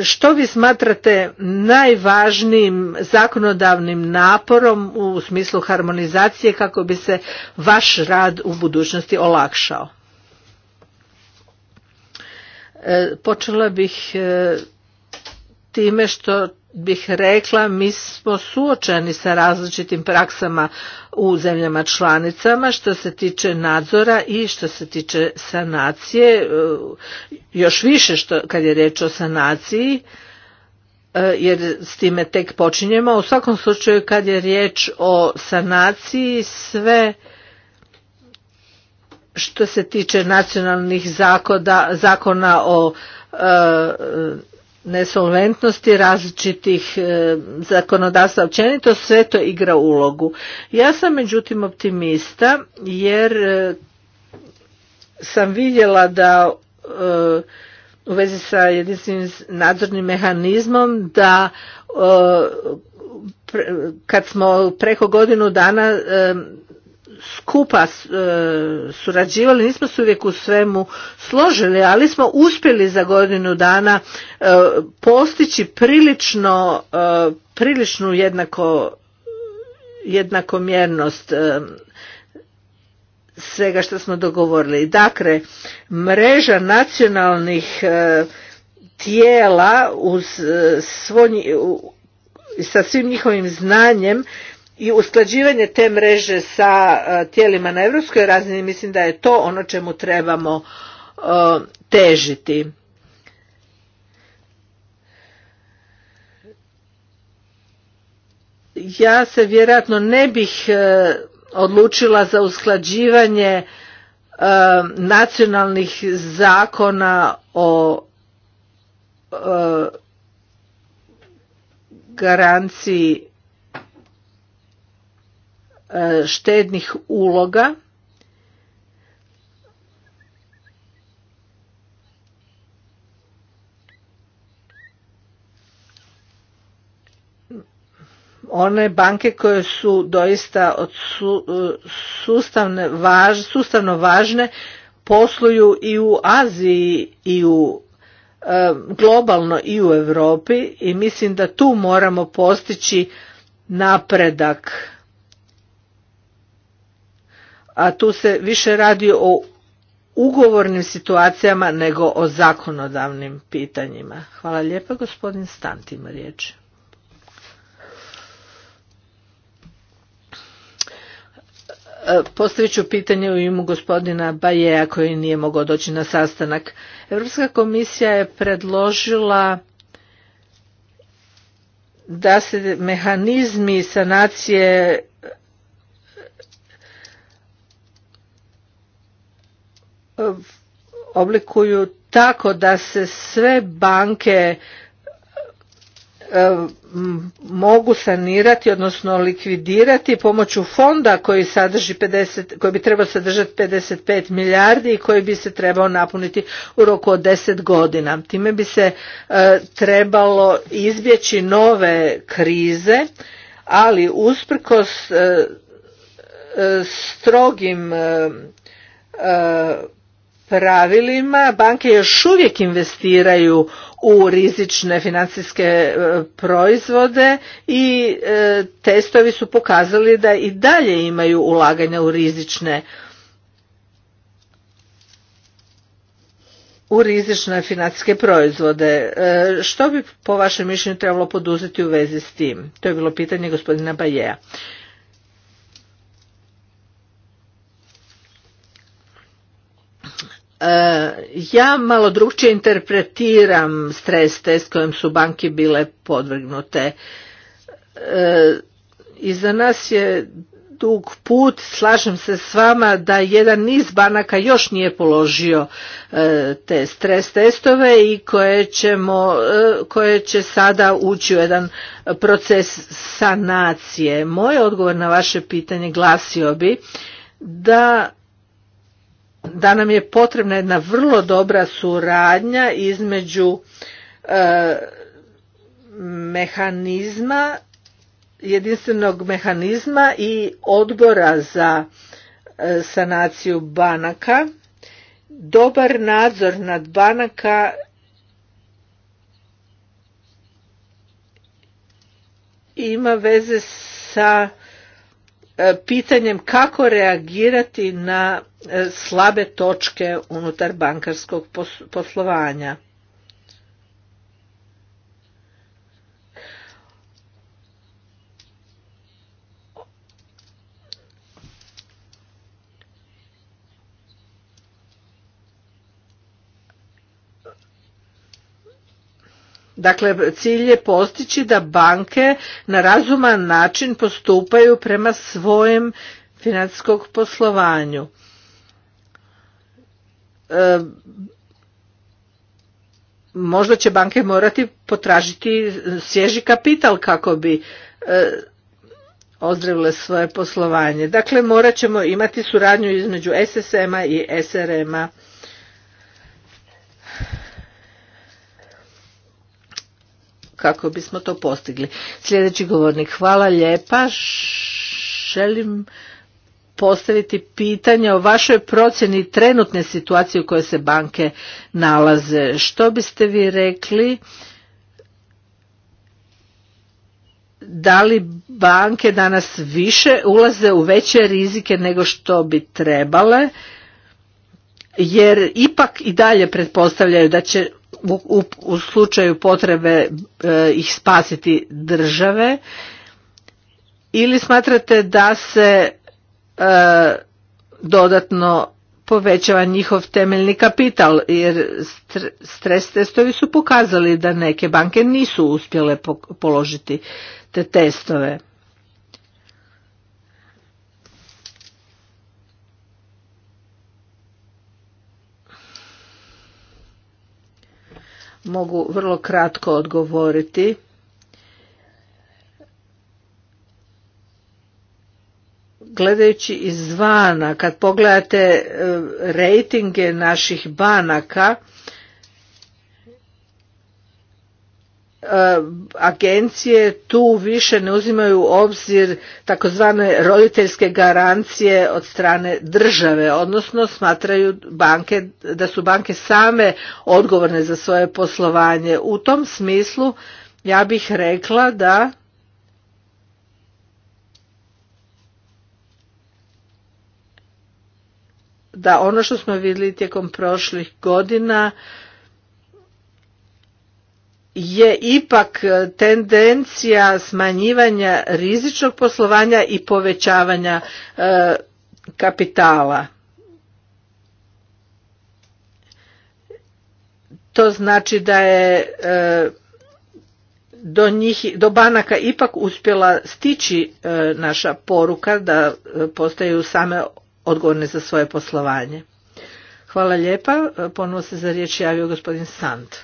[SPEAKER 3] što vi smatrate najvažnijim zakonodavnim naporom u smislu harmonizacije kako bi se vaš rad u budućnosti olakšao E, počela bih e, time što bih rekla mi smo suočeni sa različitim praksama u zemljama članicama što se tiče nadzora i što se tiče sanacije e, još više što kad je riječ o sanaciji jer s time tek počinjemo u svakom slučaju kad je riječ o sanaciji sve što se tiče nacionalnih zakoda, zakona o e, nesolventnosti različitih e, zakonodavstva općenito sve to igra ulogu. Ja sam međutim optimista jer e, sam vidjela da e, u vezi sa jedinstvenim nadzornim mehanizmom da kad smo preko godinu dana skupa e, surađivali, nismo se uvijek u svemu složili, ali smo uspjeli za godinu dana e, postići prilično, e, priličnu jednako, jednakomjernost svega što smo dogovorili. Dakle, mreža nacionalnih tijela uz svo, sa svim njihovim znanjem i usklađivanje te mreže sa e, tijelima na europskoj razini mislim da je to ono čemu trebamo e, težiti. Ja se vjerojatno ne bih e, odlučila za usklađivanje nacionalnih zakona o garanciji štednih uloga one banke koje su doista od su, e, sustavno važne posluju i u Aziji i u e, globalno i u Europi i mislim da tu moramo postići napredak a tu se više radi o ugovornim situacijama nego o zakonodavnim pitanjima. Hvala lijepa, gospodin Stant ima riječ. E, postavit ću pitanje u imu gospodina Bajeja koji nije mogao doći na sastanak. Europska komisija je predložila da se mehanizmi sanacije oblikuju tako da se sve banke e, mogu sanirati odnosno likvidirati pomoću fonda koji sadrži 50 koji bi trebao sadržati 55 milijardi i koji bi se trebao napuniti u roku od 10 godina. Time bi se e, trebalo izbjeći nove krize, ali usprkos e, strogim pravilima banke još uvijek investiraju u rizične financijske e, proizvode i e, testovi su pokazali da i dalje imaju ulaganja u rizične u rizične financijske proizvode. E, što bi po vašem mišljenju trebalo poduzeti u vezi s tim? To je bilo pitanje gospodina Bajeja. Ja malo drugčije interpretiram stres test kojem su banke bile podvrgnute. E, Iza nas je dug put, slažem se s vama da jedan niz banaka još nije položio e, te stres testove i koje, ćemo, e, koje će sada ući u jedan proces sanacije. Moj odgovor na vaše pitanje glasio bi da da nam je potrebna jedna vrlo dobra suradnja između e, mehanizma jedinstvenog mehanizma i odbora za e, sanaciju banaka dobar nadzor nad banaka ima veze sa E, pitanjem kako reagirati na e, slabe točke unutar bankarskog poslovanja Dakle, cilj je postići da banke na razuman način postupaju prema svojem financijskom poslovanju. E, možda će banke morati potražiti svježi kapital kako bi e, ozdravile svoje poslovanje. Dakle, morat ćemo imati suradnju između SSM-a i SRM-a. kako bismo to postigli. Sljedeći govornik, hvala lijepa. Želim postaviti pitanje o vašoj procjeni trenutne situacije u kojoj se banke nalaze. Što biste vi rekli? da li banke danas više ulaze u veće rizike nego što bi trebale jer ipak i dalje pretpostavljaju da će u, u slučaju potrebe e, ih spasiti države ili smatrate da se e, dodatno povećava njihov temeljni kapital jer stres testovi su pokazali da neke banke nisu uspjele položiti te testove mogu vrlo kratko odgovoriti. Gledajući izvana, kad pogledate e, rejtinge naših banaka, E, agencije tu više ne uzimaju u obzir takozvane roditeljske garancije od strane države, odnosno smatraju banke, da su banke same odgovorne za svoje poslovanje. U tom smislu ja bih rekla da da ono što smo vidjeli tijekom prošlih godina je ipak e, tendencija smanjivanja rizičnog poslovanja i povećavanja e, kapitala. To znači da je e, do, njih, do banaka ipak uspjela stići naša poruka da postaju same odgovorne za svoje poslovanje. Hvala lijepa. Ponovo se za riječ javio gospodin Sant.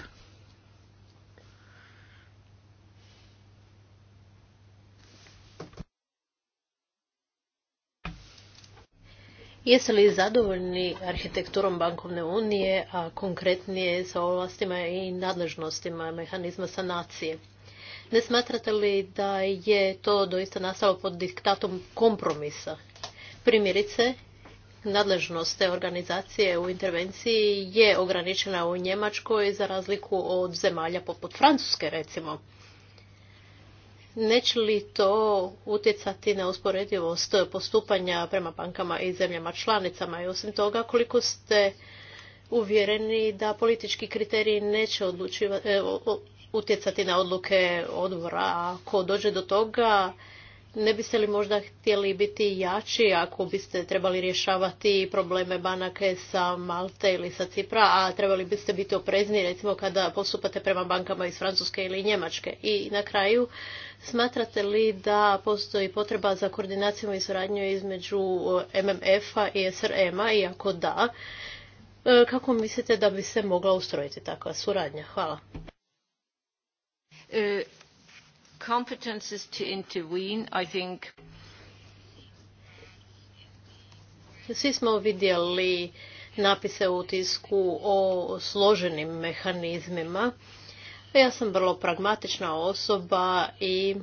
[SPEAKER 2] Jeste li zadovoljni arhitekturom bankovne unije, a konkretnije sa ovlastima i nadležnostima mehanizma sanacije? Ne smatrate li da je to doista nastalo pod diktatom kompromisa? Primjerice, nadležnost te organizacije u intervenciji je ograničena u Njemačkoj za razliku od zemalja poput Francuske recimo. Neće li to utjecati na usporedivost postupanja prema bankama i zemljama članicama? I osim toga, koliko ste uvjereni da politički kriteriji neće e, utjecati na odluke odbora? Ako dođe do toga, ne biste li možda htjeli biti jači ako biste trebali rješavati probleme banake sa Malte ili sa Cipra, a trebali biste biti oprezni recimo kada postupate prema bankama iz Francuske ili Njemačke? I na kraju, smatrate li da postoji potreba za koordinacijom i suradnju između MMF-a i SRM-a i ako da, e, kako mislite da bi se mogla ustrojiti takva suradnja? Hvala. E, competences to intervene, I think. Svi smo vidjeli napise u tisku o složenim mehanizmima. Ja sam vrlo pragmatična osoba i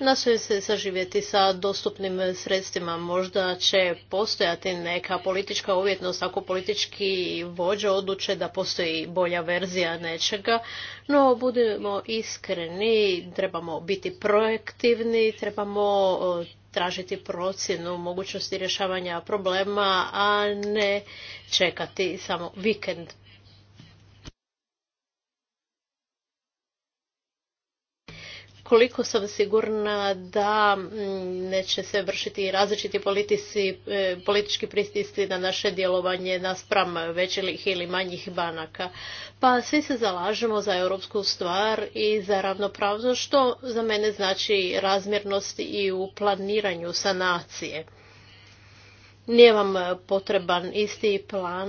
[SPEAKER 2] nastoji se saživjeti sa dostupnim sredstvima. Možda će postojati neka politička uvjetnost ako politički vođe odluče da postoji bolja verzija nečega, no budemo iskreni, trebamo biti projektivni, trebamo tražiti procjenu mogućnosti rješavanja problema, a ne čekati samo vikend. koliko sam sigurna da mm, neće se vršiti različiti politici, e, politički prististi na naše djelovanje naspram većih ili manjih banaka. Pa svi se zalažemo za europsku stvar i za ravnopravnost, što za mene znači razmjernost i u planiranju sanacije. Nije vam e, potreban isti plan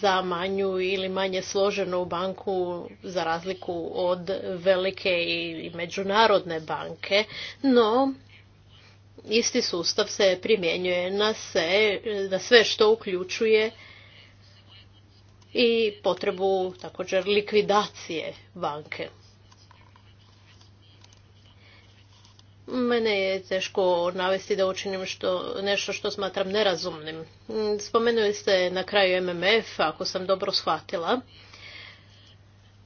[SPEAKER 2] za manju ili manje složenu banku za razliku od velike i međunarodne banke, no isti sustav se primjenjuje na sve, na sve što uključuje i potrebu također likvidacije banke. Mene je teško navesti da učinim što, nešto što smatram nerazumnim. Spomenuli ste na kraju MMF, ako sam dobro shvatila.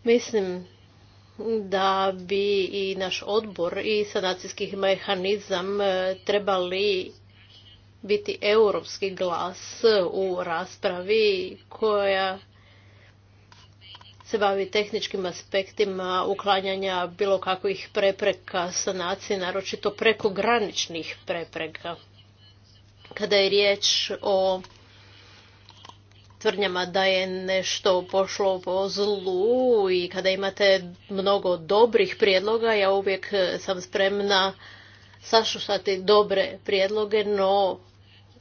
[SPEAKER 2] Mislim da bi i naš odbor i sanacijski mehanizam e, trebali biti europski glas u raspravi koja se bavi tehničkim aspektima uklanjanja bilo kakvih prepreka sanacije, naročito prekograničnih prepreka. Kada je riječ o tvrdnjama da je nešto pošlo po zlu i kada imate mnogo dobrih prijedloga, ja uvijek sam spremna saslušati dobre prijedloge, no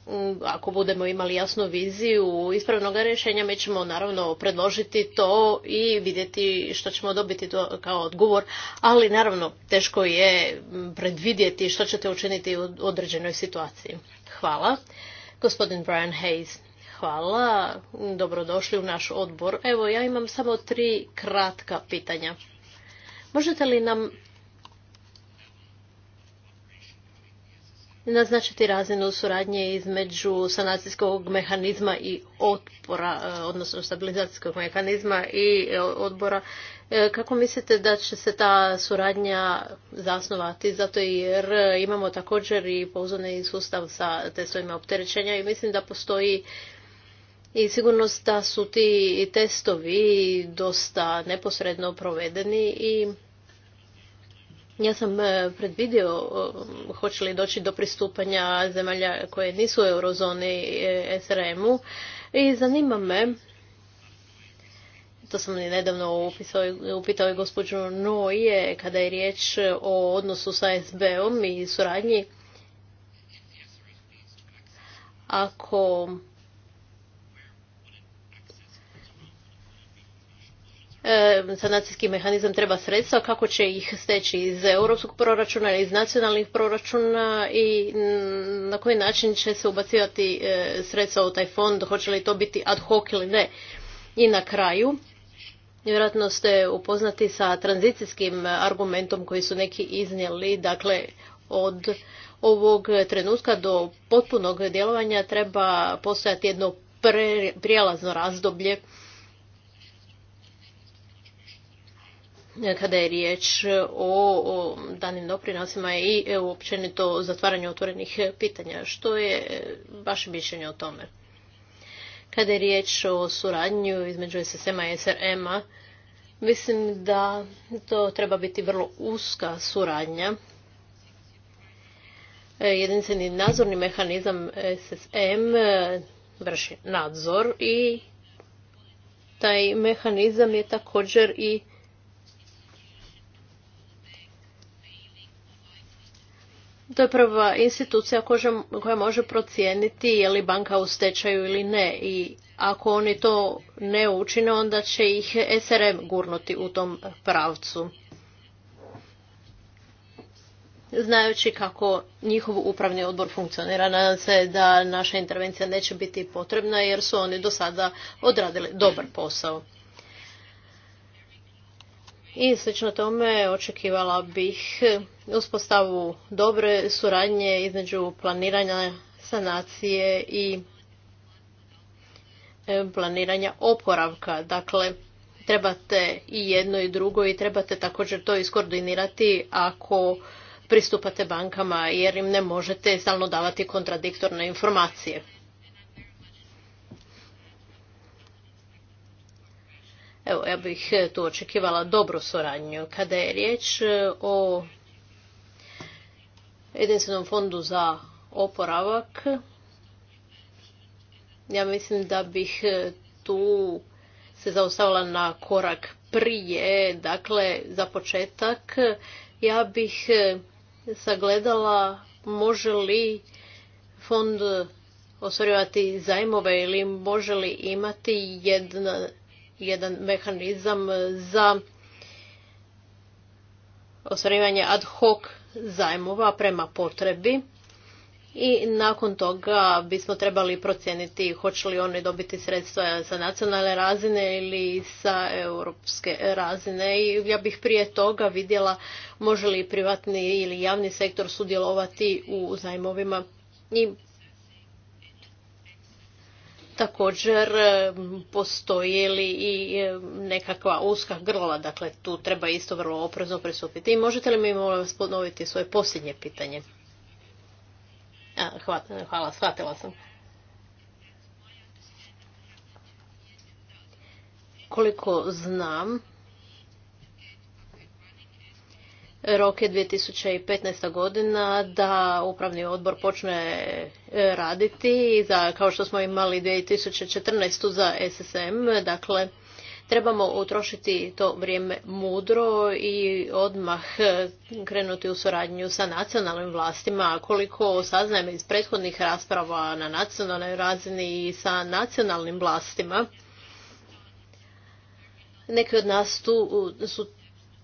[SPEAKER 2] Mm, ako budemo imali jasnu viziju ispravnog rješenja, mi ćemo naravno predložiti to i vidjeti što ćemo dobiti to kao odgovor, ali naravno teško je mm, predvidjeti što ćete učiniti u određenoj situaciji. Hvala. Gospodin Brian Hayes, hvala. Dobrodošli u naš odbor. Evo, ja imam samo tri kratka pitanja. Možete li nam naznačiti razinu suradnje između sanacijskog mehanizma i otpora, e, odnosno stabilizacijskog mehanizma i e, odbora. E, kako mislite da će se ta suradnja zasnovati? Zato jer imamo također i pozorni sustav sa testovima opterećenja i mislim da postoji i sigurnost da su ti testovi dosta neposredno provedeni i ja sam e, predvidio hoće li doći do pristupanja zemalja koje nisu u eurozoni e, SRM-u i zanima me, to sam i nedavno upisao, upitao i gospođu Noje kada je riječ o odnosu sa SB-om i suradnji. Ako E, sanacijski mehanizam treba sredstva, kako će ih steći iz europskog proračuna, iz nacionalnih proračuna i na koji način će se ubacivati e, sredstva u taj fond, hoće li to biti ad hoc ili ne. I na kraju, vjerojatno ste upoznati sa tranzicijskim argumentom koji su neki iznijeli, dakle od ovog trenutka do potpunog djelovanja treba postojati jedno prijelazno razdoblje kada je riječ o, danim doprinosima i e, općenito zatvaranju otvorenih pitanja. Što je vaše mišljenje o tome? Kada je riječ o suradnju između SSM-a i SRM-a, mislim da to treba biti vrlo uska suradnja. E, jedinstveni nadzorni mehanizam SSM e, vrši nadzor i taj mehanizam je također i To je prva institucija koja može procijeniti je li banka u stečaju ili ne i ako oni to ne učine onda će ih SRM gurnuti u tom pravcu. Znajući kako njihov upravni odbor funkcionira, nadam se da naša intervencija neće biti potrebna jer su oni do sada odradili dobar posao. I slično tome očekivala bih uspostavu dobre suradnje između planiranja sanacije i e, planiranja oporavka. Dakle, trebate i jedno i drugo i trebate također to iskoordinirati ako pristupate bankama jer im ne možete stalno davati kontradiktorne informacije. Evo, ja bih e, tu očekivala dobru suradnju. Kada je riječ e, o jedinstvenom fondu za oporavak, ja mislim da bih e, tu se zaustavila na korak prije, dakle za početak ja bih e, sagledala može li fond ostvarivati zajmove ili može li imati jedan mehanizam za ostvarivanje ad hoc zajmova prema potrebi i nakon toga bismo trebali procijeniti hoće li oni dobiti sredstva sa nacionalne razine ili sa europske razine. I ja bih prije toga vidjela može li privatni ili javni sektor sudjelovati u zajmovima i također e, postoji li i e, nekakva uska grla, dakle tu treba isto vrlo oprezno pristupiti. I možete li mi molim vas ponoviti svoje posljednje pitanje? hvala, hvala, shvatila sam. Koliko znam, Rok je 2015. godina da upravni odbor počne e, raditi, za, kao što smo imali 2014. za SSM, dakle trebamo utrošiti to vrijeme mudro i odmah e, krenuti u suradnju sa nacionalnim vlastima. Koliko saznajem iz prethodnih rasprava na nacionalnoj razini i sa nacionalnim vlastima, neki od nas tu su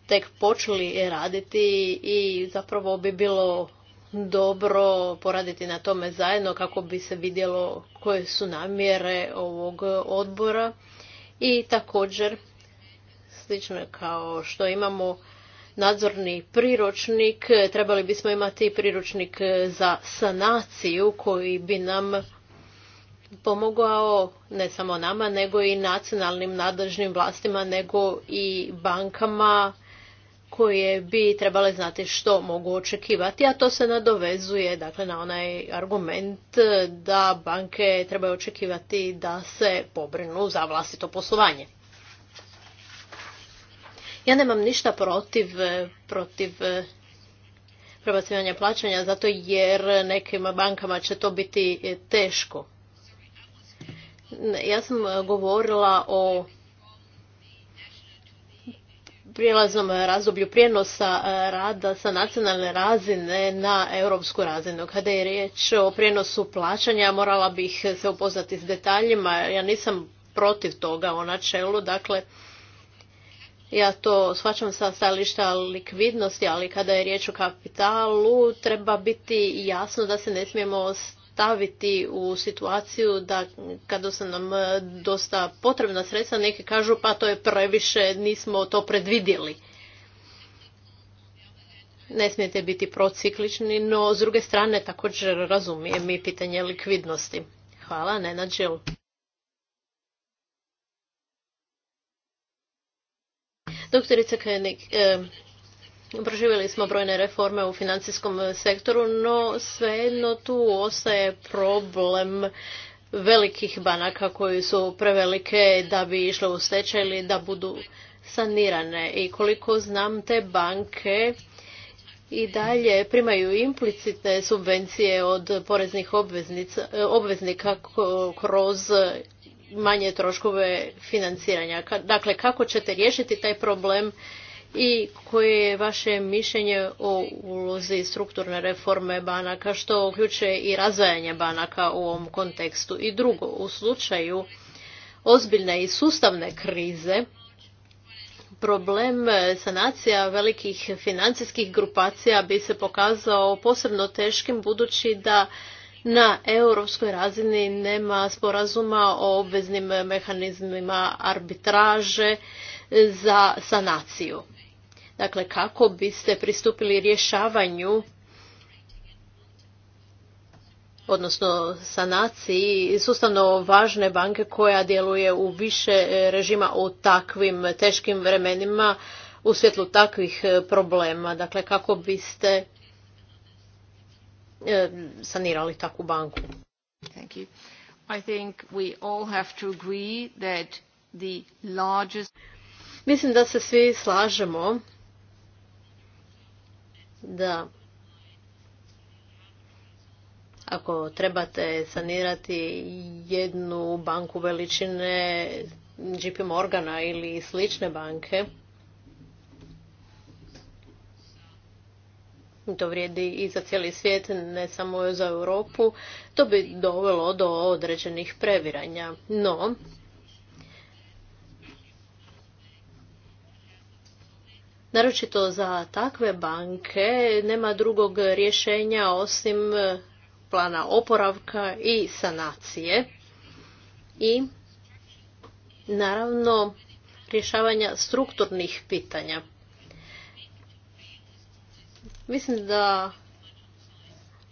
[SPEAKER 2] tek počeli raditi i zapravo bi bilo dobro poraditi na tome zajedno kako bi se vidjelo koje su namjere ovog odbora i također slično kao što imamo nadzorni priručnik, trebali bismo imati priručnik za sanaciju koji bi nam pomogao ne samo nama nego i nacionalnim nadležnim vlastima nego i bankama koje bi trebale znati što mogu očekivati, a to se nadovezuje dakle, na onaj argument da banke trebaju očekivati da se pobrinu za vlastito poslovanje. Ja nemam ništa protiv, protiv prebacivanja plaćanja, zato jer nekim bankama će to biti teško. Ja sam govorila o prijelaznom eh, razdoblju prijenosa eh, rada sa nacionalne razine na europsku razinu. Kada je riječ o prijenosu plaćanja, morala bih se upoznati s detaljima. Ja nisam protiv toga u načelu, dakle, ja to shvaćam sa stajališta likvidnosti, ali kada je riječ o kapitalu, treba biti jasno da se ne smijemo staviti u situaciju da kada se nam e, dosta potrebna sredstva, neki kažu pa to je previše, nismo to predvidjeli. Ne smijete biti prociklični, no s druge strane također razumijem i pitanje likvidnosti. Hvala, Nena Đil. Doktorica e, Proživjeli smo brojne reforme u financijskom sektoru, no svejedno tu ostaje problem velikih banaka koje su prevelike da bi išle u stečaj ili da budu sanirane. I koliko znam te banke i dalje primaju implicitne subvencije od poreznih obveznika kroz manje troškove financiranja. Dakle, kako ćete riješiti taj problem i koje je vaše mišljenje o ulozi strukturne reforme banaka, što uključuje i razvajanje banaka u ovom kontekstu. I drugo, u slučaju ozbiljne i sustavne krize, problem sanacija velikih financijskih grupacija bi se pokazao posebno teškim budući da na europskoj razini nema sporazuma o obveznim mehanizmima arbitraže za sanaciju. Dakle, kako biste pristupili rješavanju odnosno sanaciji sustavno važne banke koja djeluje u više režima u takvim teškim vremenima u svjetlu takvih problema. Dakle, kako biste e, sanirali takvu banku? Mislim da se svi slažemo da ako trebate sanirati jednu banku veličine JP Morgana ili slične banke, to vrijedi i za cijeli svijet, ne samo za Europu, to bi dovelo do određenih previranja. No, Naročito za takve banke nema drugog rješenja osim e, plana oporavka i sanacije i naravno rješavanja strukturnih pitanja. Mislim da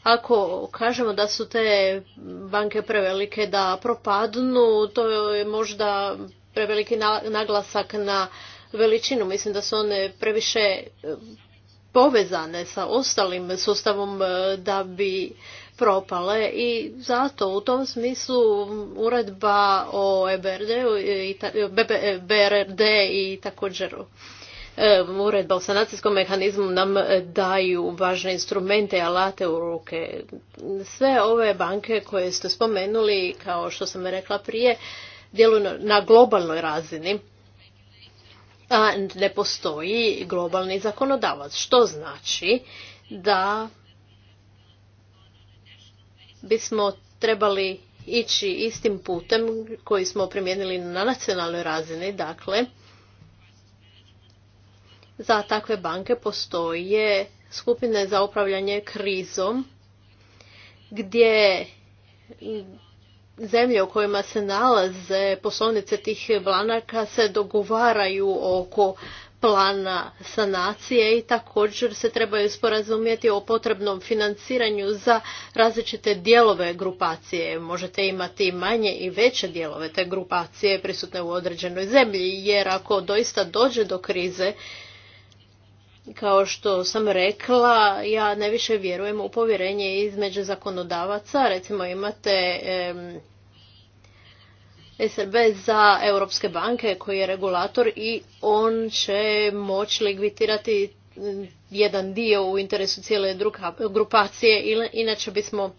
[SPEAKER 2] ako kažemo da su te banke prevelike da propadnu, to je možda preveliki naglasak na veličinu. Mislim da su one previše e, povezane sa ostalim sustavom e, da bi propale i zato u tom smislu uredba o EBRD i, e, BRD i također uredba o sanacijskom mehanizmu nam daju važne instrumente i alate u ruke. Sve ove banke koje ste spomenuli, kao što sam rekla prije, djeluju na globalnoj razini a ne postoji globalni zakonodavac, što znači da bismo trebali ići istim putem koji smo primijenili na nacionalnoj razini, dakle za takve banke postoje skupine za upravljanje krizom gdje zemlje u kojima se nalaze poslovnice tih banaka se dogovaraju oko plana sanacije i također se trebaju sporazumjeti o potrebnom financiranju za različite dijelove grupacije. Možete imati manje i veće dijelove te grupacije prisutne u određenoj zemlji, jer ako doista dođe do krize, kao što sam rekla, ja ne više vjerujem u povjerenje između zakonodavaca. Recimo imate SRB za europske banke koji je regulator i on će moći likvidirati jedan dio u interesu cijele grupacije, inače bismo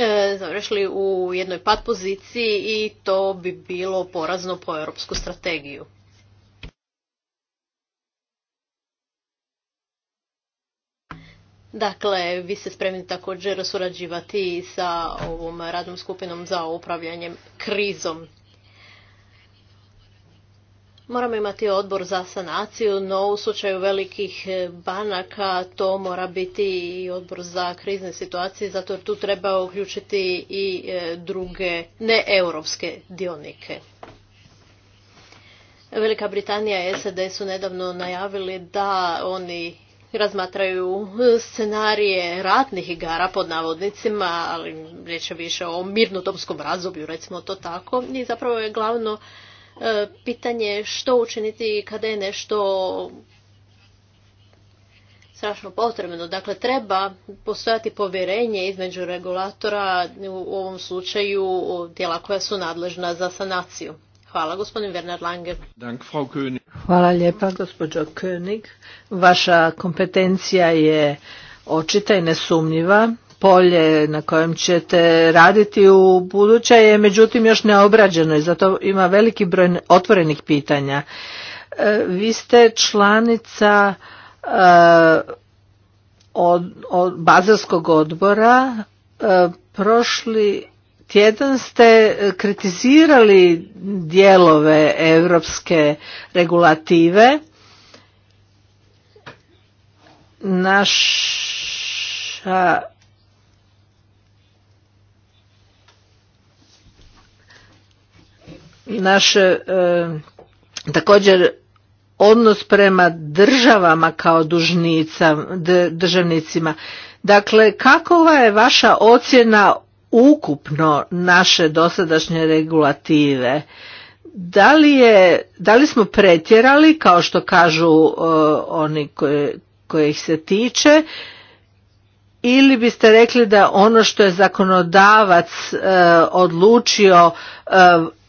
[SPEAKER 2] E, završili u jednoj pat poziciji i to bi bilo porazno po europsku strategiju. Dakle, vi ste spremni također surađivati sa ovom radnom skupinom za upravljanjem krizom. Moramo imati odbor za sanaciju, no u slučaju velikih e, banaka to mora biti i odbor za krizne situacije, zato tu treba uključiti i e, druge neeuropske dionike. Velika Britanija i SAD su nedavno najavili da oni razmatraju scenarije ratnih igara pod navodnicima, ali riječ je više o mirnodopskom razdoblju, recimo to tako. I zapravo je glavno E, pitanje što učiniti kada je nešto strašno potrebno. Dakle, treba postojati povjerenje između regulatora, u ovom slučaju tijela koja su nadležna za sanaciju. Hvala, gospodin Werner Lange.
[SPEAKER 3] Hvala lijepa, gospođo König. Vaša kompetencija je očita i nesumnjiva polje na kojem ćete raditi u buduće je međutim još neobrađeno i zato ima veliki broj otvorenih pitanja. E, vi ste članica e, od, od odbora e, prošli tjedan ste kritizirali dijelove europske regulative naša naše također odnos prema državama kao dužnica, državnicima. Dakle, kakova je vaša ocjena ukupno naše dosadašnje regulative? Da li, je, da li smo pretjerali, kao što kažu e, oni koji ih se tiče, ili biste rekli da ono što je zakonodavac e, odlučio e,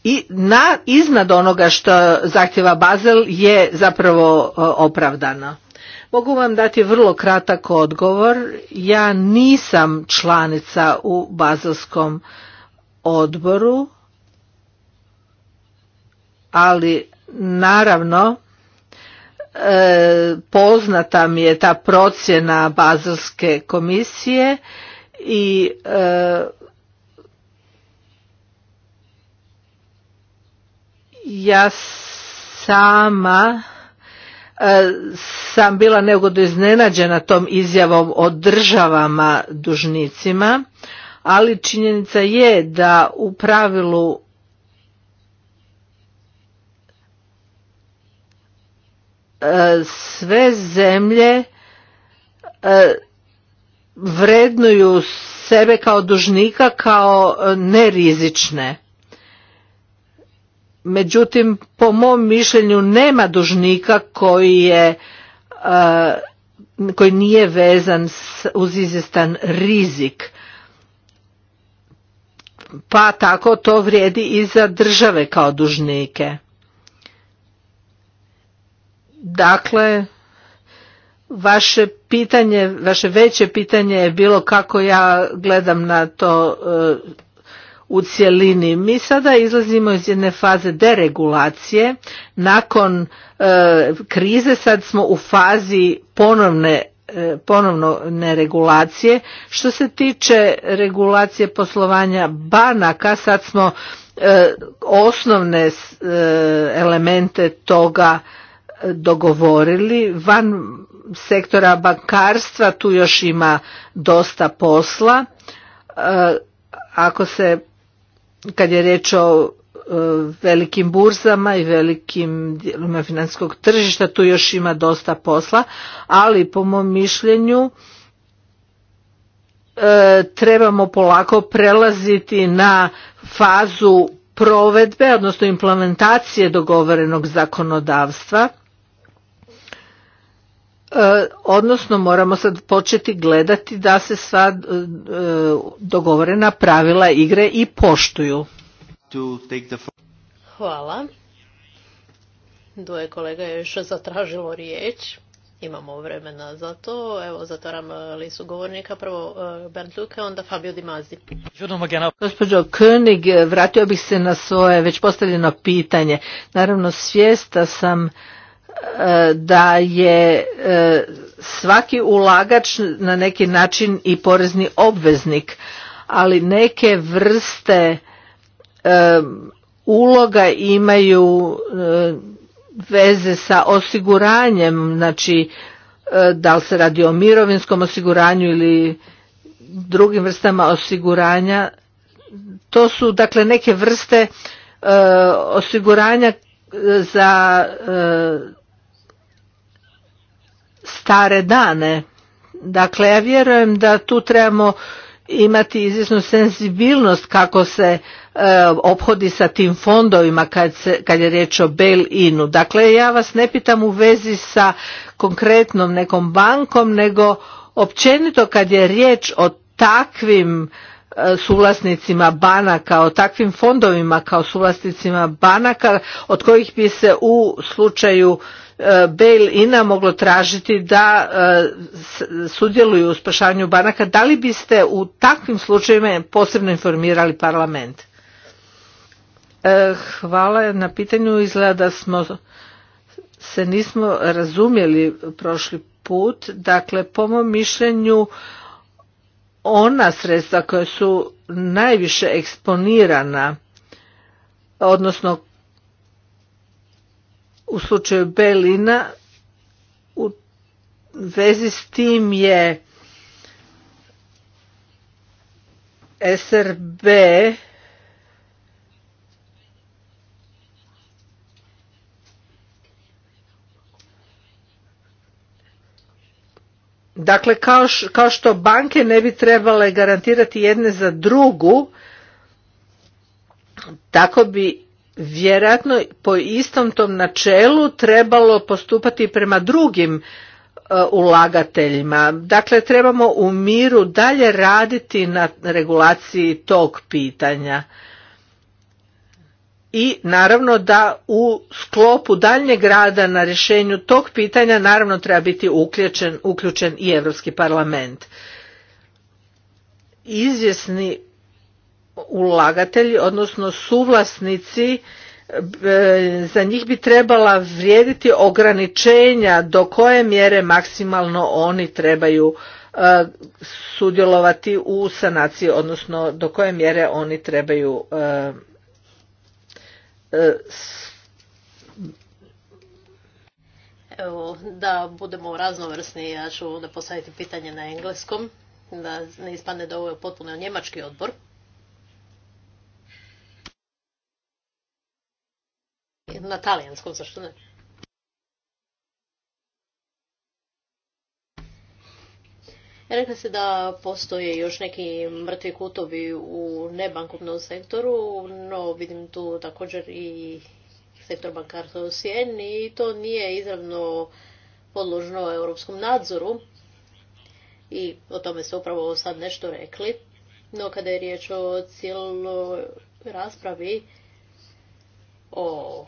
[SPEAKER 3] i na, iznad onoga što zahtjeva Bazel je zapravo e, opravdana. Mogu vam dati vrlo kratak odgovor. Ja nisam članica u Bazelskom odboru, ali naravno e, poznata mi je ta procjena Bazelske komisije i e, Ja sama e, sam bila neugodno iznenađena tom izjavom o državama dužnicima, ali činjenica je da u pravilu e, sve zemlje e, vrednuju sebe kao dužnika kao nerizične međutim po mom mišljenju nema dužnika koji je eh, koji nije vezan uz izvjestan rizik pa tako to vrijedi i za države kao dužnike dakle vaše pitanje vaše veće pitanje je bilo kako ja gledam na to eh, u cjelini. Mi sada izlazimo iz jedne faze deregulacije. Nakon e, krize sad smo u fazi ponovne e, ponovno neregulacije. Što se tiče regulacije poslovanja banaka, sad smo e, osnovne elemente toga dogovorili. Van sektora bankarstva tu još ima dosta posla. Ako se kad je riječ o e, velikim burzama i velikim dijelima financijskog tržišta, tu još ima dosta posla, ali po mom mišljenju e, trebamo polako prelaziti na fazu provedbe, odnosno implementacije dogovorenog zakonodavstva E, odnosno moramo sad početi gledati da se sva e, dogovorena pravila igre i poštuju.
[SPEAKER 2] Hvala. Dvoje kolega je još zatražilo riječ. Imamo vremena za to. Evo, zatvaram e, listu govornika. Prvo Bernd Luke, onda
[SPEAKER 3] Fabio Di Mazzi. Gospođo König, vratio bih se na svoje već postavljeno pitanje. Naravno, svijesta sam E, da je e, svaki ulagač na neki način i porezni obveznik, ali neke vrste e, uloga imaju veze sa osiguranjem, znači da li se radi o mirovinskom osiguranju ili drugim vrstama osiguranja. To su dakle neke vrste osiguranja za stare dane. Dakle, ja vjerujem da tu trebamo imati izvjesnu senzibilnost kako se e, ophodi sa tim fondovima kad, se, kad je riječ o bail-inu. Dakle, ja vas ne pitam u vezi sa konkretnom nekom bankom, nego općenito kad je riječ o takvim e, suvlasnicima banaka, o takvim fondovima kao suvlasnicima banaka, od kojih bi se u slučaju E, bail-ina moglo tražiti da e, sudjeluju u spašavanju banaka, da li biste u takvim slučajevima posebno informirali parlament? E, hvala na pitanju. Izgleda da smo se nismo razumjeli prošli put. Dakle, po mom mišljenju, ona sredstva koja su najviše eksponirana, odnosno u slučaju Belina u vezi s tim je SRB Dakle, kao, kao što banke ne bi trebale garantirati jedne za drugu, tako bi vjerojatno po istom tom načelu trebalo postupati prema drugim e, ulagateljima. Dakle, trebamo u miru dalje raditi na regulaciji tog pitanja. I naravno da u sklopu daljnjeg rada na rješenju tog pitanja naravno treba biti uključen, uključen i Europski parlament. Izvjesni ulagatelji, odnosno suvlasnici, e, za njih bi trebala vrijediti ograničenja do koje mjere maksimalno oni trebaju e, sudjelovati u sanaciji, odnosno do koje mjere oni trebaju e,
[SPEAKER 2] Evo, da budemo raznovrsni, ja ću onda postaviti pitanje na engleskom, da ne ispane da ovo je potpuno njemački odbor. Na talijanskom, zašto ne? Rekla se da postoje još neki mrtvi kutovi u nebankovnom sektoru, no vidim tu također i sektor bankarstva u i to nije izravno podložno europskom nadzoru i o tome ste upravo sad nešto rekli. No kada je riječ o cijeloj raspravi o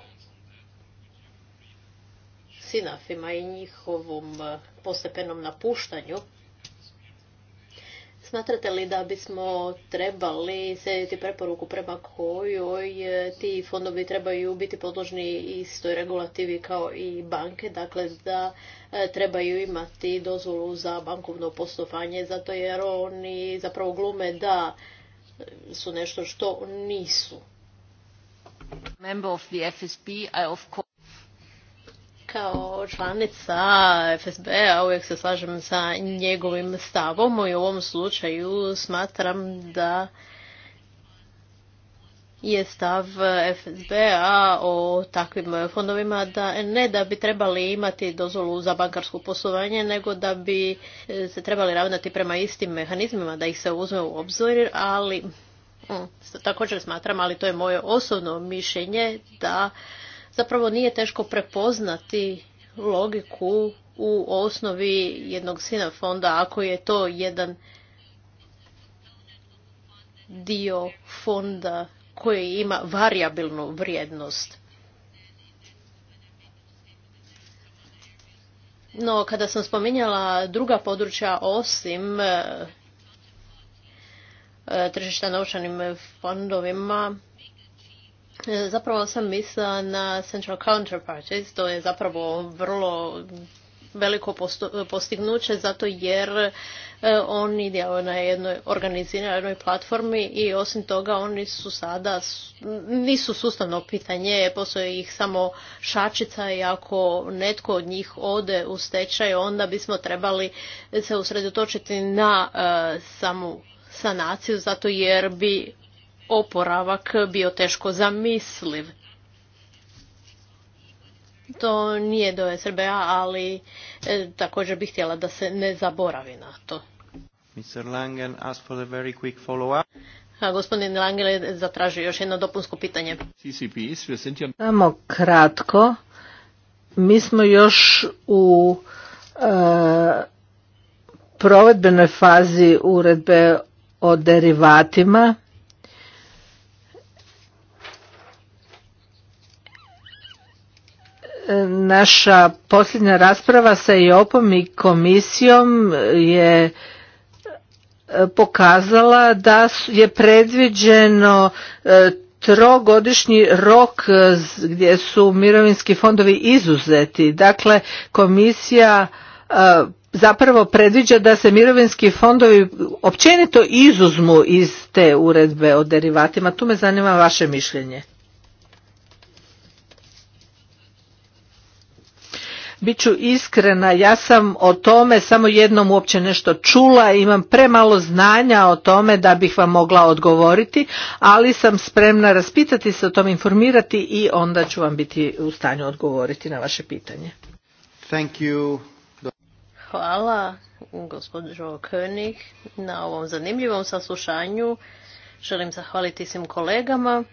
[SPEAKER 2] sinafima i njihovom e, postepenom napuštanju. Smatrate li da bismo trebali slijediti preporuku prema kojoj e, ti fondovi trebaju biti podložni istoj regulativi kao i banke, dakle da e, trebaju imati dozvolu za bankovno poslovanje, zato jer oni zapravo glume da su nešto što nisu. Member of the FSB, I of kao članica FSB-a uvijek se slažem sa njegovim stavom i u ovom slučaju smatram da je stav FSB-a o takvim fondovima da ne da bi trebali imati dozvolu za bankarsko poslovanje, nego da bi se trebali ravnati prema istim mehanizmima da ih se uzme u obzir, ali mm, također smatram, ali to je moje osobno mišljenje da zapravo nije teško prepoznati logiku u osnovi jednog sina fonda ako je to jedan dio fonda koji ima varijabilnu vrijednost. No, kada sam spominjala druga područja osim e, e, tržišta novčanim fondovima, E, zapravo sam mislila na Central Counterparties, to je zapravo vrlo veliko postignuće zato jer e, oni djeluju na jednoj organiziranoj platformi i osim toga oni su sada nisu sustavno pitanje, postoje ih samo šačica i ako netko od njih ode u stečaj onda bismo trebali se usredotočiti na e, samu sanaciju zato jer bi oporavak bio teško zamisliv. To nije do SRBA, ali e, također bih htjela da se ne zaboravi na to. Mr. Langen gospodin Langel je zatražio još jedno dopunsko pitanje.
[SPEAKER 3] Samo kratko. Mi smo još u provedbene provedbenoj fazi uredbe o derivatima naša posljednja rasprava sa IOP-om i komisijom je e, pokazala da je predviđeno e, trogodišnji rok e, gdje su mirovinski fondovi izuzeti. Dakle, komisija zapravo predviđa da se mirovinski fondovi općenito izuzmu iz te uredbe o derivatima. Tu me zanima vaše mišljenje. Bit ću iskrena, ja sam o tome samo jednom uopće nešto čula, imam premalo znanja o tome da bih vam mogla odgovoriti, ali sam spremna raspitati se o tom, informirati i onda ću vam biti u stanju odgovoriti na vaše pitanje. Thank you.
[SPEAKER 2] Hvala gospođo König na ovom zanimljivom saslušanju. Želim zahvaliti svim kolegama.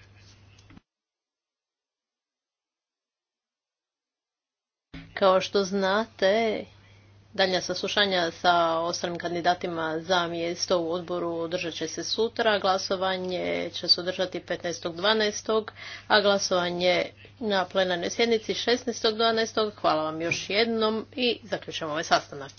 [SPEAKER 2] Kao što znate, dalja saslušanja sa ostalim kandidatima za mjesto u odboru održat će se sutra. Glasovanje će se održati 15.12. a glasovanje na plenarnoj sjednici 16.12. Hvala vam još jednom i zaključujemo ovaj sastanak.